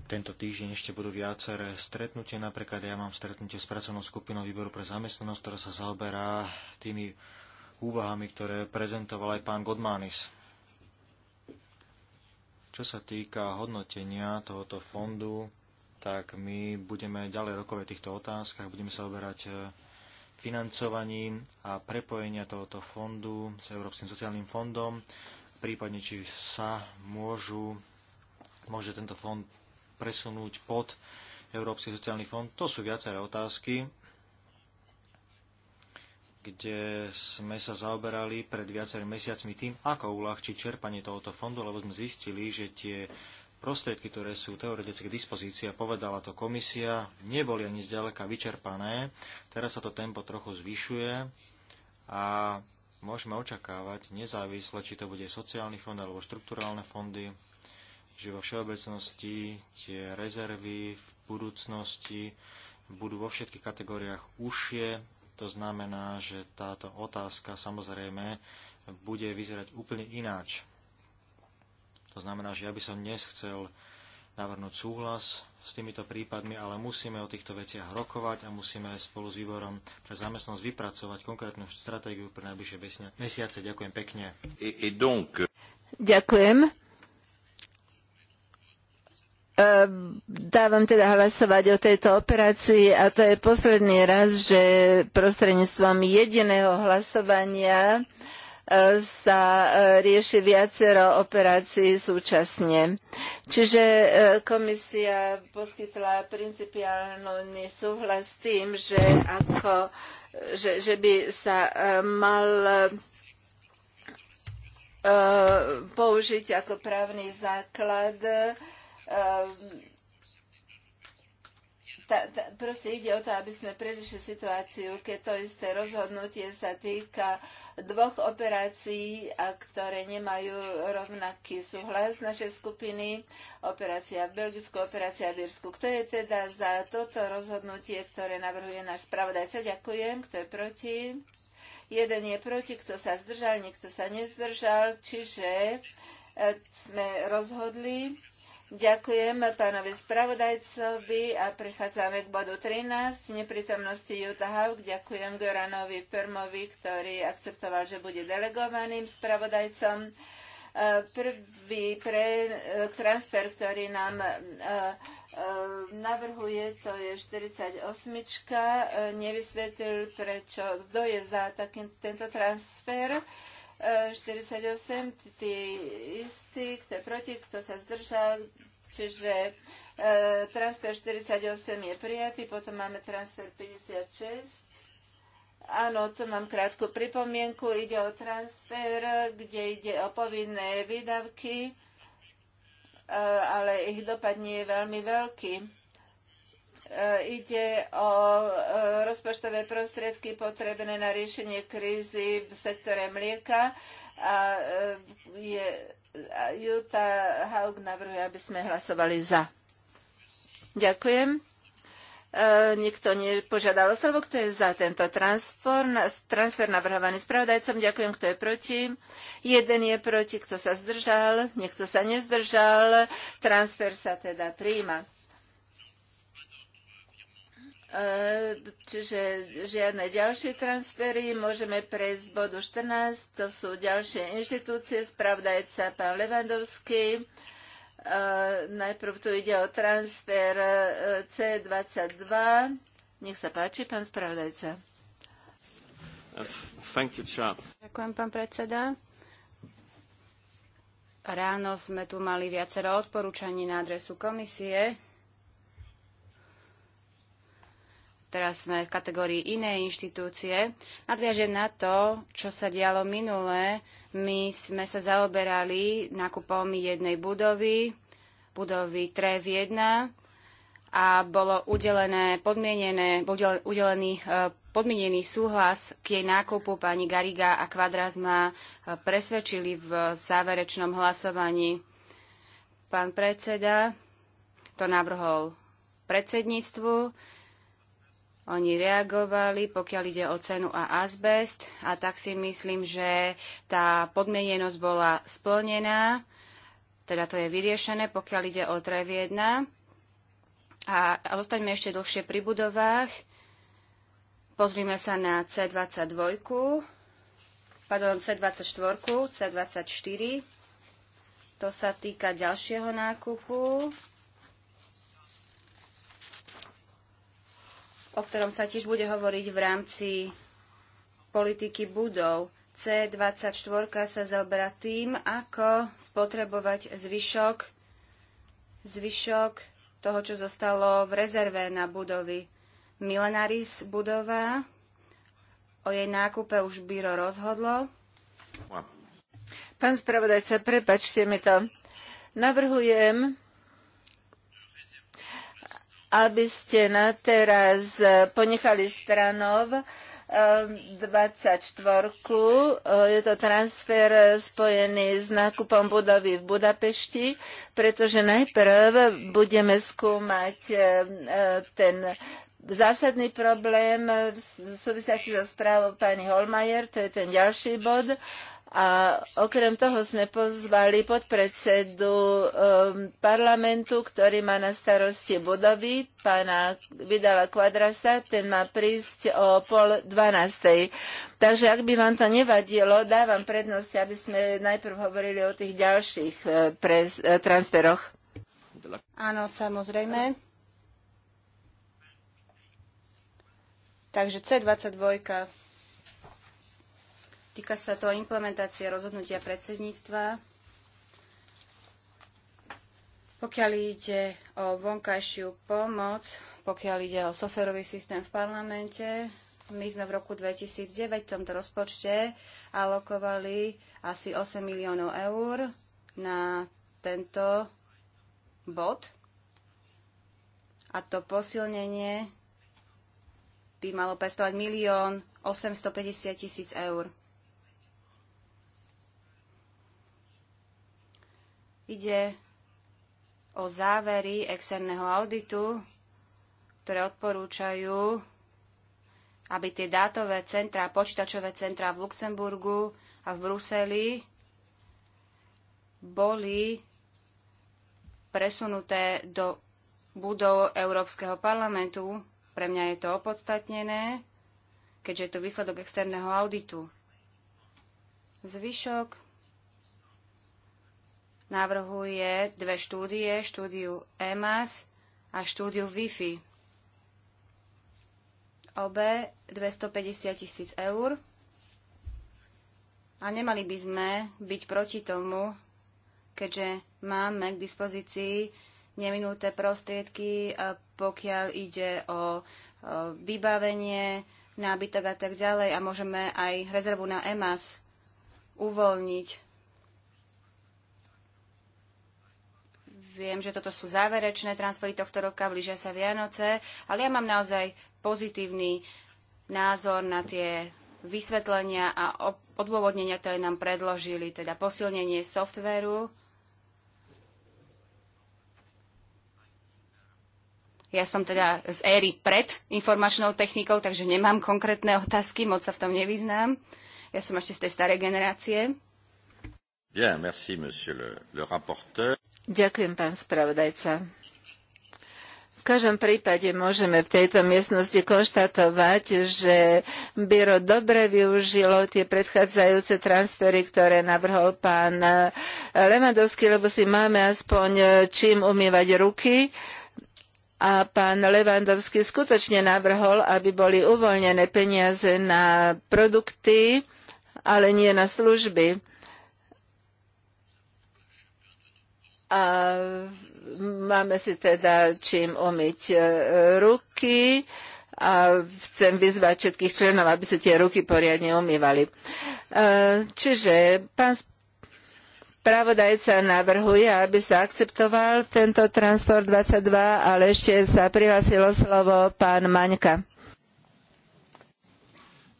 tento týždeň ešte budú viaceré stretnutie. Napríklad ja mám stretnutie s pracovnou skupinou výboru pre zamestnanosť, ktorá sa zaoberá tými úvahami, ktoré prezentoval aj pán Godmanis. Čo sa týka hodnotenia tohoto fondu, tak my budeme ďalej rokové v týchto otázkach, budeme sa oberať e, financovaním a prepojenia tohoto fondu s Európskym sociálnym fondom, prípadne či sa môžu, môže tento fond presunúť pod Európsky sociálny fond. To sú viaceré otázky, kde sme sa zaoberali pred viacerými mesiacmi tým, ako uľahčiť čerpanie tohoto fondu, lebo sme zistili, že tie prostriedky, ktoré sú teoreticky k dispozícii, povedala to komisia, neboli ani zďaleka vyčerpané. Teraz sa to tempo trochu zvyšuje a môžeme očakávať nezávisle, či to bude sociálny fond alebo štrukturálne fondy, že vo všeobecnosti tie rezervy v budúcnosti budú vo všetkých kategóriách užšie. To znamená, že táto otázka samozrejme bude vyzerať úplne ináč. To znamená, že ja by som dnes chcel navrhnúť súhlas s týmito prípadmi, ale musíme o týchto veciach rokovať a musíme spolu s výborom pre zamestnosť vypracovať konkrétnu stratégiu pre najbližšie mesiace. Ďakujem pekne. Ďakujem. Dávam teda hlasovať o tejto operácii a to je posledný raz, že prostredníctvom jediného hlasovania e, sa e, rieši viacero operácií súčasne. Čiže e, komisia poskytla principiálny súhlas s tým, že, ako, že, že by sa mal použiť ako právny základ tá, ehm, tá, proste ide o to, aby sme predišli situáciu, keď to isté rozhodnutie sa týka dvoch operácií, a ktoré nemajú rovnaký súhlas našej skupiny, operácia v Belgicku, operácia v Írsku. Kto je teda za toto rozhodnutie, ktoré navrhuje náš spravodajca? Ďakujem. Kto je proti? Jeden je proti, kto sa zdržal, niekto sa nezdržal, čiže eh, sme rozhodli Ďakujem pánovi spravodajcovi a prechádzame k bodu 13. V neprítomnosti Juta Haug ďakujem Goranovi Permovi, ktorý akceptoval, že bude delegovaným spravodajcom. E, prvý pre, e, transfer, ktorý nám e, navrhuje, to je 48. Nevysvetlil, prečo, kto je za taký, tento transfer. 48, tí istí, kto je proti, kto sa zdržal, čiže e, transfer 48 je prijatý, potom máme transfer 56. Áno, tu mám krátku pripomienku, ide o transfer, kde ide o povinné výdavky, e, ale ich dopad nie je veľmi veľký E, ide o e, rozpočtové prostriedky potrebné na riešenie krízy v sektore mlieka a e, je, Juta Haug navrhuje, aby sme hlasovali za. Ďakujem. Nikto nepožiadal o slovo, kto je za tento transfer, transfer navrhovaný spravodajcom. Ďakujem, kto je proti. Jeden je proti, kto sa zdržal, niekto sa nezdržal. Transfer sa teda príjma. E, čiže žiadne ďalšie transfery. Môžeme prejsť k bodu 14. To sú ďalšie inštitúcie. Spravdajca pán Levandovský. E, najprv tu ide o transfer e, C22. Nech sa páči, pán spravdajca. Ďakujem, pán predseda. Ráno sme tu mali viacero odporúčaní na adresu komisie teraz sme v kategórii iné inštitúcie. Nadviažem na to, čo sa dialo minulé. My sme sa zaoberali nákupom jednej budovy, budovy TREV 1 a bolo udelené podmienené, udelený e, podmienený súhlas k jej nákupu pani Gariga a Kvadrazma e, presvedčili v záverečnom hlasovaní. Pán predseda to navrhol predsedníctvu oni reagovali, pokiaľ ide o cenu a azbest a tak si myslím, že tá podmienenosť bola splnená, teda to je vyriešené, pokiaľ ide o TREV 1. A, a ostaňme ešte dlhšie pri budovách. Pozrime sa na C22, pardon, C24, C24. To sa týka ďalšieho nákupu. o ktorom sa tiež bude hovoriť v rámci politiky budov. C24 sa zaoberá tým, ako spotrebovať zvyšok, zvyšok toho, čo zostalo v rezerve na budovy. Milenaris budova, o jej nákupe už byro rozhodlo. Pán spravodajca, prepačte mi to. Navrhujem, aby ste na teraz ponechali stranov 24. Eh, eh, je to transfer spojený s nákupom budovy v Budapešti, pretože najprv budeme skúmať eh, ten zásadný problém súvisiaci so správou pani Holmajer, to je ten ďalší bod. A okrem toho sme pozvali podpredsedu um, parlamentu, ktorý má na starosti budovy, pána Vidala Quadrasa, ten má prísť o pol dvanástej. Takže ak by vám to nevadilo, dávam prednosť, aby sme najprv hovorili o tých ďalších eh, eh, transferoch. Áno, samozrejme. Takže C22 Týka sa to implementácie rozhodnutia predsedníctva. Pokiaľ ide o vonkajšiu pomoc, pokiaľ ide o soferový systém v parlamente, my sme v roku 2009 v tomto rozpočte alokovali asi 8 miliónov eur na tento bod. A to posilnenie by malo predstavovať milión 850 tisíc eur. Ide o závery externého auditu, ktoré odporúčajú, aby tie dátové centra, počítačové centra v Luxemburgu a v Bruseli boli presunuté do budov Európskeho parlamentu. Pre mňa je to opodstatnené, keďže je to výsledok externého auditu. Zvyšok navrhuje dve štúdie, štúdiu EMAS a štúdiu Wi-Fi. Obe 250 tisíc eur. A nemali by sme byť proti tomu, keďže máme k dispozícii nevinuté prostriedky, e, pokiaľ ide o e, vybavenie, nábytok a tak ďalej a môžeme aj rezervu na EMAS uvoľniť Viem, že toto sú záverečné transfery tohto roka, blížia sa Vianoce, ale ja mám naozaj pozitívny názor na tie vysvetlenia a odôvodnenia, ktoré nám predložili, teda posilnenie softvéru. Ja som teda z éry pred informačnou technikou, takže nemám konkrétne otázky, moc sa v tom nevyznám. Ja som ešte z tej starej generácie. Bien, merci, monsieur le, le rapporteur. Ďakujem, pán spravodajca. V každom prípade môžeme v tejto miestnosti konštatovať, že Biro dobre využilo tie predchádzajúce transfery, ktoré navrhol pán Levandovský, lebo si máme aspoň čím umývať ruky a pán Levandovský skutočne navrhol, aby boli uvoľnené peniaze na produkty, ale nie na služby. a máme si teda čím umyť e, ruky a chcem vyzvať všetkých členov, aby sa tie ruky poriadne umývali. E, čiže pán Pravodajca navrhuje, aby sa akceptoval tento transport 22, ale ešte sa prihlásilo slovo pán Maňka.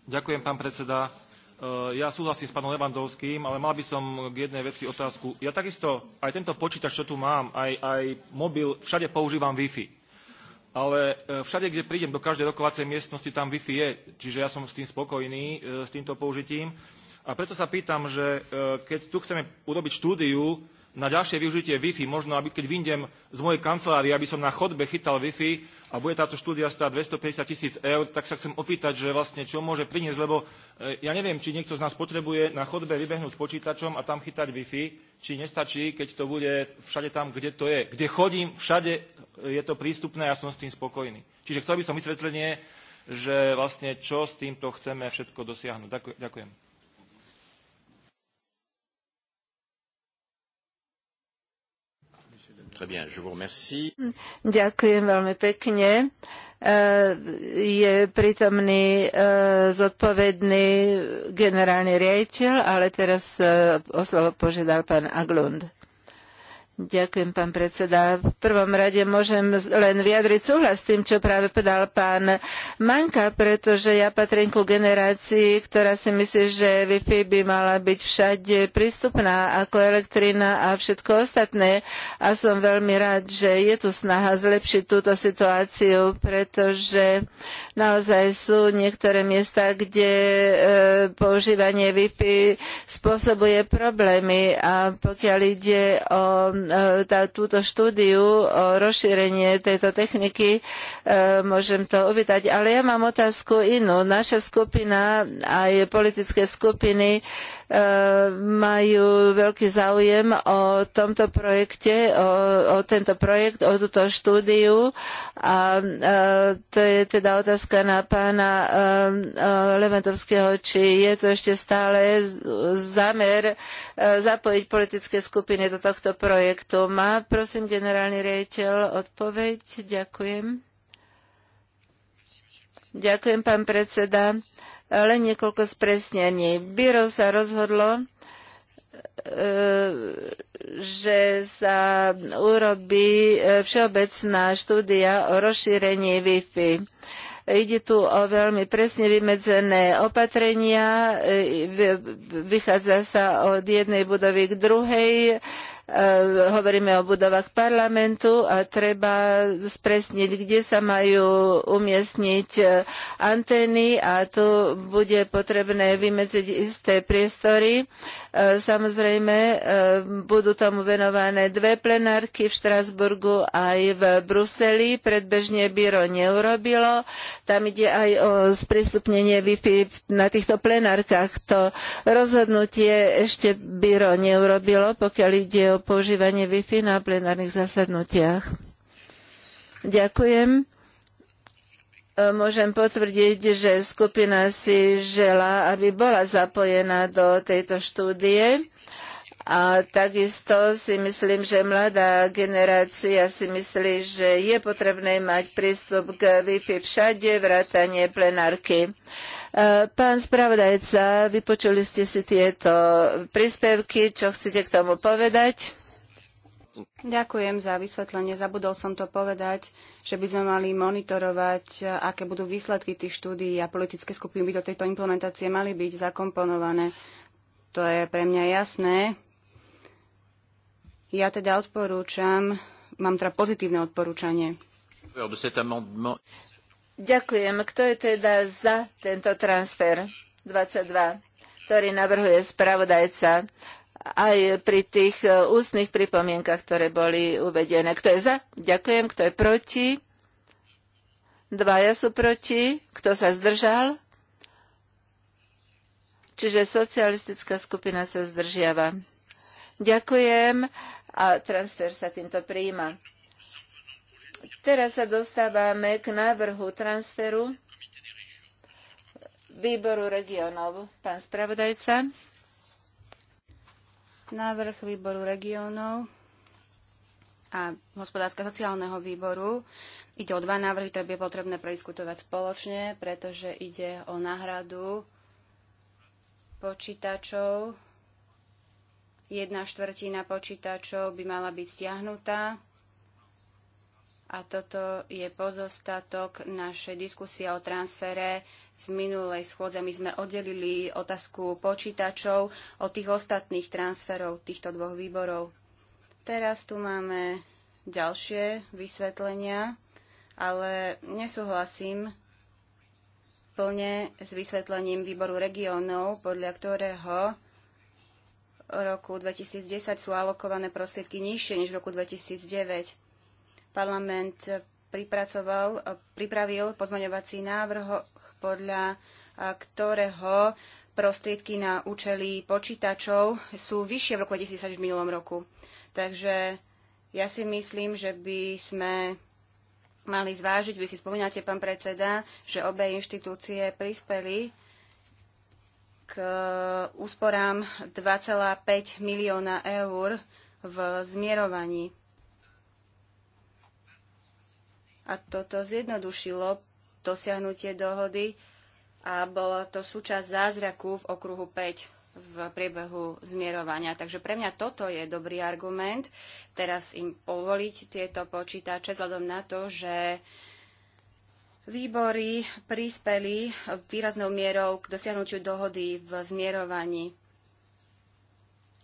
Ďakujem, pán predseda. Eh, ja súhlasím s pánom Levandovským, ale mal by som k jednej veci otázku. Ja takisto aj tento počítač, čo tu mám, aj, aj mobil, všade používam Wi-Fi. Ale eh, všade, kde prídem, do každej rokovacej miestnosti, tam Wi-Fi je. Čiže ja som s tým spokojný, eh, s týmto použitím. A preto sa pýtam, že keď tu chceme urobiť štúdiu, na ďalšie využitie Wi-Fi, možno aby keď vyndem z mojej kancelárie, aby som na chodbe chytal Wi-Fi a bude táto štúdia stáť 250 tisíc eur, tak sa chcem opýtať, že vlastne čo môže priniesť, lebo e, ja neviem, či niekto z nás potrebuje na chodbe vybehnúť s počítačom a tam chytať Wi-Fi, či nestačí, keď to bude všade tam, kde to je. Kde chodím, všade je to prístupné a som s tým spokojný. Čiže chcel by som vysvetlenie, že vlastne čo s týmto chceme všetko dosiahnuť. Ďakujem. Très bien, je vous remercie. Ďakujem veľmi pekne. E, je prítomný e, zodpovedný generálny riaditeľ, ale teraz e, o slovo požiadal pán Aglund. Ďakujem, pán predseda. V prvom rade môžem len vyjadriť súhlas s tým, čo práve povedal pán Manka, pretože ja patrím ku generácii, ktorá si myslí, že Wi-Fi by mala byť všade prístupná ako elektrina a všetko ostatné. A som veľmi rád, že je tu snaha zlepšiť túto situáciu, pretože naozaj sú niektoré miesta, kde e, používanie Wi-Fi spôsobuje problémy. A pokiaľ ide o E, tá, túto štúdiu o rozšírenie tejto techniky, e, môžem to uvítať. Ale ja mám otázku inú. Naša skupina aj politické skupiny E, majú veľký záujem o tomto projekte, o, o tento projekt, o túto štúdiu. A e, to je teda otázka na pána e, Leventovského, či je to ešte stále zámer zapojiť politické skupiny do tohto projektu. Má, prosím, generálny riaditeľ odpoveď. Ďakujem. Ďakujem, pán predseda. Len niekoľko spresnení. Byro sa rozhodlo, e, že sa urobí e, všeobecná štúdia o rozšírení Wi-Fi. Ide tu o veľmi presne vymedzené opatrenia, e, vychádza sa od jednej budovy k druhej, Eh, hovoríme o budovách parlamentu a treba spresniť, kde sa majú umiestniť eh, antény a tu bude potrebné vymedziť isté priestory. Eh, samozrejme, budú tomu venované dve plenárky v Štrasburgu aj v Bruseli. Predbežne byro neurobilo. Tam ide aj o sprístupnenie Wi-Fi na týchto plenárkach. To rozhodnutie ešte byro neurobilo, pokiaľ ide o o používanie Wi-Fi na plenárnych zasadnutiach. Ďakujem. E, môžem potvrdiť, že skupina si žela, aby bola zapojená do tejto štúdie. A takisto si myslím, že mladá generácia si myslí, že je potrebné mať prístup k Wi-Fi všade, vrátanie plenárky. Eh, pán spravodajca, vypočuli ste si tieto príspevky, čo chcete k tomu povedať? Ďakujem za vysvetlenie. Zabudol som to povedať, že by sme mali monitorovať, aké budú výsledky tých štúdií a politické skupiny by do tejto implementácie mali byť zakomponované. To je pre mňa jasné. Ja teda odporúčam, mám teda pozitívne odporúčanie. Ďakujem. Kto je teda za tento transfer 22, ktorý navrhuje spravodajca aj pri tých e, ústnych pripomienkach, ktoré boli uvedené? Kto je za? Ďakujem. Kto je proti? Dvaja sú proti. Kto sa zdržal? Čiže socialistická skupina sa zdržiava. Ďakujem a transfer sa týmto prijíma. Teraz sa dostávame k návrhu transferu výboru regionov. Pán spravodajca. Návrh výboru regionov a hospodárske sociálneho výboru. Ide o dva návrhy, ktoré by je potrebné prediskutovať spoločne, pretože ide o náhradu počítačov. Jedna štvrtina počítačov by mala byť stiahnutá a toto je pozostatok našej diskusie o transfere z minulej schôdze. My sme oddelili otázku počítačov od tých ostatných transferov týchto dvoch výborov. Teraz tu máme ďalšie vysvetlenia, ale nesúhlasím plne s vysvetlením výboru regiónov, podľa ktorého roku 2010 sú alokované prostriedky nižšie než v roku 2009 Parlament pripracoval, pripravil pozmaňovací návrh, podľa ktorého prostriedky na účely počítačov sú vyššie v roku 2010 v minulom roku. Takže ja si myslím, že by sme mali zvážiť, vy si spomínate, pán predseda, že obe inštitúcie prispeli k úsporám 2,5 milióna eur v zmierovaní a toto zjednodušilo dosiahnutie dohody a bola to súčasť zázraku v okruhu 5 v priebehu zmierovania. Takže pre mňa toto je dobrý argument, teraz im povoliť tieto počítače, vzhľadom na to, že výbory prispeli výraznou mierou k dosiahnutiu dohody v zmierovaní.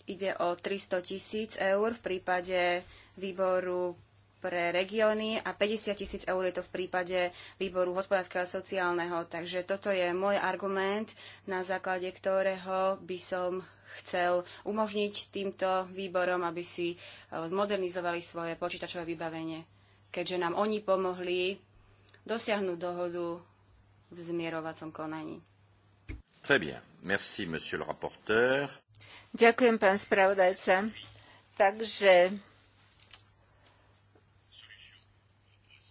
Ide o 300 tisíc eur v prípade výboru pre regióny a 50 tisíc eur je to v prípade výboru hospodárskeho a sociálneho. Takže toto je môj argument, na základe ktorého by som chcel umožniť týmto výborom, aby si e, zmodernizovali svoje počítačové vybavenie, keďže nám oni pomohli dosiahnuť dohodu v zmierovacom konaní. Très bien. Merci, monsieur le rapporteur. Ďakujem, pán spravodajca. Takže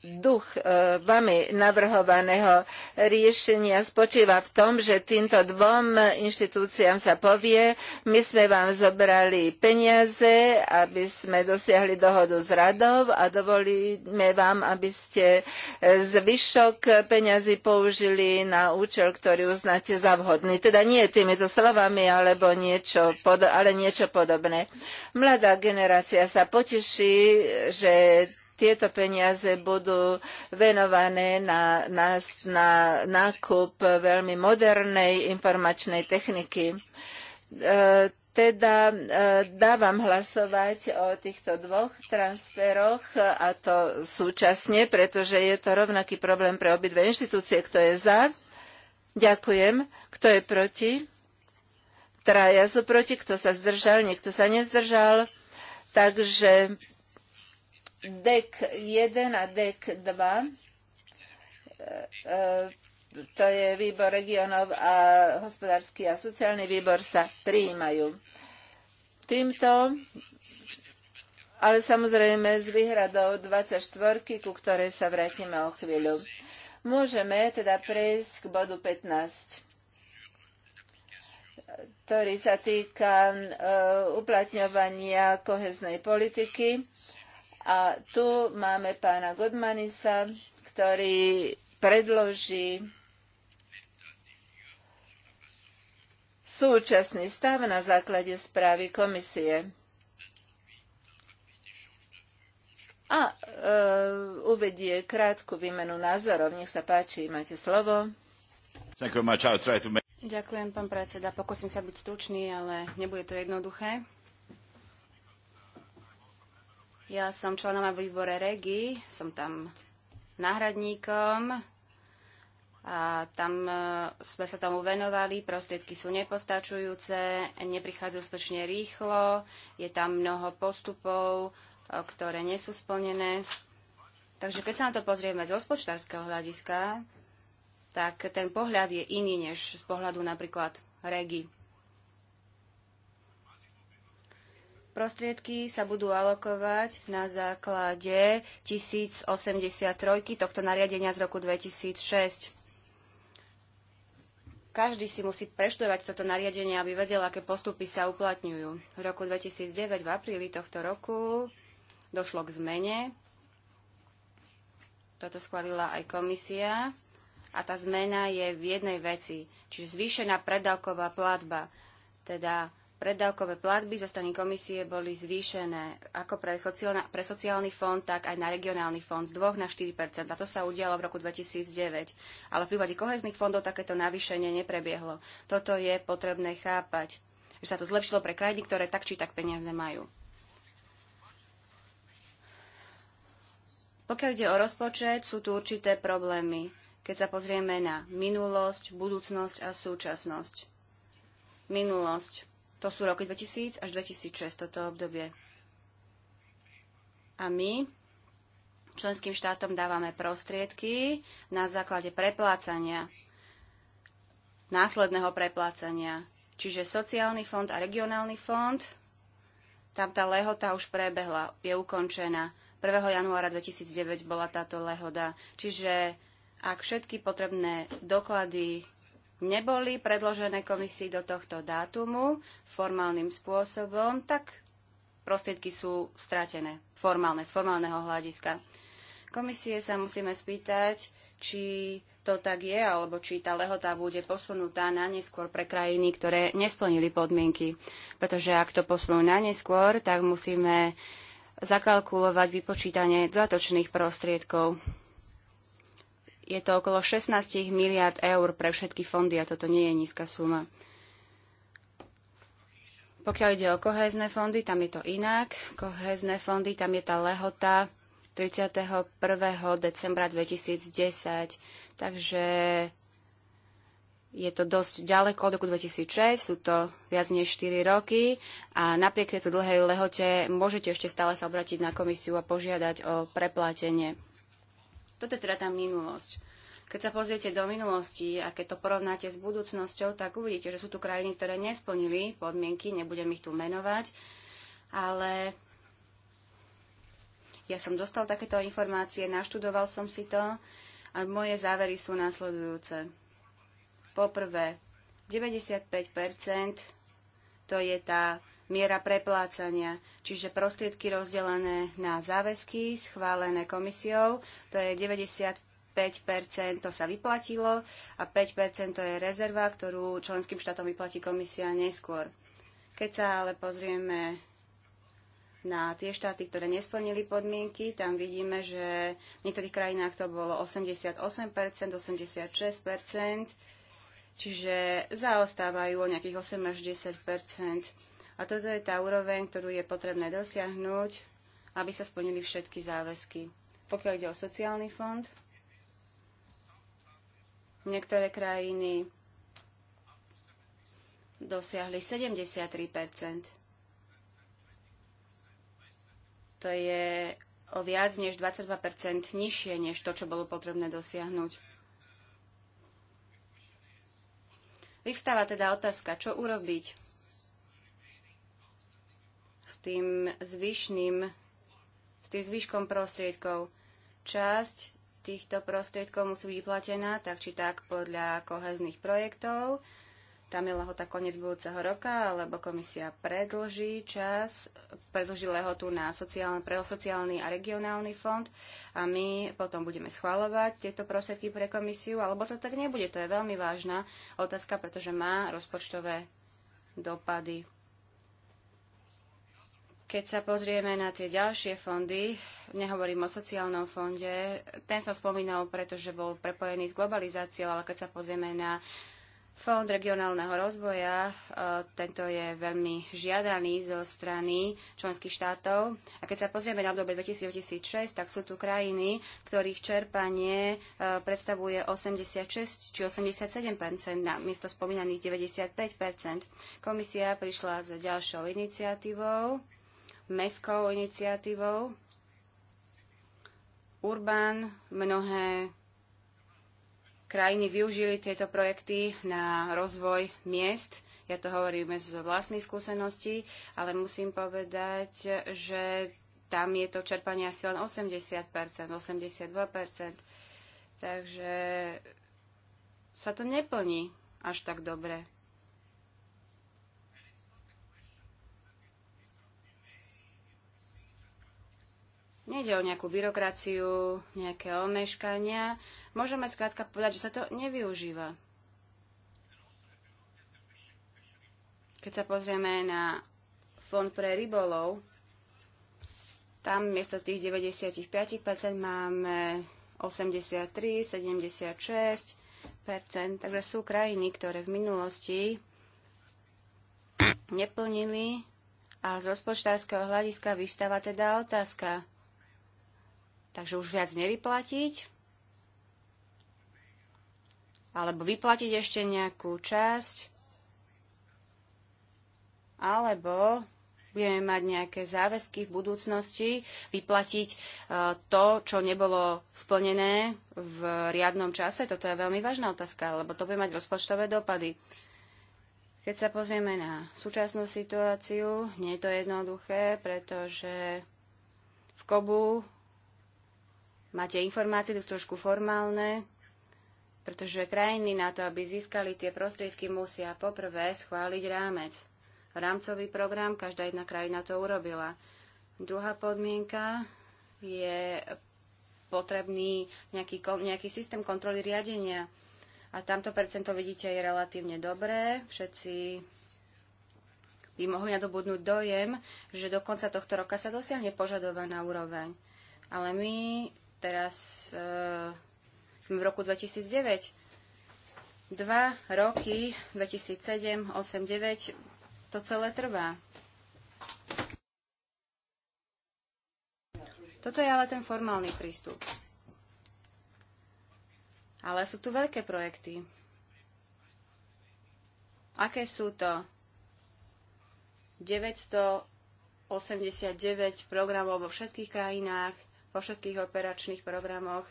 duch e, vami navrhovaného riešenia spočíva v tom, že týmto dvom inštitúciám sa povie, my sme vám zobrali peniaze, aby sme dosiahli dohodu s radov a dovolíme vám, aby ste e, zvyšok peniazy použili na účel, ktorý uznáte za vhodný. Teda nie týmito slovami, alebo niečo, ale niečo podobné. Mladá generácia sa poteší, že tieto peniaze budú venované na, na, na nákup veľmi modernej informačnej techniky. E, teda e, dávam hlasovať o týchto dvoch transferoch e, a to súčasne, pretože je to rovnaký problém pre obidve inštitúcie. Kto je za? Ďakujem. Kto je proti? Traja sú proti. Kto sa zdržal? Niekto sa nezdržal. Takže DEC 1 a DEC 2 e, e, to je výbor regionov a hospodársky a sociálny výbor sa prijímajú. Týmto, ale samozrejme s výhradou 24, ku ktorej sa vrátime o chvíľu. Môžeme teda prejsť k bodu 15 ktorý sa týka e, uplatňovania koheznej politiky. A tu máme pána Godmanisa, ktorý predloží súčasný stav na základe správy komisie. A e, uvedie krátku výmenu názorov. Nech sa páči, máte slovo. Ďakujem, pán predseda. Pokúsim sa byť stručný, ale nebude to jednoduché. Ja som členom v výbore REGI, som tam náhradníkom a tam e, sme sa tomu venovali, prostriedky sú nepostačujúce, neprichádza skutočne rýchlo, je tam mnoho postupov, e, ktoré nie sú splnené. Takže keď sa na to pozrieme z rozpočtárskeho hľadiska, tak ten pohľad je iný než z pohľadu napríklad REGI. Prostriedky sa budú alokovať na základe 1083 tohto nariadenia z roku 2006. Každý si musí preštudovať toto nariadenie, aby vedel, aké postupy sa uplatňujú. V roku 2009, v apríli tohto roku, došlo k zmene. Toto schválila aj komisia. A tá zmena je v jednej veci, čiže zvýšená predávková platba. Teda predávkové platby zo strany komisie boli zvýšené ako pre, sociálna, pre sociálny fond, tak aj na regionálny fond z 2 na 4 A to sa udialo v roku 2009. Ale v prípade kohezných fondov takéto navýšenie neprebiehlo. Toto je potrebné chápať, že sa to zlepšilo pre krajiny, ktoré tak či tak peniaze majú. Pokiaľ ide o rozpočet, sú tu určité problémy, keď sa pozrieme na minulosť, budúcnosť a súčasnosť. Minulosť to sú roky 2000 až 2006, toto obdobie. A my členským štátom dávame prostriedky na základe preplácania, následného preplácania. Čiže sociálny fond a regionálny fond, tam tá lehota už prebehla, je ukončená. 1. januára 2009 bola táto lehoda. Čiže ak všetky potrebné doklady neboli predložené komisii do tohto dátumu formálnym spôsobom, tak prostriedky sú stratené formálne, z formálneho hľadiska. Komisie sa musíme spýtať, či to tak je, alebo či tá lehota bude posunutá na neskôr pre krajiny, ktoré nesplnili podmienky. Pretože ak to posunú na neskôr, tak musíme zakalkulovať vypočítanie dodatočných prostriedkov je to okolo 16 miliard eur pre všetky fondy a toto nie je nízka suma. Pokiaľ ide o kohézne fondy, tam je to inak. Kohézne fondy, tam je tá lehota 31. decembra 2010. Takže je to dosť ďaleko od roku 2006, sú to viac než 4 roky a napriek tejto dlhej lehote môžete ešte stále sa obratiť na komisiu a požiadať o preplatenie. Toto je teda tá minulosť. Keď sa pozriete do minulosti a keď to porovnáte s budúcnosťou, tak uvidíte, že sú tu krajiny, ktoré nesplnili podmienky, nebudem ich tu menovať, ale ja som dostal takéto informácie, naštudoval som si to a moje závery sú následujúce. Poprvé, 95% to je tá miera preplácania, čiže prostriedky rozdelené na záväzky schválené komisiou, to je 95 to sa vyplatilo a 5 to je rezerva, ktorú členským štátom vyplatí komisia neskôr. Keď sa ale pozrieme na tie štáty, ktoré nesplnili podmienky, tam vidíme, že v niektorých krajinách to bolo 88%, 86%, čiže zaostávajú o nejakých 8 až 10 a toto je tá úroveň, ktorú je potrebné dosiahnuť, aby sa splnili všetky záväzky. Pokiaľ ide o sociálny fond, niektoré krajiny dosiahli 73 To je o viac než 22 nižšie než to, čo bolo potrebné dosiahnuť. Vyvstáva teda otázka, čo urobiť s tým zvyšným, s tým zvyškom prostriedkov. Časť týchto prostriedkov musí byť vyplatená tak či tak podľa kohezných projektov. Tam je lehota koniec budúceho roka, alebo komisia predlží čas, predlží lehotu na sociálny, pre sociálny a regionálny fond a my potom budeme schvalovať tieto prostriedky pre komisiu, alebo to tak nebude. To je veľmi vážna otázka, pretože má rozpočtové dopady. Keď sa pozrieme na tie ďalšie fondy, nehovorím o sociálnom fonde, ten som spomínal, pretože bol prepojený s globalizáciou, ale keď sa pozrieme na Fond regionálneho rozvoja, e, tento je veľmi žiadaný zo strany členských štátov. A keď sa pozrieme na obdobie 2006 tak sú tu krajiny, ktorých čerpanie e, predstavuje 86 či 87 na miesto spomínaných 95 Komisia prišla s ďalšou iniciatívou mestskou iniciatívou. Urbán, mnohé krajiny využili tieto projekty na rozvoj miest. Ja to hovorím z vlastných skúseností, ale musím povedať, že tam je to čerpanie asi len 80%, 82%. Takže sa to neplní až tak dobre. Nejde o nejakú byrokraciu, nejaké omeškania. Môžeme skrátka povedať, že sa to nevyužíva. Keď sa pozrieme na fond pre rybolov, tam miesto tých 95% máme 83, 76%. Takže sú krajiny, ktoré v minulosti neplnili a z rozpočtárskeho hľadiska vystáva teda otázka, Takže už viac nevyplatiť, alebo vyplatiť ešte nejakú časť, alebo budeme mať nejaké záväzky v budúcnosti, vyplatiť e, to, čo nebolo splnené v riadnom čase? Toto je veľmi vážna otázka, lebo to bude mať rozpočtové dopady. Keď sa pozrieme na súčasnú situáciu, nie je to jednoduché, pretože v Kobu máte informácie, to sú trošku formálne, pretože krajiny na to, aby získali tie prostriedky, musia poprvé schváliť rámec. Rámcový program, každá jedna krajina to urobila. Druhá podmienka je potrebný nejaký, nejaký systém kontroly riadenia. A tamto percento, vidíte, je relatívne dobré. Všetci by mohli nadobudnúť dojem, že do konca tohto roka sa dosiahne požadovaná úroveň. Ale my Teraz uh, sme v roku 2009. Dva roky, 2007, 8, 9, to celé trvá. Toto je ale ten formálny prístup. Ale sú tu veľké projekty. Aké sú to? 989 programov vo všetkých krajinách, vo všetkých operačných programoch.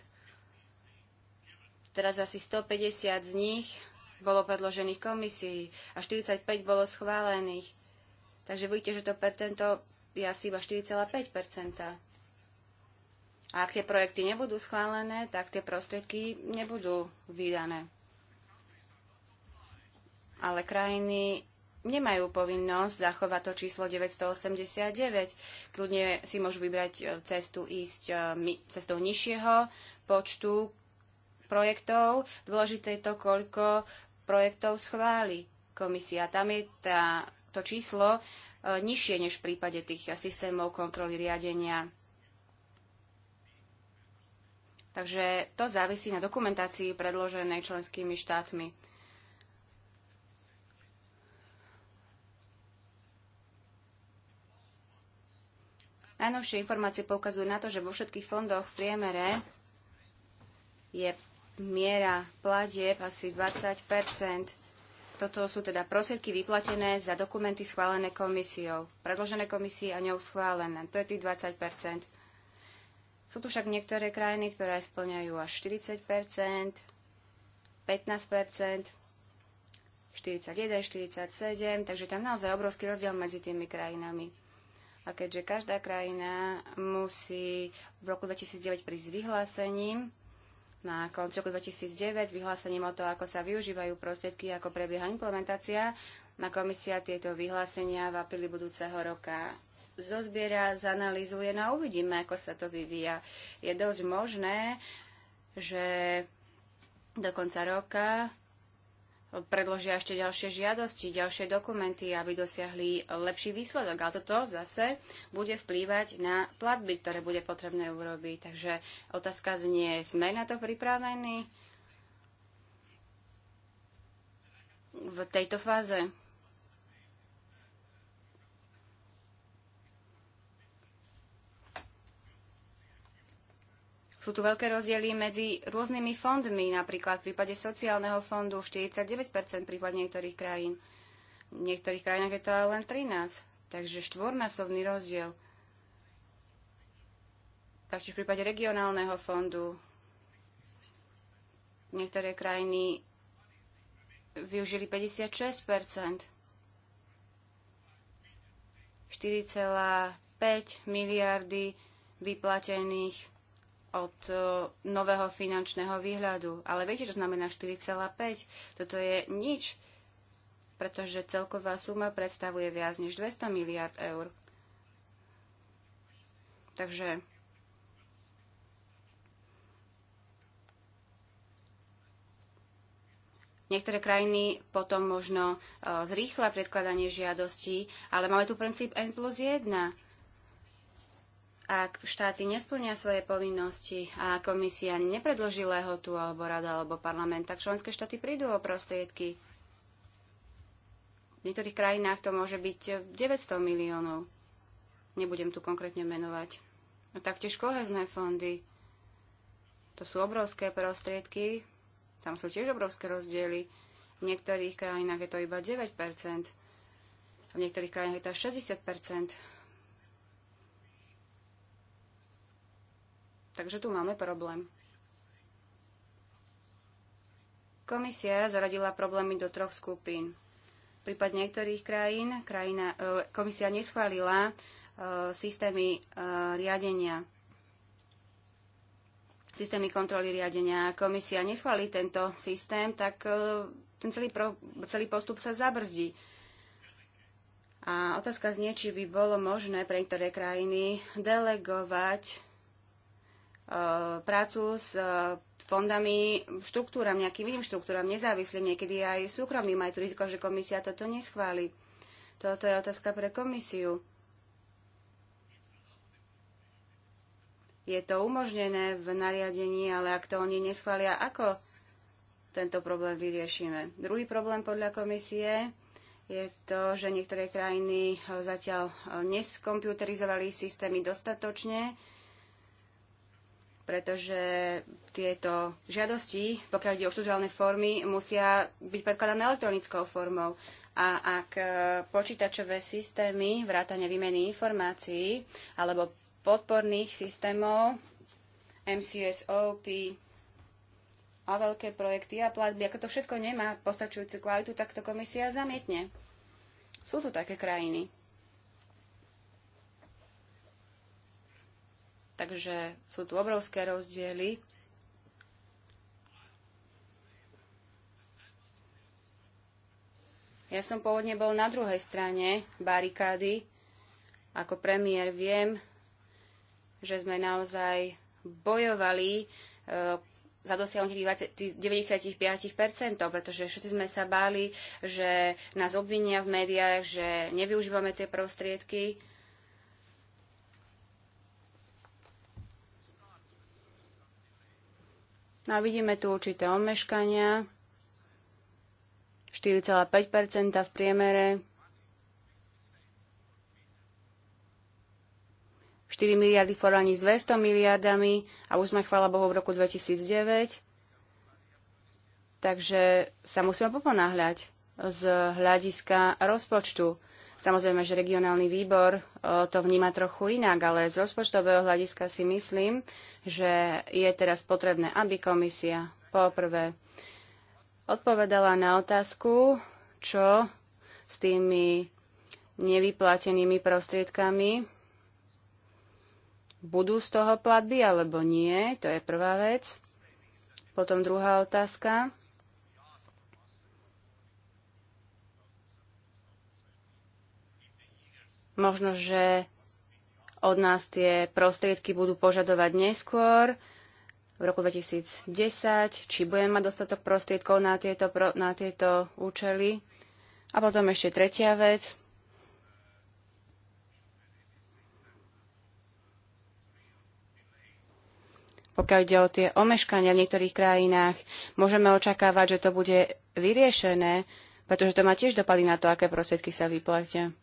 Teraz asi 150 z nich bolo predložených komisií a 45 bolo schválených. Takže vidíte, že to percento je asi iba 4,5 A ak tie projekty nebudú schválené, tak tie prostriedky nebudú vydané. Ale krajiny nemajú povinnosť zachovať to číslo 989. Kľudne si môžu vybrať e, cestu ísť e, cestou nižšieho počtu projektov. Dôležité je to, koľko projektov schváli komisia. Tam je tá, to číslo e, nižšie než v prípade tých systémov kontroly riadenia. Takže to závisí na dokumentácii predloženej členskými štátmi. Najnovšie informácie poukazujú na to, že vo všetkých fondoch v priemere je miera platieb asi 20 Toto sú teda prosiedky vyplatené za dokumenty schválené komisiou, predložené komisii a ňou schválené. To je tých 20 Sú tu však niektoré krajiny, ktoré splňajú až 40 15 41, 47, takže tam naozaj obrovský rozdiel medzi tými krajinami. A keďže každá krajina musí v roku 2009 prísť s vyhlásením, na konci roku 2009 s vyhlásením o to, ako sa využívajú prostriedky, ako prebieha implementácia, na komisia tieto vyhlásenia v apríli budúceho roka zozbiera, zanalizuje, no a uvidíme, ako sa to vyvíja. Je dosť možné, že do konca roka predložia ešte ďalšie žiadosti, ďalšie dokumenty, aby dosiahli lepší výsledok. Ale toto zase bude vplývať na platby, ktoré bude potrebné urobiť. Takže otázka znie, sme na to pripravení v tejto fáze? sú tu veľké rozdiely medzi rôznymi fondmi, napríklad v prípade sociálneho fondu 49% v prípade niektorých krajín. V niektorých krajinách je to len 13, takže štvornásobný rozdiel. Taktiež v prípade regionálneho fondu niektoré krajiny využili 56 4,5 miliardy vyplatených od e, nového finančného výhľadu. Ale viete, čo znamená 4,5? Toto je nič, pretože celková suma predstavuje viac než 200 miliard eur. Takže Niektoré krajiny potom možno e, zrýchla predkladanie žiadostí, ale máme tu princíp N plus 1 ak štáty nesplnia svoje povinnosti a komisia nepredloží lehotu alebo rada alebo parlament, tak členské štáty prídu o prostriedky. V niektorých krajinách to môže byť 900 miliónov. Nebudem tu konkrétne menovať. A taktiež kohezné fondy. To sú obrovské prostriedky. Tam sú tiež obrovské rozdiely. V niektorých krajinách je to iba 9%. V niektorých krajinách je to 60%. Takže tu máme problém. Komisia zaradila problémy do troch skupín. V prípade niektorých krajín krajina, e, komisia neschválila e, systémy e, riadenia systémy kontroly riadenia. Komisia neschválí tento systém, tak ten celý, pro, celý postup sa zabrzdí. A otázka znie, či by bolo možné pre niektoré krajiny delegovať Eh, prácu s eh, fondami, štruktúram, nejakým iným štruktúram, nezávislým, niekedy aj súkromným, aj tu riziko, že komisia toto neschváli. Toto je otázka pre komisiu. Je to umožnené v nariadení, ale ak to oni neschvália, ako tento problém vyriešime? Druhý problém podľa komisie je to, že niektoré krajiny eh, zatiaľ neskomputerizovali systémy dostatočne, pretože tieto žiadosti, pokiaľ ide o študálne formy, musia byť predkladané elektronickou formou. A ak e, počítačové systémy, vrátane výmeny informácií alebo podporných systémov, MCSO, P, a veľké projekty a platby, ako to všetko nemá postačujúcu kvalitu, tak to komisia zamietne. Sú tu také krajiny. Takže sú tu obrovské rozdiely. Ja som pôvodne bol na druhej strane barikády. Ako premiér viem, že sme naozaj bojovali e, za dosiahnutie 95%, pretože všetci sme sa báli, že nás obvinia v médiách, že nevyužívame tie prostriedky. No a vidíme tu určité omeškania, 4,5% v priemere, 4 miliardy v porovnaní s 200 miliardami a už sme, chvála Bohu, v roku 2009. Takže sa musíme poponáhľať z hľadiska rozpočtu. Samozrejme, že regionálny výbor e, to vníma trochu inak, ale z rozpočtového hľadiska si myslím, že je teraz potrebné, aby komisia poprvé odpovedala na otázku, čo s tými nevyplatenými prostriedkami budú z toho platby alebo nie, to je prvá vec. Potom druhá otázka. Možno, že od nás tie prostriedky budú požadovať neskôr, v roku 2010, či budeme mať dostatok prostriedkov na tieto, na tieto účely. A potom ešte tretia vec. Pokiaľ ide o tie omeškania v niektorých krajinách, môžeme očakávať, že to bude vyriešené, pretože to má tiež dopady na to, aké prostriedky sa vyplatia.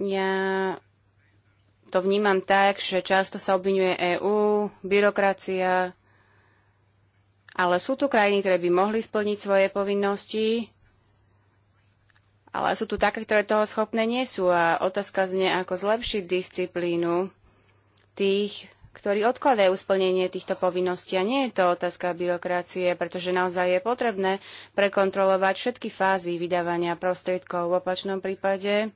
Ja to vnímam tak, že často sa obvinuje EÚ, byrokracia, ale sú tu krajiny, ktoré by mohli splniť svoje povinnosti, ale sú tu také, ktoré toho schopné nie sú a otázka znie, ako zlepšiť disciplínu tých, ktorí odkladajú splnenie týchto povinností. A nie je to otázka byrokracie, pretože naozaj je potrebné prekontrolovať všetky fázy vydávania prostriedkov. V opačnom prípade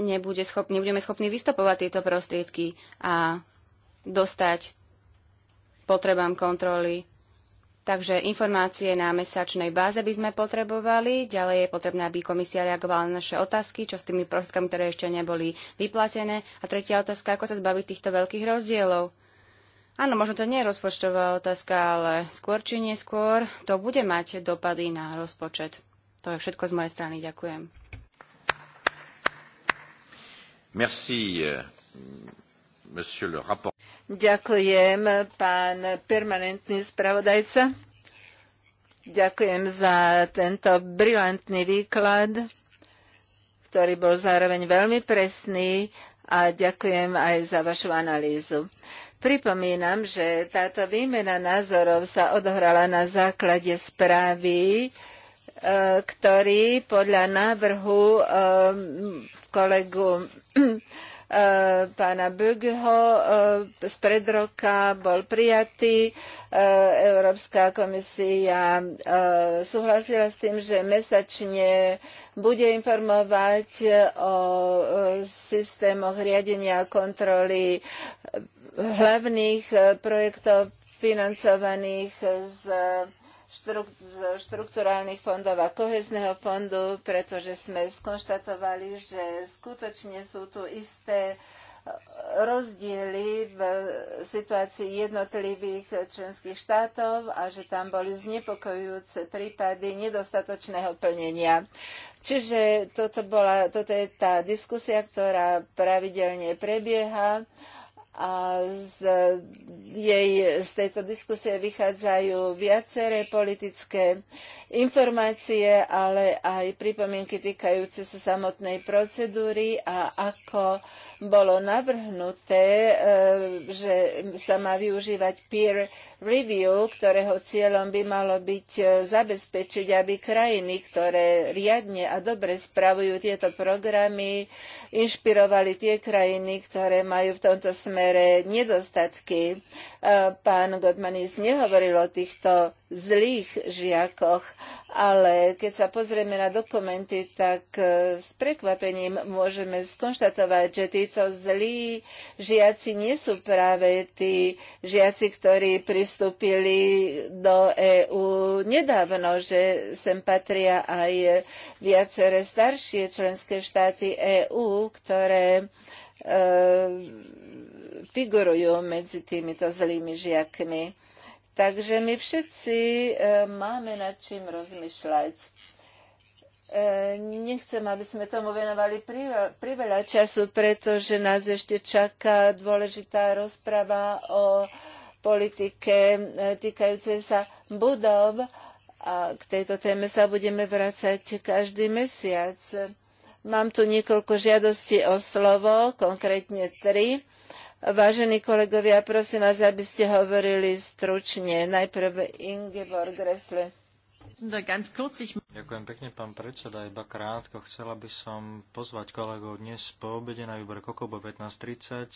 nebude schop, nebudeme schopní vystopovať tieto prostriedky a dostať potrebám kontroly. Takže informácie na mesačnej báze by sme potrebovali. Ďalej je potrebné, aby komisia reagovala na naše otázky, čo s tými prostriedkami, ktoré ešte neboli vyplatené. A tretia otázka, ako sa zbaviť týchto veľkých rozdielov. Áno, možno to nie je rozpočtová otázka, ale skôr či neskôr to bude mať dopady na rozpočet. To je všetko z mojej strany. Ďakujem. Euh, ďakujem, pán permanentný spravodajca. Ďakujem za tento brilantný výklad, ktorý bol zároveň veľmi presný a ďakujem aj za vašu analýzu. Pripomínam, že táto výmena názorov sa odohrala na základe správy, e, ktorý podľa návrhu e, kolegu Eh, pána Bögeho eh, z pred roka bol prijatý. Eh, Európska komisia súhlasila s tým, že mesačne bude informovať o systémoch riadenia a kontroly hlavných projektov financovaných z štrukturálnych fondov a kohezného fondu, pretože sme skonštatovali, že skutočne sú tu isté rozdiely v situácii jednotlivých členských štátov a že tam boli znepokojujúce prípady nedostatočného plnenia. Čiže toto, bola, toto je tá diskusia, ktorá pravidelne prebieha a z, jej, z tejto diskusie vychádzajú viaceré politické informácie, ale aj pripomienky týkajúce sa samotnej procedúry a ako bolo navrhnuté, e, že sa má využívať peer review, ktorého cieľom by malo byť e, zabezpečiť, aby krajiny, ktoré riadne a dobre spravujú tieto programy, inšpirovali tie krajiny, ktoré majú v tomto smere viaceré nedostatky. E, pán Godmanis nehovoril o týchto zlých žiakoch, ale keď sa pozrieme na dokumenty, tak e, s prekvapením môžeme skonštatovať, že títo zlí žiaci nie sú práve tí žiaci, ktorí pristúpili do EÚ nedávno, že sem patria aj viaceré staršie členské štáty EÚ, ktoré e, figurujú medzi týmito zlými žiakmi. Takže my všetci e, máme nad čím rozmýšľať e, nechcem, aby sme tomu venovali priveľa času, pretože nás ešte čaká dôležitá rozprava o politike e, týkajúcej sa budov a k tejto téme sa budeme vrácať každý mesiac. Mám tu niekoľko žiadostí o slovo, konkrétne tri. Vážení kolegovia, prosím vás, aby ste hovorili stručne. Najprv Ingeborg Gressle. Ďakujem pekne, pán predseda. Iba krátko. Chcela by som pozvať kolegov dnes po obede na výbor Kokobo 15.30.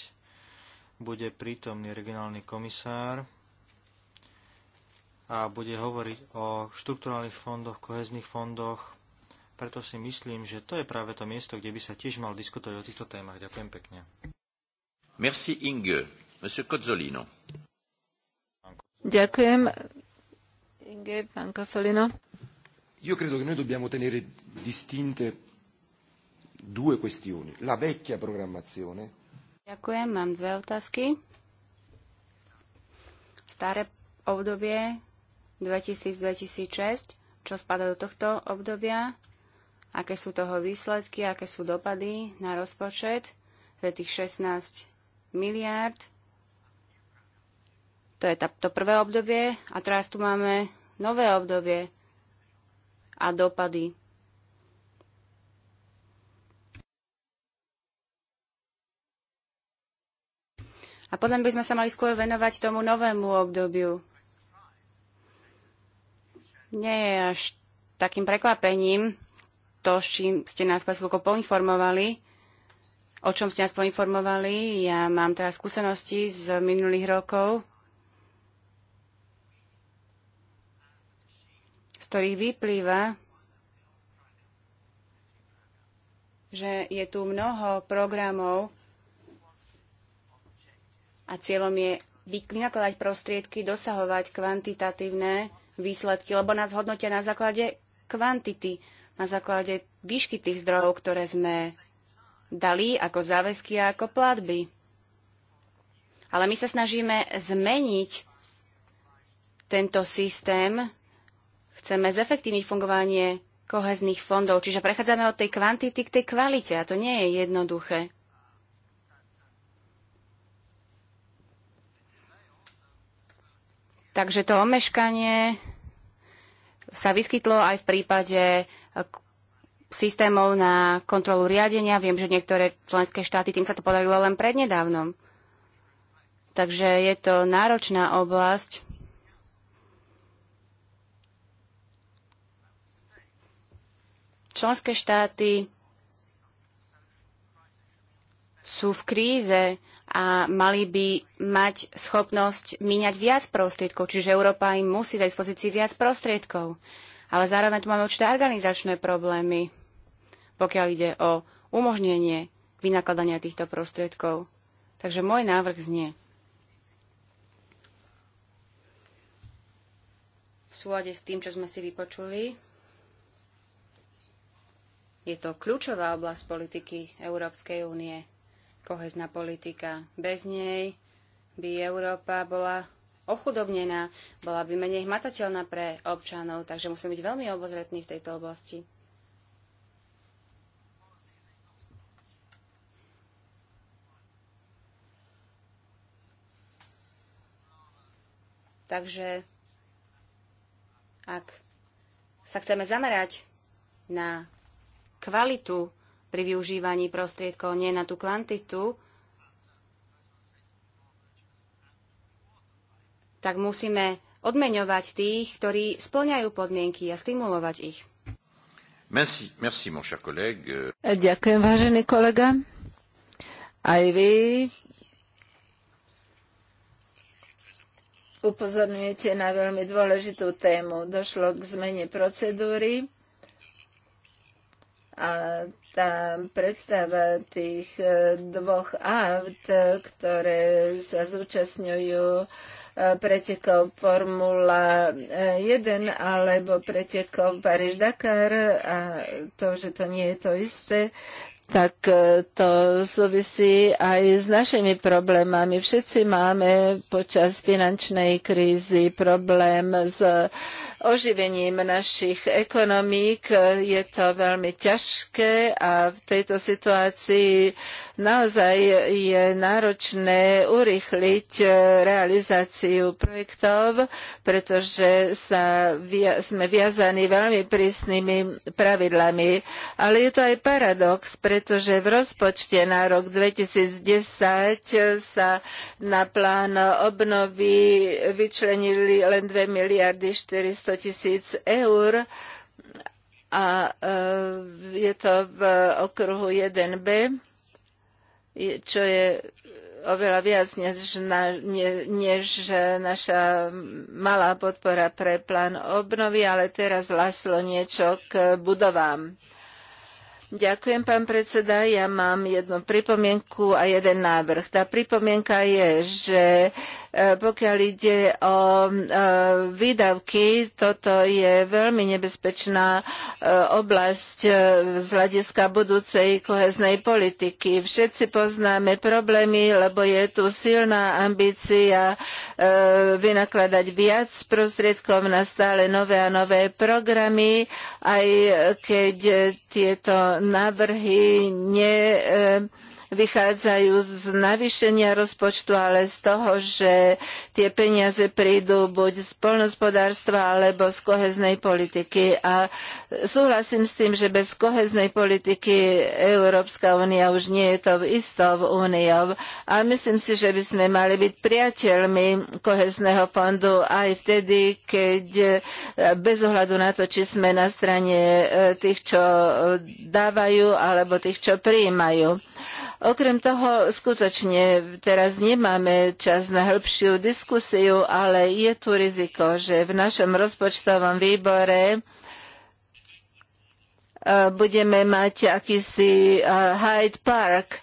Bude prítomný regionálny komisár a bude hovoriť o štrukturálnych fondoch, kohezných fondoch. Preto si myslím, že to je práve to miesto, kde by sa tiež mal diskutovať o týchto témach. Ďakujem pekne. Ďakujem. Inge, pán Cozzolino. Io credo che noi dobbiamo tenere distinte due questioni. La vecchia programmazione. Ďakujem, mám dve otázky. Staré obdobie 2000-2006, čo spada do tohto obdobia, aké sú toho výsledky, aké sú dopady na rozpočet, to je tých 16 miliárd. To je to prvé obdobie a teraz tu máme nové obdobie a dopady. A potom by sme sa mali skôr venovať tomu novému obdobiu. Nie je až takým prekvapením to, s čím ste nás pred poinformovali, o čom ste nás poinformovali. Ja mám teraz skúsenosti z minulých rokov, z ktorých vyplýva, že je tu mnoho programov a cieľom je vynakladať prostriedky, dosahovať kvantitatívne výsledky, lebo nás hodnotia na základe kvantity, na základe výšky tých zdrojov, ktoré sme dali ako záväzky a ako platby. Ale my sa snažíme zmeniť tento systém. Chceme zefektívniť fungovanie kohezných fondov. Čiže prechádzame od tej kvantity k tej kvalite a to nie je jednoduché. Takže to omeškanie sa vyskytlo aj v prípade systémov na kontrolu riadenia. Viem, že niektoré členské štáty tým sa to podarilo len prednedávnom. Takže je to náročná oblasť. Členské štáty sú v kríze a mali by mať schopnosť míňať viac prostriedkov, čiže Európa im musí dať dispozícii viac prostriedkov. Ale zároveň tu máme určité organizačné problémy pokiaľ ide o umožnenie vynakladania týchto prostriedkov. Takže môj návrh znie. V súlade s tým, čo sme si vypočuli, je to kľúčová oblasť politiky Európskej únie, kohezná politika. Bez nej by Európa bola ochudobnená, bola by menej hmatateľná pre občanov, takže musíme byť veľmi obozretní v tejto oblasti. Takže ak sa chceme zamerať na kvalitu pri využívaní prostriedkov, nie na tú kvantitu, tak musíme odmeňovať tých, ktorí splňajú podmienky a stimulovať ich. Merci, merci, mon cher collègue. Ďakujem, vážený kolega. Aj vy upozorňujete na veľmi dôležitú tému. Došlo k zmene procedúry a tá predstava tých e, dvoch aut, ktoré sa zúčastňujú e, pretekov Formula 1 e, alebo pretekov Paríž-Dakar a to, že to nie je to isté, tak e, to súvisí aj s našimi problémami. Všetci máme počas finančnej krízy problém s oživením našich ekonomík. Je to veľmi ťažké a v tejto situácii naozaj je náročné urychliť eh, realizáciu projektov, pretože sa via, sme viazaní veľmi prísnymi pravidlami. Ale je to aj paradox, pretože v rozpočte na rok 2010 eh, sa na plán obnovy vyčlenili len 2 miliardy 400 100 tisíc eur a e, je to v okruhu 1b, čo je oveľa viac než, na, ne, než naša malá podpora pre plán obnovy, ale teraz laslo niečo k budovám. Ďakujem, pán predseda. Ja mám jednu pripomienku a jeden návrh. Tá pripomienka je, že E, pokiaľ ide o e, výdavky, toto je veľmi nebezpečná e, oblasť z hľadiska budúcej koheznej politiky. Všetci poznáme problémy, lebo je tu silná ambícia vynakladať viac prostriedkov na stále nové a nové programy, aj keď tieto návrhy ne vychádzajú z navýšenia rozpočtu, ale z toho, že tie peniaze prídu buď z polnospodárstva alebo z koheznej politiky. A súhlasím s tým, že bez koheznej politiky Európska únia už nie je to istou úniou. A myslím si, že by sme mali byť priateľmi kohezného fondu aj vtedy, keď e, bez ohľadu na to, či sme na strane e, tých, čo dávajú, alebo tých, čo prijímajú. Okrem toho, skutočne teraz nemáme čas na hĺbšiu diskusiu, ale je tu riziko, že v našom rozpočtovom výbore e, budeme mať akýsi e, Hyde Park,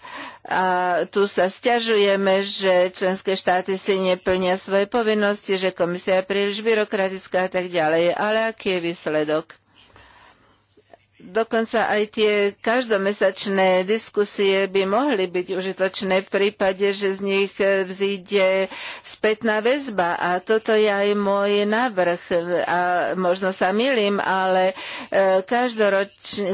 a tu sa stiažujeme, že členské štáty si neplnia svoje povinnosti, že komisia je príliš byrokratická a tak ďalej. Ale aký je výsledok? Dokonca aj tie každomesačné diskusie by mohli byť užitočné v prípade, že z nich e, vzíde spätná väzba. A toto je aj môj návrh. A možno sa milím, ale e,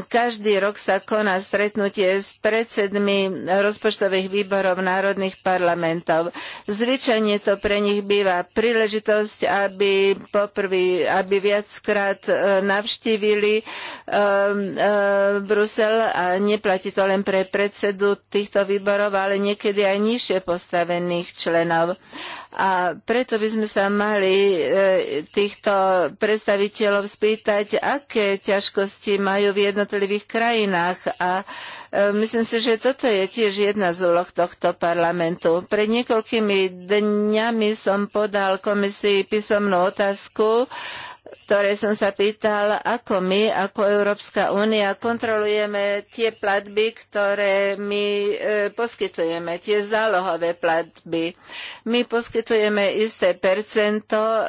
každý rok sa koná stretnutie s predsedmi rozpočtových výborov národných parlamentov. Zvyčajne to pre nich býva príležitosť, aby, poprvý, aby viackrát e, navštívili Um, e, Brusel a neplatí to len pre predsedu týchto výborov, ale niekedy aj nižšie postavených členov. A preto by sme sa mali e, týchto predstaviteľov spýtať, aké ťažkosti majú v jednotlivých krajinách. A e, myslím si, že toto je tiež jedna z úloh tohto parlamentu. Pred niekoľkými dňami som podal komisii písomnú otázku, ktoré som sa pýtal, ako my, ako Európska únia kontrolujeme tie platby, ktoré my e, poskytujeme, tie zálohové platby. My poskytujeme isté percento, e,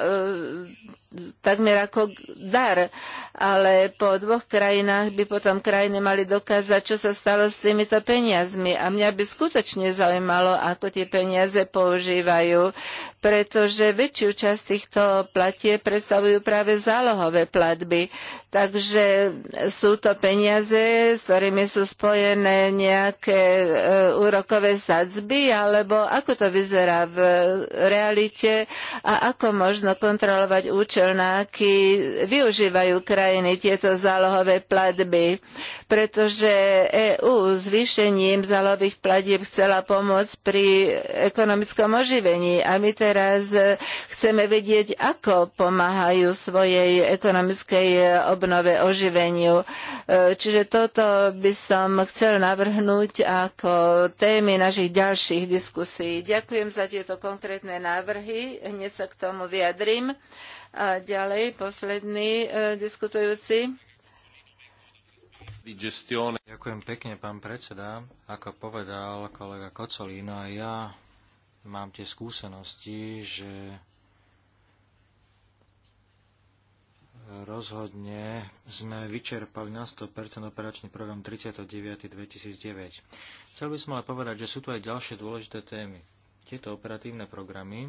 takmer ako dar ale po dvoch krajinách by potom krajiny mali dokázať, čo sa stalo s týmito peniazmi. A mňa by skutočne zaujímalo, ako tie peniaze používajú, pretože väčšiu časť týchto platie predstavujú práve zálohové platby. Takže sú to peniaze, s ktorými sú spojené nejaké e, úrokové sadzby, alebo ako to vyzerá v realite a ako možno kontrolovať účel, na aký využívajú krajiny krajiny tieto zálohové platby, pretože EÚ zvýšením zálohových platieb chcela pomôcť pri ekonomickom oživení a my teraz chceme vedieť, ako pomáhajú svojej ekonomickej obnove oživeniu. Čiže toto by som chcel navrhnúť ako témy našich ďalších diskusí. Ďakujem za tieto konkrétne návrhy. Hneď sa k tomu vyjadrím. A ďalej, posledný e, diskutujúci. Ďakujem pekne, pán predseda. Ako povedal kolega Kocolína, ja mám tie skúsenosti, že rozhodne sme vyčerpali na 100% operačný program 39.2009. Chcel by som ale povedať, že sú tu aj ďalšie dôležité témy. Tieto operatívne programy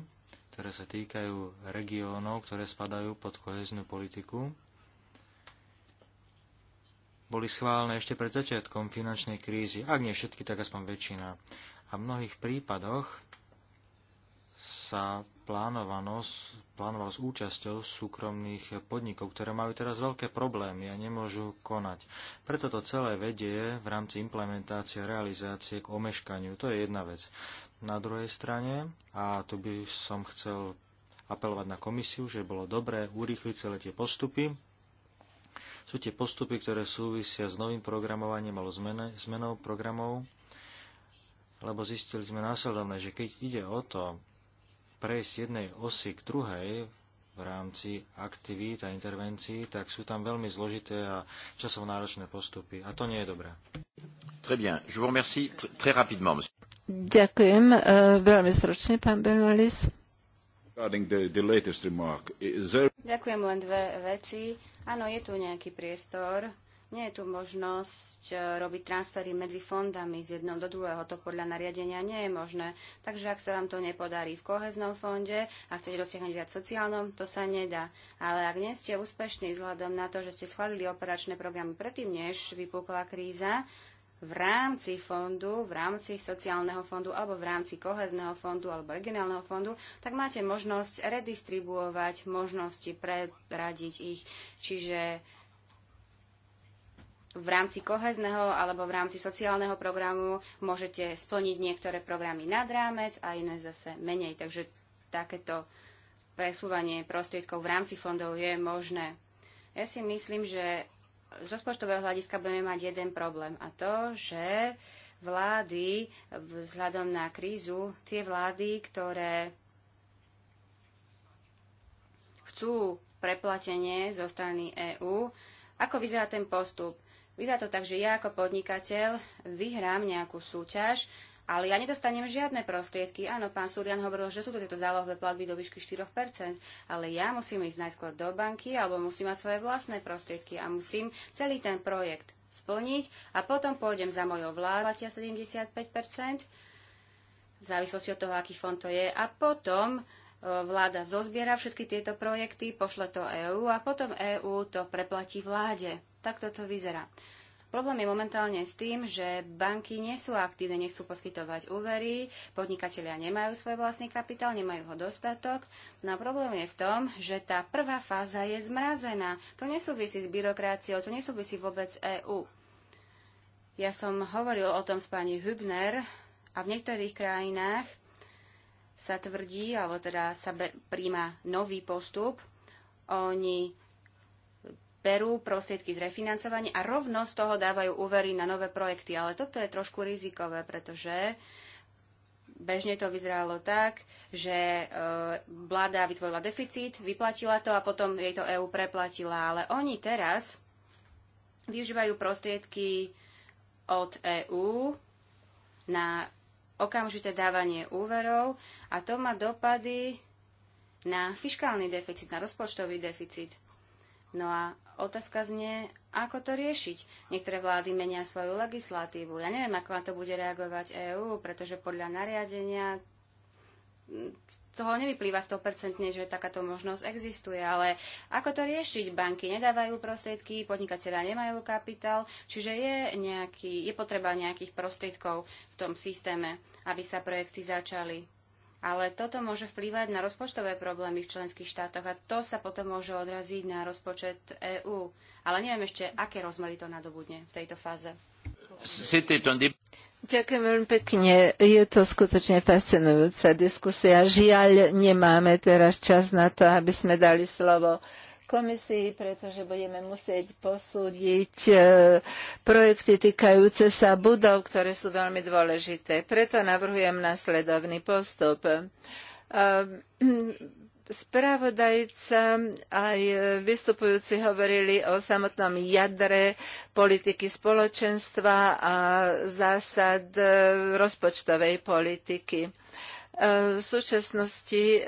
ktoré sa týkajú regiónov, ktoré spadajú pod koheznú politiku, boli schválené ešte pred začiatkom finančnej krízy, ak nie všetky, tak aspoň väčšina. A v mnohých prípadoch sa plánovalo s účasťou súkromných podnikov, ktoré majú teraz veľké problémy a nemôžu konať. Preto to celé vedie v rámci implementácie a realizácie k omeškaniu. To je jedna vec na druhej strane a tu by som chcel apelovať na komisiu, že bolo dobré urýchliť celé tie postupy. Sú tie postupy, ktoré súvisia s novým programovaním alebo zmenou programov, lebo zistili sme následovné, že keď ide o to prejsť jednej osy k druhej v rámci aktivít a intervencií, tak sú tam veľmi zložité a časovo náročné postupy. A to nie je dobré. Très bien. Je vous remercie très rapidement, Ďakujem. E, veľmi stručne, pán Bernalis. Ďakujem len dve veci. Áno, je tu nejaký priestor. Nie je tu možnosť e, robiť transfery medzi fondami z jedného do druhého. To podľa nariadenia nie je možné. Takže ak sa vám to nepodarí v koheznom fonde a chcete dosiahnuť viac sociálnom, to sa nedá. Ale ak nie ste úspešní vzhľadom na to, že ste schválili operačné programy predtým, než vypukla kríza, v rámci fondu, v rámci sociálneho fondu alebo v rámci kohezného fondu alebo regionálneho fondu, tak máte možnosť redistribuovať možnosti, preradiť ich. Čiže v rámci kohezného alebo v rámci sociálneho programu môžete splniť niektoré programy nad rámec a iné zase menej. Takže takéto presúvanie prostriedkov v rámci fondov je možné. Ja si myslím, že z rozpočtového hľadiska budeme mať jeden problém a to, že vlády vzhľadom na krízu, tie vlády, ktoré chcú preplatenie zo strany EÚ, ako vyzerá ten postup? Vyzerá to tak, že ja ako podnikateľ vyhrám nejakú súťaž ale ja nedostanem žiadne prostriedky. Áno, pán Surian hovoril, že sú to tieto zálohové platby do výšky 4%, ale ja musím ísť najskôr do banky alebo musím mať svoje vlastné prostriedky a musím celý ten projekt splniť a potom pôjdem za mojou vládou, platia 75%, v závislosti od toho, aký fond to je, a potom e, vláda zozbiera všetky tieto projekty, pošle to EÚ a potom EÚ to preplatí vláde. Tak toto vyzerá. Problém je momentálne s tým, že banky nie sú aktívne, nechcú poskytovať úvery, podnikatelia nemajú svoj vlastný kapitál, nemajú ho dostatok. No a problém je v tom, že tá prvá fáza je zmrazená. To nesúvisí s byrokraciou, to nesúvisí vôbec EÚ. Ja som hovoril o tom s pani Hübner a v niektorých krajinách sa tvrdí, alebo teda sa príjma nový postup. Oni berú prostriedky z refinancovania a rovno z toho dávajú úvery na nové projekty. Ale toto je trošku rizikové, pretože bežne to vyzeralo tak, že e, vláda vytvorila deficit, vyplatila to a potom jej to EÚ preplatila. Ale oni teraz využívajú prostriedky od EÚ na okamžité dávanie úverov a to má dopady na fiškálny deficit, na rozpočtový deficit. No a otázka znie, ako to riešiť. Niektoré vlády menia svoju legislatívu. Ja neviem, ako na to bude reagovať EÚ, pretože podľa nariadenia z toho nevyplýva 100%, že takáto možnosť existuje, ale ako to riešiť? Banky nedávajú prostriedky, podnikateľa nemajú kapitál, čiže je, nejaký, je potreba nejakých prostriedkov v tom systéme, aby sa projekty začali. Ale toto môže vplývať na rozpočtové problémy v členských štátoch a to sa potom môže odraziť na rozpočet EÚ. Ale neviem ešte, aké rozmery to nadobudne v tejto fáze. Ďakujem veľmi pekne. Je to skutočne fascinujúca diskusia. Žiaľ, nemáme teraz čas na to, aby sme dali slovo komisii, pretože budeme musieť posúdiť e, projekty týkajúce sa budov, ktoré sú veľmi dôležité. Preto navrhujem nasledovný postup. E, Spravodajca aj vystupujúci hovorili o samotnom jadre politiky spoločenstva a zásad e, rozpočtovej politiky. V súčasnosti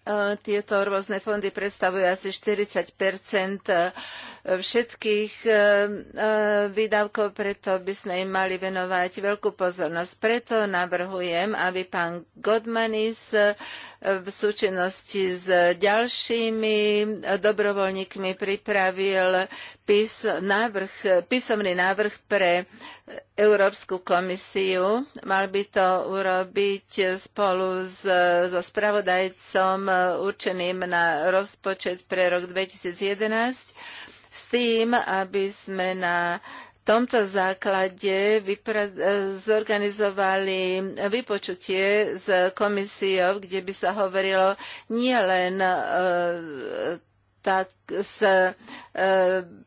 E, tieto rôzne fondy predstavujú asi 40 e, všetkých e, výdavkov, preto by sme im mali venovať veľkú pozornosť. Preto navrhujem, aby pán Godmanis v súčinnosti s ďalšími dobrovoľníkmi pripravil pís, návrh, písomný návrh pre Európsku komisiu. Mal by to urobiť spolu s, so spravodajcom určeným na rozpočet pre rok 2011 s tým, aby sme na tomto základe zorganizovali vypočutie s komisiou, kde by sa hovorilo nielen e, tak s e,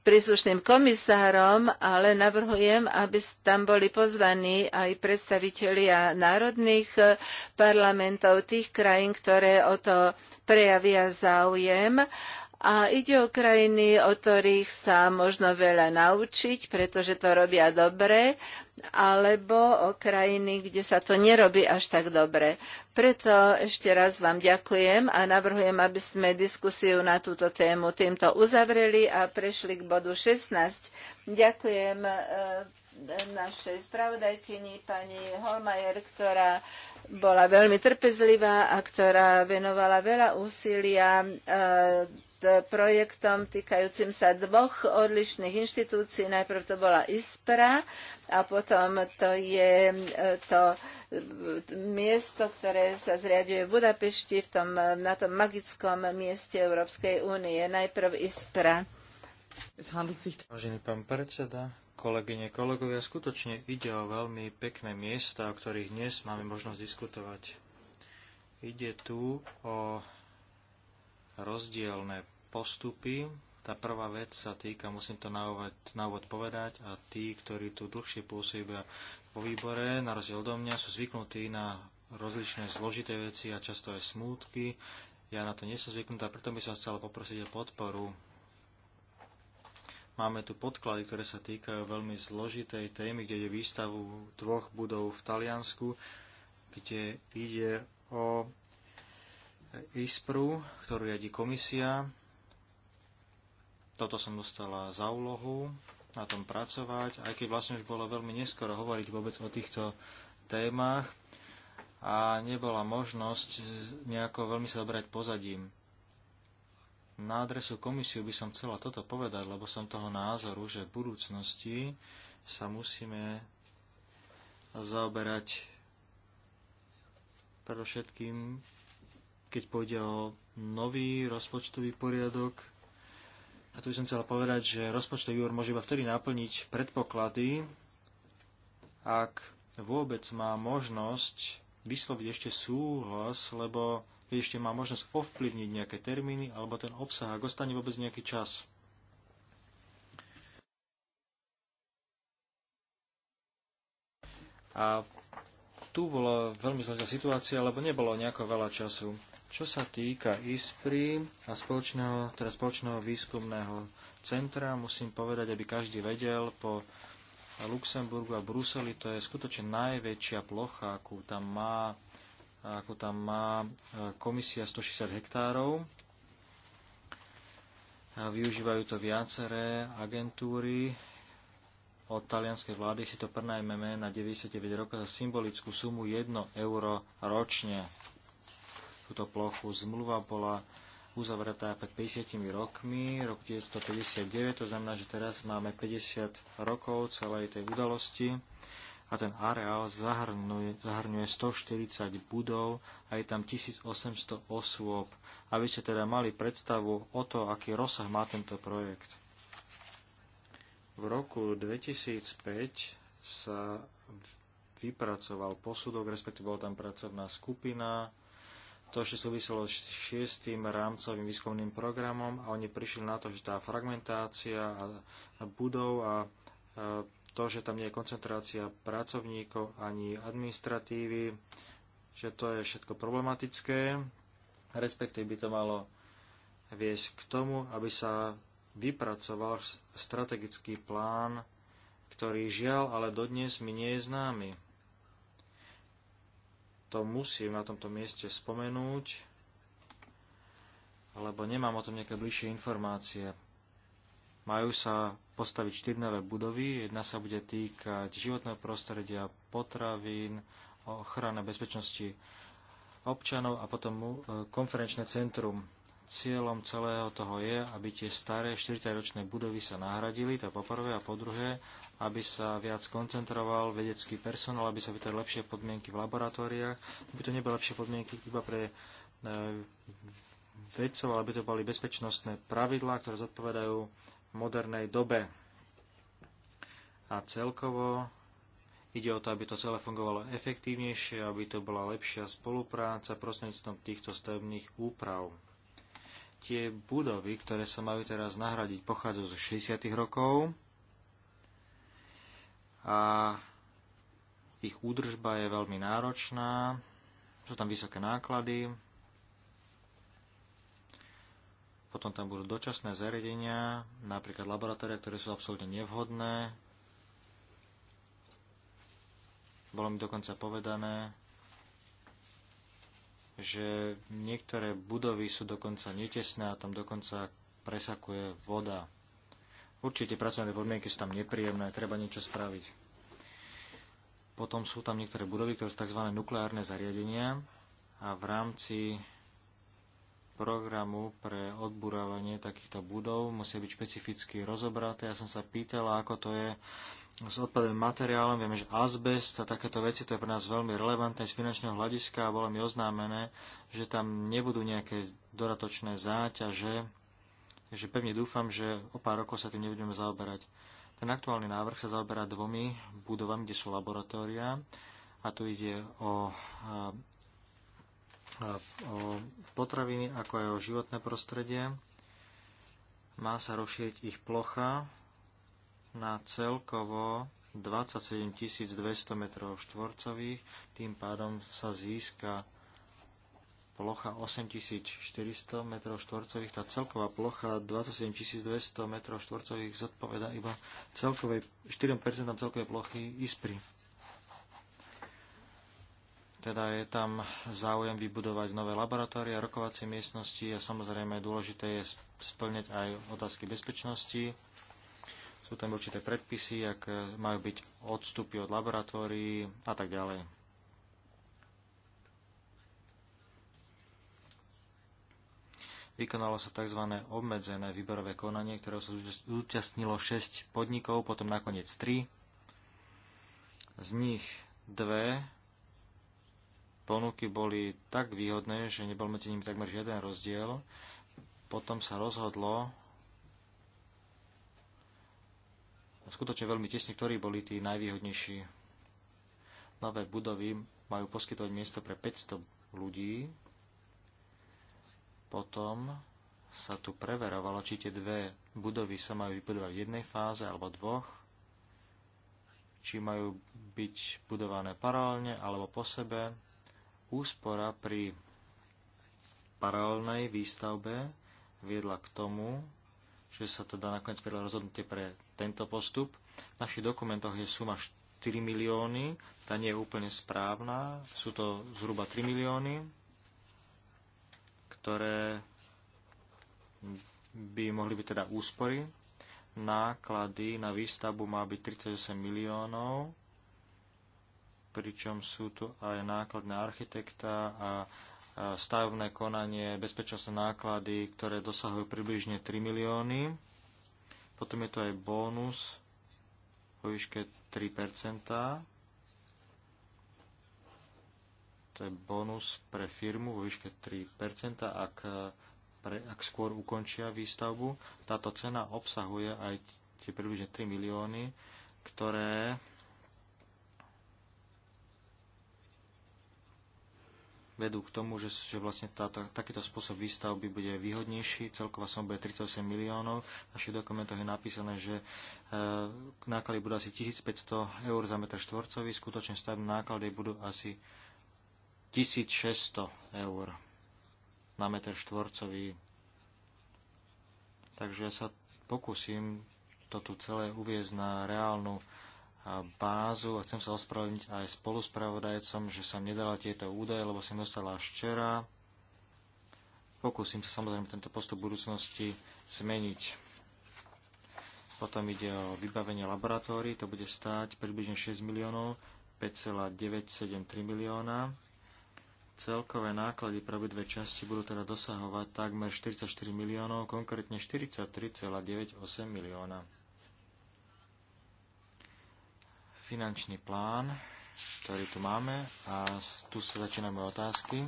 príslušným komisárom, ale navrhujem, aby tam boli pozvaní aj predstavitelia národných e, parlamentov tých krajín, ktoré o to prejavia záujem. A ide o krajiny, o ktorých sa možno veľa naučiť, pretože to robia dobre alebo o krajiny, kde sa to nerobí až tak dobre. Preto ešte raz vám ďakujem a navrhujem, aby sme diskusiu na túto tému týmto uzavreli a prešli k bodu 16. Ďakujem e, našej spravodajkyni pani Holmajer, ktorá bola veľmi trpezlivá a ktorá venovala veľa úsilia e, E, projektom týkajúcim sa dvoch odlišných inštitúcií. Najprv to bola ISPRA a potom to je e, to e, miesto, ktoré sa zriaduje v Budapešti v tom, na tom magickom mieste Európskej únie. Najprv ISPRA. Vážený pán predseda, kolegyne, kolegovia, skutočne ide o veľmi pekné miesta, o ktorých dnes máme možnosť diskutovať. Ide tu o rozdielne postupy. Tá prvá vec sa týka, musím to na úvod, povedať, a tí, ktorí tu dlhšie pôsobia vo výbore, na rozdiel do mňa, sú zvyknutí na rozličné zložité veci a často aj smútky. Ja na to nie som zvyknutá, preto by som chcel poprosiť o podporu. Máme tu podklady, ktoré sa týkajú veľmi zložitej témy, kde je výstavu dvoch budov v Taliansku, kde ide o ISPRU, ktorú riadi komisia toto som dostala za úlohu na tom pracovať, aj keď vlastne už bolo veľmi neskoro hovoriť vôbec o týchto témach a nebola možnosť nejako veľmi sa dobrať pozadím. Na adresu komisiu by som chcela toto povedať, lebo som toho názoru, že v budúcnosti sa musíme zaoberať predovšetkým, keď pôjde o nový rozpočtový poriadok a tu by som chcela povedať, že rozpočtový úr môže iba vtedy naplniť predpoklady, ak vôbec má možnosť vysloviť ešte súhlas, lebo keď ešte má možnosť ovplyvniť nejaké termíny alebo ten obsah, ak ostane vôbec nejaký čas. A tu bola veľmi zložitá situácia, lebo nebolo nejako veľa času. Čo sa týka ISPRI a spoločného, teda spoločného výskumného centra, musím povedať, aby každý vedel, po Luxemburgu a Bruseli to je skutočne najväčšia plocha, akú tam má, akú tam má e, komisia 160 hektárov. A využívajú to viaceré agentúry. Od talianskej vlády si to prnajmeme na 99 rokov za symbolickú sumu 1 euro ročne túto plochu. Zmluva bola uzavretá pred 50 rokmi, rok 1959, to znamená, že teraz máme 50 rokov celej tej udalosti a ten areál zahrnuje, zahrňuje 140 budov a je tam 1800 osôb, aby ste teda mali predstavu o to, aký rozsah má tento projekt. V roku 2005 sa vypracoval posudok, respektíve bola tam pracovná skupina, to ešte súviselo s šiestým rámcovým výskumným programom a oni prišli na to, že tá fragmentácia a budov a to, že tam nie je koncentrácia pracovníkov ani administratívy, že to je všetko problematické, respektíve by to malo viesť k tomu, aby sa vypracoval strategický plán, ktorý žiaľ, ale dodnes mi nie je známy to musím na tomto mieste spomenúť, lebo nemám o tom nejaké bližšie informácie. Majú sa postaviť štyri nové budovy. Jedna sa bude týkať životného prostredia, potravín, ochrany bezpečnosti občanov a potom e, konferenčné centrum. Cieľom celého toho je, aby tie staré 40-ročné budovy sa nahradili, to poprvé, a po druhé, aby sa viac koncentroval vedecký personál, aby sa vytvorili lepšie podmienky v laboratóriách, aby to neboli lepšie podmienky iba pre e, vedcov, ale aby to boli bezpečnostné pravidlá, ktoré zodpovedajú modernej dobe. A celkovo Ide o to, aby to celé fungovalo efektívnejšie, aby to bola lepšia spolupráca prostredníctvom týchto stavebných úprav. Tie budovy, ktoré sa majú teraz nahradiť, pochádzajú z 60. rokov a ich údržba je veľmi náročná, sú tam vysoké náklady, potom tam budú dočasné zariadenia, napríklad laboratória, ktoré sú absolútne nevhodné. Bolo mi dokonca povedané, že niektoré budovy sú dokonca netesné a tam dokonca presakuje voda. Určite pracovné podmienky sú tam nepríjemné, treba niečo spraviť. Potom sú tam niektoré budovy, ktoré sú tzv. nukleárne zariadenia a v rámci programu pre odburávanie takýchto budov musia byť špecificky rozobraté. Ja som sa pýtala, ako to je s odpadovým materiálom. Vieme, že azbest a takéto veci, to je pre nás veľmi relevantné z finančného hľadiska a bolo mi oznámené, že tam nebudú nejaké dodatočné záťaže Takže pevne dúfam, že o pár rokov sa tým nebudeme zaoberať. Ten aktuálny návrh sa zaoberá dvomi budovami, kde sú laboratória a tu ide o, a, a, o potraviny, ako aj o životné prostredie. Má sa rozšieť ich plocha na celkovo 27 200 m štvorcových, tým pádom sa získa plocha 8400 m štvorcových, tá celková plocha 27200 m 2 zodpoveda iba celkovej, 4% celkovej plochy ISPRI. Teda je tam záujem vybudovať nové laboratória, rokovacie miestnosti a samozrejme dôležité je splňať aj otázky bezpečnosti. Sú tam určité predpisy, ak majú byť odstupy od laboratórií a tak ďalej. Vykonalo sa tzv. obmedzené výberové konanie, ktoré sa zúčastnilo 6 podnikov, potom nakoniec 3. Z nich dve ponuky boli tak výhodné, že nebol medzi nimi takmer žiaden rozdiel. Potom sa rozhodlo skutočne veľmi tesne, ktorí boli tí najvýhodnejší. Nové budovy majú poskytovať miesto pre 500 ľudí, potom sa tu preverovalo, či tie dve budovy sa majú vybudovať v jednej fáze alebo dvoch, či majú byť budované paralelne alebo po sebe. Úspora pri paralelnej výstavbe viedla k tomu, že sa teda nakoniec prijalo rozhodnutie pre tento postup. V našich dokumentoch je suma 4 milióny, tá nie je úplne správna, sú to zhruba 3 milióny ktoré by mohli byť teda úspory. Náklady na výstavbu má byť 38 miliónov, pričom sú tu aj nákladné na architekta a stavebné konanie, bezpečnostné náklady, ktoré dosahujú približne 3 milióny. Potom je to aj bónus po výške 3 to je bonus pre firmu vo výške 3%, ak, eh, pre, ak skôr ukončia výstavbu. Táto cena obsahuje aj tie približne 3 milióny, ktoré vedú k tomu, že, že vlastne táto, takýto spôsob výstavby bude výhodnejší. Celková suma bude 38 miliónov. V našich dokumentoch je napísané, že e, náklady budú asi 1500 eur za metr štvorcový, skutočne stavné náklady budú asi 1600 eur na meter štvorcový. Takže ja sa pokúsim to tu celé uviezť na reálnu bázu a chcem sa ospravedlniť aj spoluspravodajcom, že som nedala tieto údaje, lebo som dostala až včera. Pokúsim sa samozrejme tento postup budúcnosti zmeniť. Potom ide o vybavenie laboratórií, to bude stáť približne 6 miliónov, 5,973 milióna. Celkové náklady pre obidve časti budú teda dosahovať takmer 44 miliónov, konkrétne 43,98 milióna. Finančný plán, ktorý tu máme a tu sa začínajú otázky.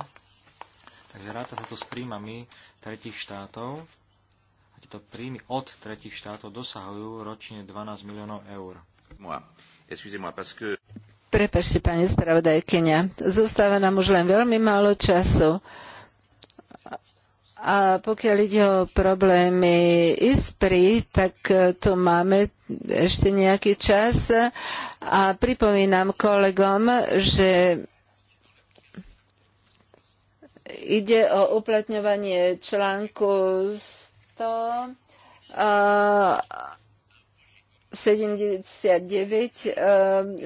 Takže ráta sa to s príjmami tretich štátov a tieto príjmy od tretich štátov dosahujú ročne 12 miliónov eur. Moi. Excusez-moi, parce que Prepašte, pani spravodajkynia, zostáva nám už len veľmi málo času. A pokiaľ ide o problémy ISPRI, tak e, tu máme ešte nejaký čas a pripomínam kolegom, že ide o uplatňovanie článku 100 a 79 eh,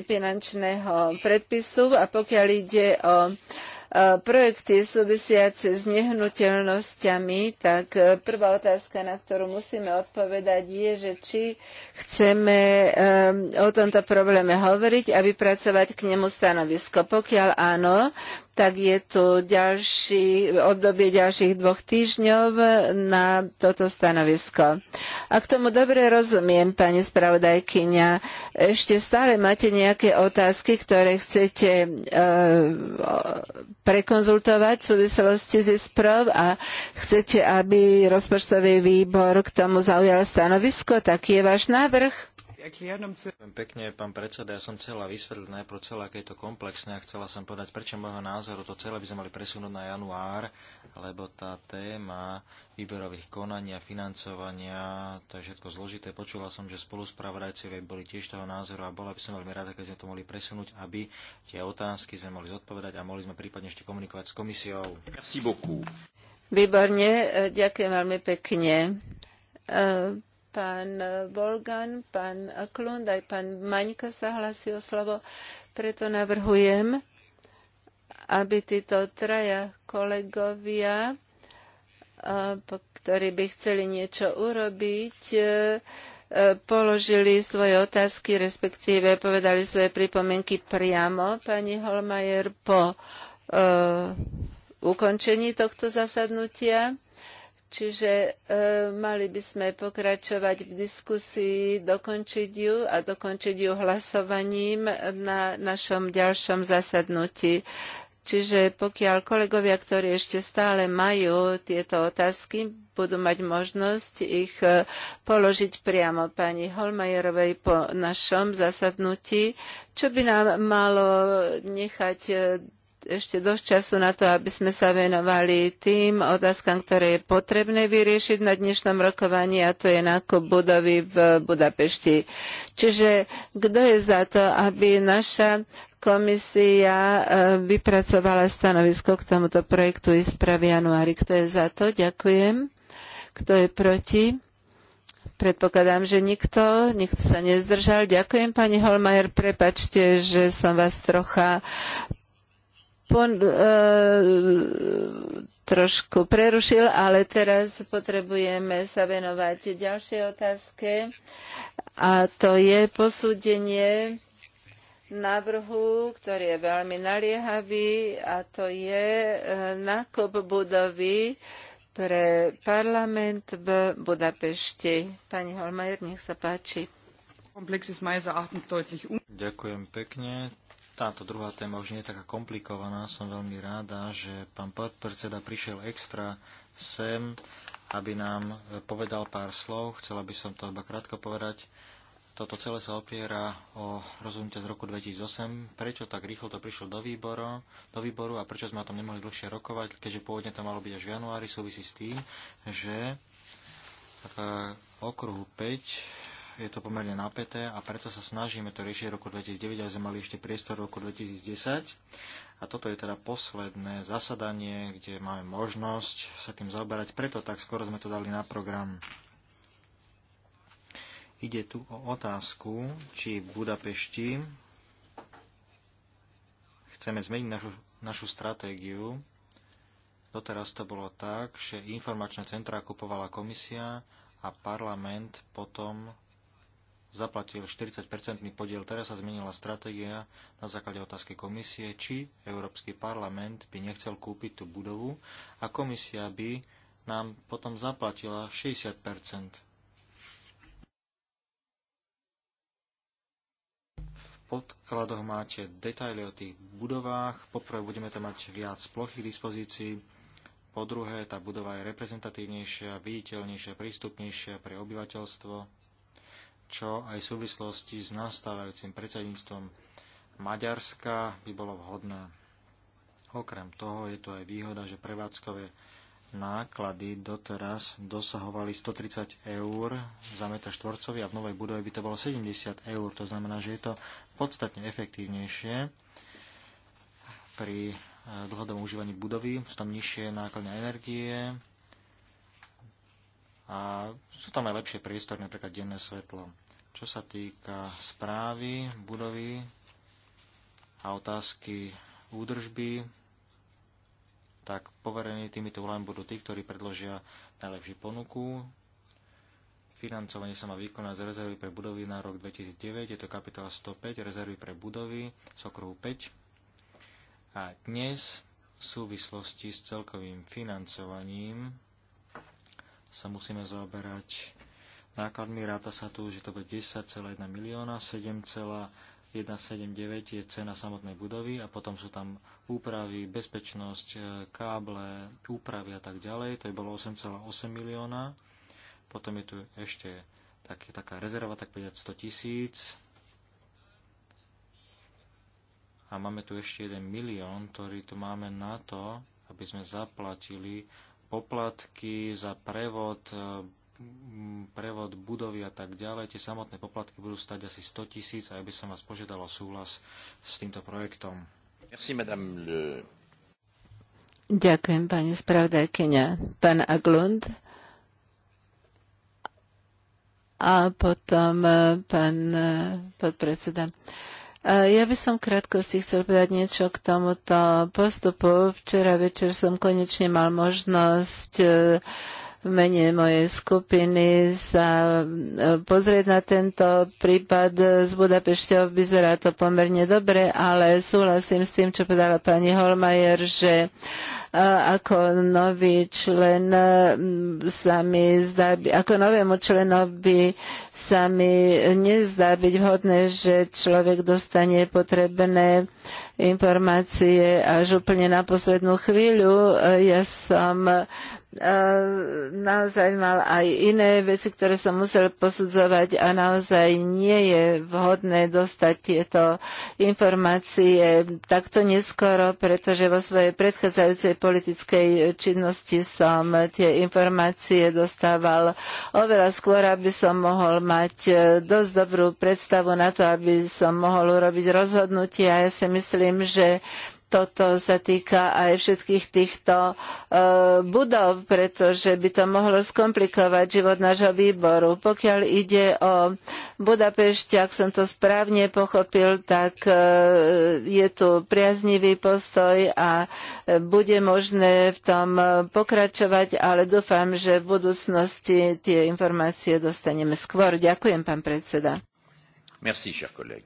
finančného predpisu a pokiaľ ide o eh, projekty súvisiace s nehnuteľnosťami, tak eh, prvá otázka, na ktorú musíme odpovedať, je, že či chceme o tomto probléme hovoriť a vypracovať k nemu stanovisko. Pokiaľ áno, tak je tu ďalší, obdobie ďalších dvoch týždňov na toto stanovisko. Ak tomu dobre rozumiem, pani spravodajkyňa, ešte stále máte nejaké otázky, ktoré chcete e, prekonzultovať v súvislosti s ISPROV a chcete, aby rozpočtový výbor k tomu zaujal stanovisko, tak je váš návrh? Um pekne, pán predseda, ja som chcela vysvetliť najprv celé, aké je to komplexné a chcela som povedať, prečo môjho názoru to celé by sme mali presunúť na január, lebo tá téma výberových konania, financovania, to je všetko zložité. Počula som, že spoluspravodajcovia boli tiež toho názoru a bola by som veľmi rada, keď sme to mohli presunúť, aby tie otázky sme mohli zodpovedať a mohli sme prípadne ešte komunikovať s komisiou. Merci beaucoup. Výborne, e, ďakujem veľmi pekne. E, pán Volgan, pán Klund, aj pán Maňka sa hlasí o slovo. Preto navrhujem, aby títo traja kolegovia, ktorí by chceli niečo urobiť, položili svoje otázky, respektíve povedali svoje pripomienky priamo pani Holmajer po uh, ukončení tohto zasadnutia. Čiže e, mali by sme pokračovať v diskusii, dokončiť ju a dokončiť ju hlasovaním na našom ďalšom zasadnutí. Čiže pokiaľ kolegovia, ktorí ešte stále majú tieto otázky, budú mať možnosť ich e, položiť priamo pani Holmajerovej po našom zasadnutí, čo by nám malo nechať e, ešte dosť času na to, aby sme sa venovali tým otázkam, ktoré je potrebné vyriešiť na dnešnom rokovaní a to je nákup budovy v Budapešti. Čiže kto je za to, aby naša komisia e, vypracovala stanovisko k tomuto projektu i v januári? Kto je za to? Ďakujem. Kto je proti? Predpokladám, že nikto, nikto sa nezdržal. Ďakujem, pani Holmajer, prepačte, že som vás trocha pon, e, trošku prerušil, ale teraz potrebujeme sa venovať ďalšej otázke a to je posúdenie návrhu, ktorý je veľmi naliehavý a to je e, nákup budovy pre parlament v Budapešti. Pani Holmajer, nech sa páči. Um- Ďakujem pekne táto druhá téma už nie je taká komplikovaná. Som veľmi ráda, že pán podpredseda prišiel extra sem, aby nám e, povedal pár slov. Chcela by som to iba krátko povedať. Toto celé sa opiera o rozhodnutie z roku 2008. Prečo tak rýchlo to prišlo do výboru, do výboru a prečo sme o tom nemohli dlhšie rokovať, keďže pôvodne to malo byť až v januári, súvisí s tým, že v e, okruhu 5 je to pomerne napäté a preto sa snažíme to riešiť v roku 2009, aby sme mali ešte priestor v roku 2010. A toto je teda posledné zasadanie, kde máme možnosť sa tým zaoberať, preto tak skoro sme to dali na program. Ide tu o otázku, či v Budapešti chceme zmeniť našu, našu stratégiu. Doteraz to bolo tak, že informačné centrá kupovala komisia a parlament potom zaplatil 40-percentný podiel. Teraz sa zmenila stratégia na základe otázky komisie, či Európsky parlament by nechcel kúpiť tú budovu a komisia by nám potom zaplatila 60 V podkladoch máte detaily o tých budovách. Poprvé budeme tam mať viac plochy k dispozícii. Po druhé, tá budova je reprezentatívnejšia, viditeľnejšia, prístupnejšia pre obyvateľstvo čo aj v súvislosti s nastávajúcim predsedníctvom Maďarska by bolo vhodné. Okrem toho je tu aj výhoda, že prevádzkové náklady doteraz dosahovali 130 eur za metr štvorcový a v novej budove by to bolo 70 eur. To znamená, že je to podstatne efektívnejšie pri eh, dlhodobom užívaní budovy. Sú tam nižšie náklady na energie, a sú tam aj lepšie priestory, napríklad denné svetlo. Čo sa týka správy budovy a otázky údržby, tak poverení týmito úlohami budú tí, ktorí predložia najlepšiu ponuku. Financovanie sa má vykonať z rezervy pre budovy na rok 2009, je to kapitál 105, rezervy pre budovy z okruhu 5. A dnes v súvislosti s celkovým financovaním sa musíme zaoberať nákladmi. Ráta sa tu, že to bude 10,1 milióna, 7,179 je cena samotnej budovy a potom sú tam úpravy, bezpečnosť, e, káble, úpravy a tak ďalej. To je bolo 8,8 milióna. Potom je tu ešte tak, taká rezerva, tak povedať 100 tisíc. A máme tu ešte jeden milión, ktorý tu máme na to, aby sme zaplatili poplatky za prevod, eh, prevod budovy a tak ďalej. Tie samotné poplatky budú stať asi 100 tisíc a ja by som vás požiadal o súhlas s týmto projektom. Merci, madame le... Ďakujem, pani spravodajkyňa. Pán Aglund a potom eh, pán eh, podpredseda. Ja by som krátko si chcel povedať niečo k tomuto postupu. Včera večer som konečne mal možnosť e, v mene mojej skupiny sa e, pozrieť na tento prípad z Budapešťa. Vyzerá to pomerne dobre, ale súhlasím s tým, čo povedala pani Holmajer, že e, ako nový člen e, sa mi zdá, ako novému členovi sa mi nezdá byť vhodné, že človek dostane potrebné informácie až úplne na poslednú chvíľu. Ja som Eh, naozaj mal aj iné veci, ktoré som musel posudzovať a naozaj nie je vhodné dostať tieto informácie takto neskoro, pretože vo svojej predchádzajúcej politickej činnosti som tie informácie dostával oveľa skôr, aby som mohol mať eh, dosť dobrú predstavu na to, aby som mohol urobiť rozhodnutie a ja si myslím, že toto sa týka aj všetkých týchto e, budov, pretože by to mohlo skomplikovať život nášho výboru. Pokiaľ ide o Budapešť, ak som to správne pochopil, tak e, je tu priaznivý postoj a bude možné v tom pokračovať, ale dúfam, že v budúcnosti tie informácie dostaneme skôr. Ďakujem, pán predseda. Merci, cher collègue.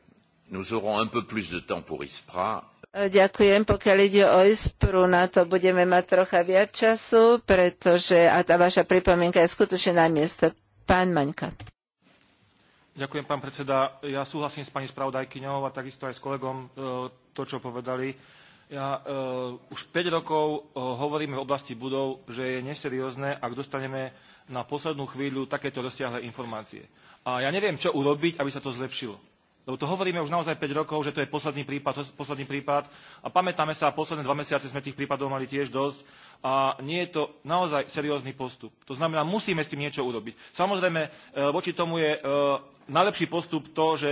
Nous aurons un peu plus de temps pour ISPRA Ďakujem, pokiaľ ide o ISPRU, na to budeme mať trocha viac času, pretože a tá vaša pripomienka je skutočne na mieste. Pán Maňka. Ďakujem, pán predseda. Ja súhlasím s pani spravodajkyňou a takisto aj s kolegom e, to, čo povedali. Ja e, už 5 rokov e, hovoríme v oblasti budov, že je neseriózne, ak dostaneme na poslednú chvíľu takéto rozsiahle informácie. A ja neviem, čo urobiť, aby sa to zlepšilo. Lebo to hovoríme už naozaj 5 rokov, že to je posledný prípad, posledný prípad. A pamätáme sa, posledné dva mesiace sme tých prípadov mali tiež dosť. A nie je to naozaj seriózny postup. To znamená, musíme s tým niečo urobiť. Samozrejme, e, voči tomu je e, najlepší postup to, že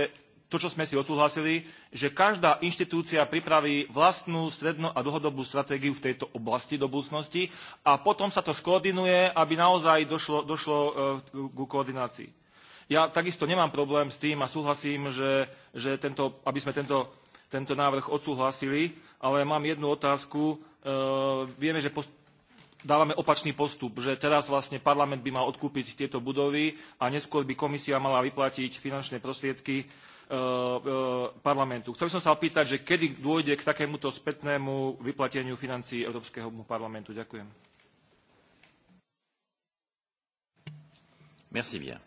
to, čo sme si odsúhlasili, že každá inštitúcia pripraví vlastnú strednú a dlhodobú stratégiu v tejto oblasti do budúcnosti a potom sa to skoordinuje, aby naozaj došlo, došlo e, ku koordinácii. Ja takisto nemám problém s tým a súhlasím, že, že tento, aby sme tento, tento návrh odsúhlasili, ale mám jednu otázku. E, vieme, že post- dávame opačný postup, že teraz vlastne parlament by mal odkúpiť tieto budovy a neskôr by komisia mala vyplatiť finančné prostriedky e, e, parlamentu. Chcel by som sa opýtať, že kedy dôjde k takémuto spätnému vyplateniu financií Európskeho parlamentu. Ďakujem. Merci bien.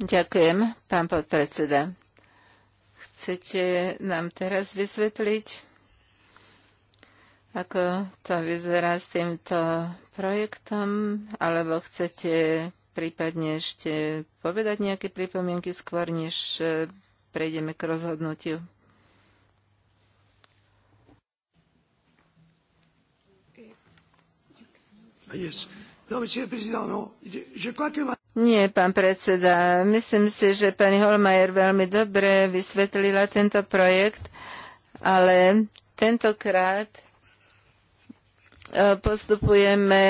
Ďakujem, pán podpredseda. Chcete nám teraz vysvetliť, ako to vyzerá s týmto projektom, alebo chcete prípadne ešte povedať nejaké pripomienky skôr, než e, prejdeme k rozhodnutiu? Ah, yes. No, monsieur le président, non. Je, je crois que... Nie, pán predseda. Myslím si, že pani Holmajer veľmi dobre vysvetlila tento projekt, ale tentokrát e, postupujeme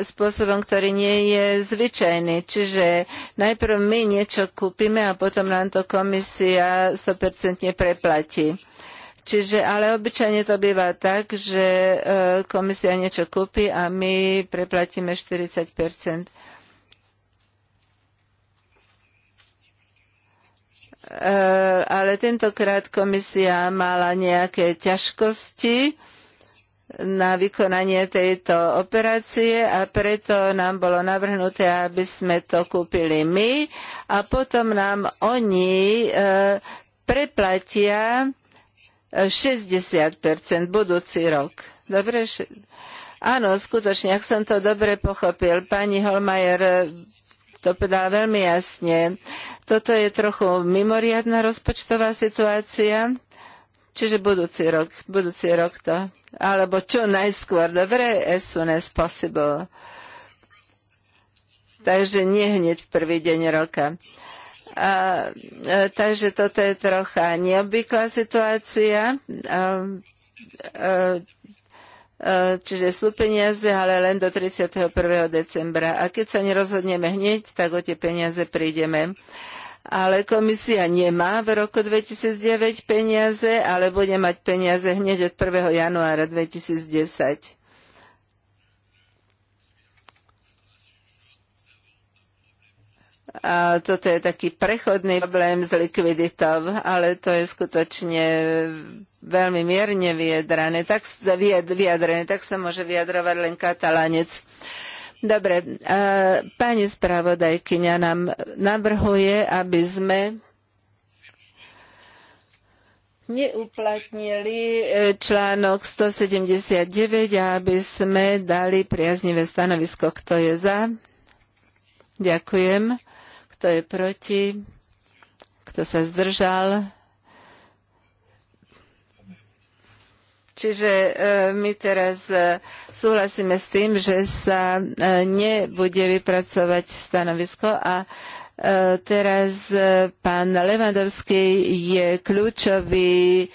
spôsobom, ktorý nie je zvyčajný. Čiže najprv my niečo kúpime a potom nám to komisia 100% preplatí. Čiže, ale obyčajne to býva tak, že e, komisia niečo kúpi a my preplatíme 40 Eh, ale tentokrát komisia mala nejaké ťažkosti na vykonanie tejto operácie a preto nám bolo navrhnuté, aby sme to kúpili my a potom nám oni eh, preplatia 60 eh, budúci rok. Dobre? Áno, skutočne, ak som to dobre pochopil, pani Holmajer to povedala veľmi jasne. Toto je trochu mimoriadná rozpočtová situácia, čiže budúci rok, budúci rok to, alebo čo najskôr, dobre, as soon as possible. Takže nie hneď v prvý deň roka. A, a, e, takže toto je trocha neobvyklá situácia. A, a, e, e, Čiže sú peniaze, ale len do 31. decembra. A keď sa nerozhodneme hneď, tak o tie peniaze prídeme ale komisia nemá v roku 2009 peniaze, ale bude mať peniaze hneď od 1. januára 2010. A toto je taký prechodný problém s likviditou, ale to je skutočne veľmi mierne vyjadrené. Tak, vyjadrené, tak sa môže vyjadrovať len katalanec. Dobre, e, pani spravodajkyňa nám navrhuje, aby sme neuplatnili e, článok 179 a aby sme dali priaznivé stanovisko. Kto je za? Ďakujem. Kto je proti? Kto sa zdržal? Čiže e, my teraz e, súhlasíme s tým, že sa e, nebude vypracovať stanovisko a teraz pán Levandovský je kľúčový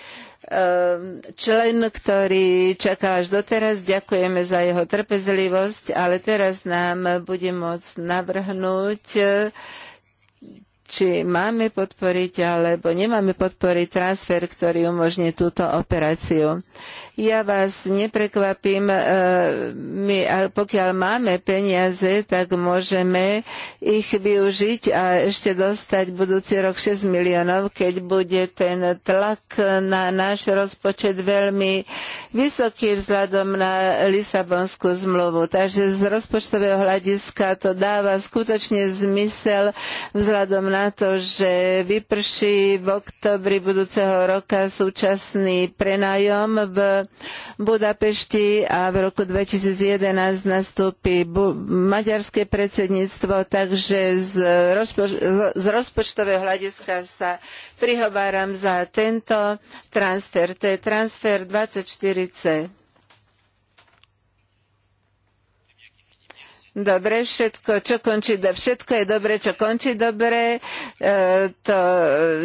člen, ktorý čakal až doteraz. Ďakujeme za jeho trpezlivosť, ale teraz nám bude môcť navrhnúť či máme podporiť alebo nemáme podporiť transfer, ktorý umožní túto operáciu. Ja vás neprekvapím, e, my pokiaľ máme peniaze, tak môžeme ich využiť a ešte dostať budúci rok 6 miliónov, keď bude ten tlak na náš rozpočet veľmi vysoký vzhľadom na Lisabonskú zmluvu. Takže z rozpočtového hľadiska to dáva skutočne zmysel vzhľadom na to, že vyprší v oktobri budúceho roka súčasný prenajom v Budapešti a v roku 2011 nastúpi maďarské predsedníctvo, takže z, z rozpočtového hľadiska sa prihováram za tento transfer. To je transfer 24C. dobre, všetko, čo končí, všetko je dobre, čo končí dobre, e, to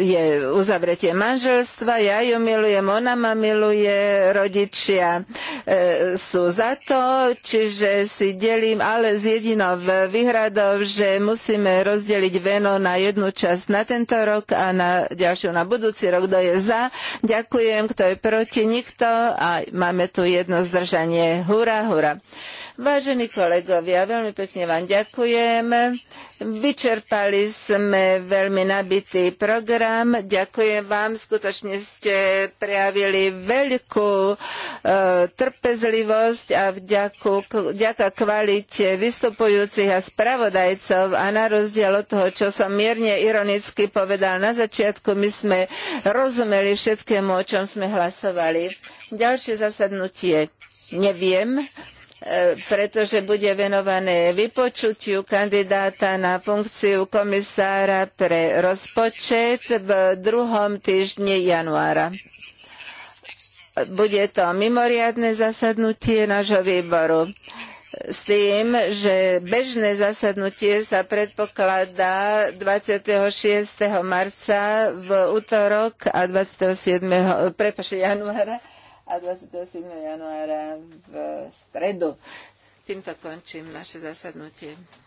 je uzavretie manželstva, ja ju milujem, ona ma miluje, rodičia e, sú za to, čiže si delím, ale s jedinou výhradou, že musíme rozdeliť veno na jednu časť na tento rok a na ďalšiu na budúci rok, kto je za, ďakujem, kto je proti, nikto a máme tu jedno zdržanie, hurá, hurá. Vážení kolegovia, veľmi pekne vám ďakujem. Vyčerpali sme veľmi nabitý program. Ďakujem vám, skutočne ste prejavili veľkú e, trpezlivosť a vďaku, vďaka kvalite vystupujúcich a spravodajcov a na rozdiel od toho, čo som mierne ironicky povedal na začiatku, my sme rozumeli všetkému, o čom sme hlasovali. Ďalšie zasadnutie neviem, pretože bude venované vypočutiu kandidáta na funkciu komisára pre rozpočet v druhom týždni januára. Bude to mimoriadne zasadnutie nášho výboru s tým, že bežné zasadnutie sa predpokladá 26. marca v útorok a 27. Prepaši, januára a 27. januára v stredu. Týmto končím naše zasadnutie.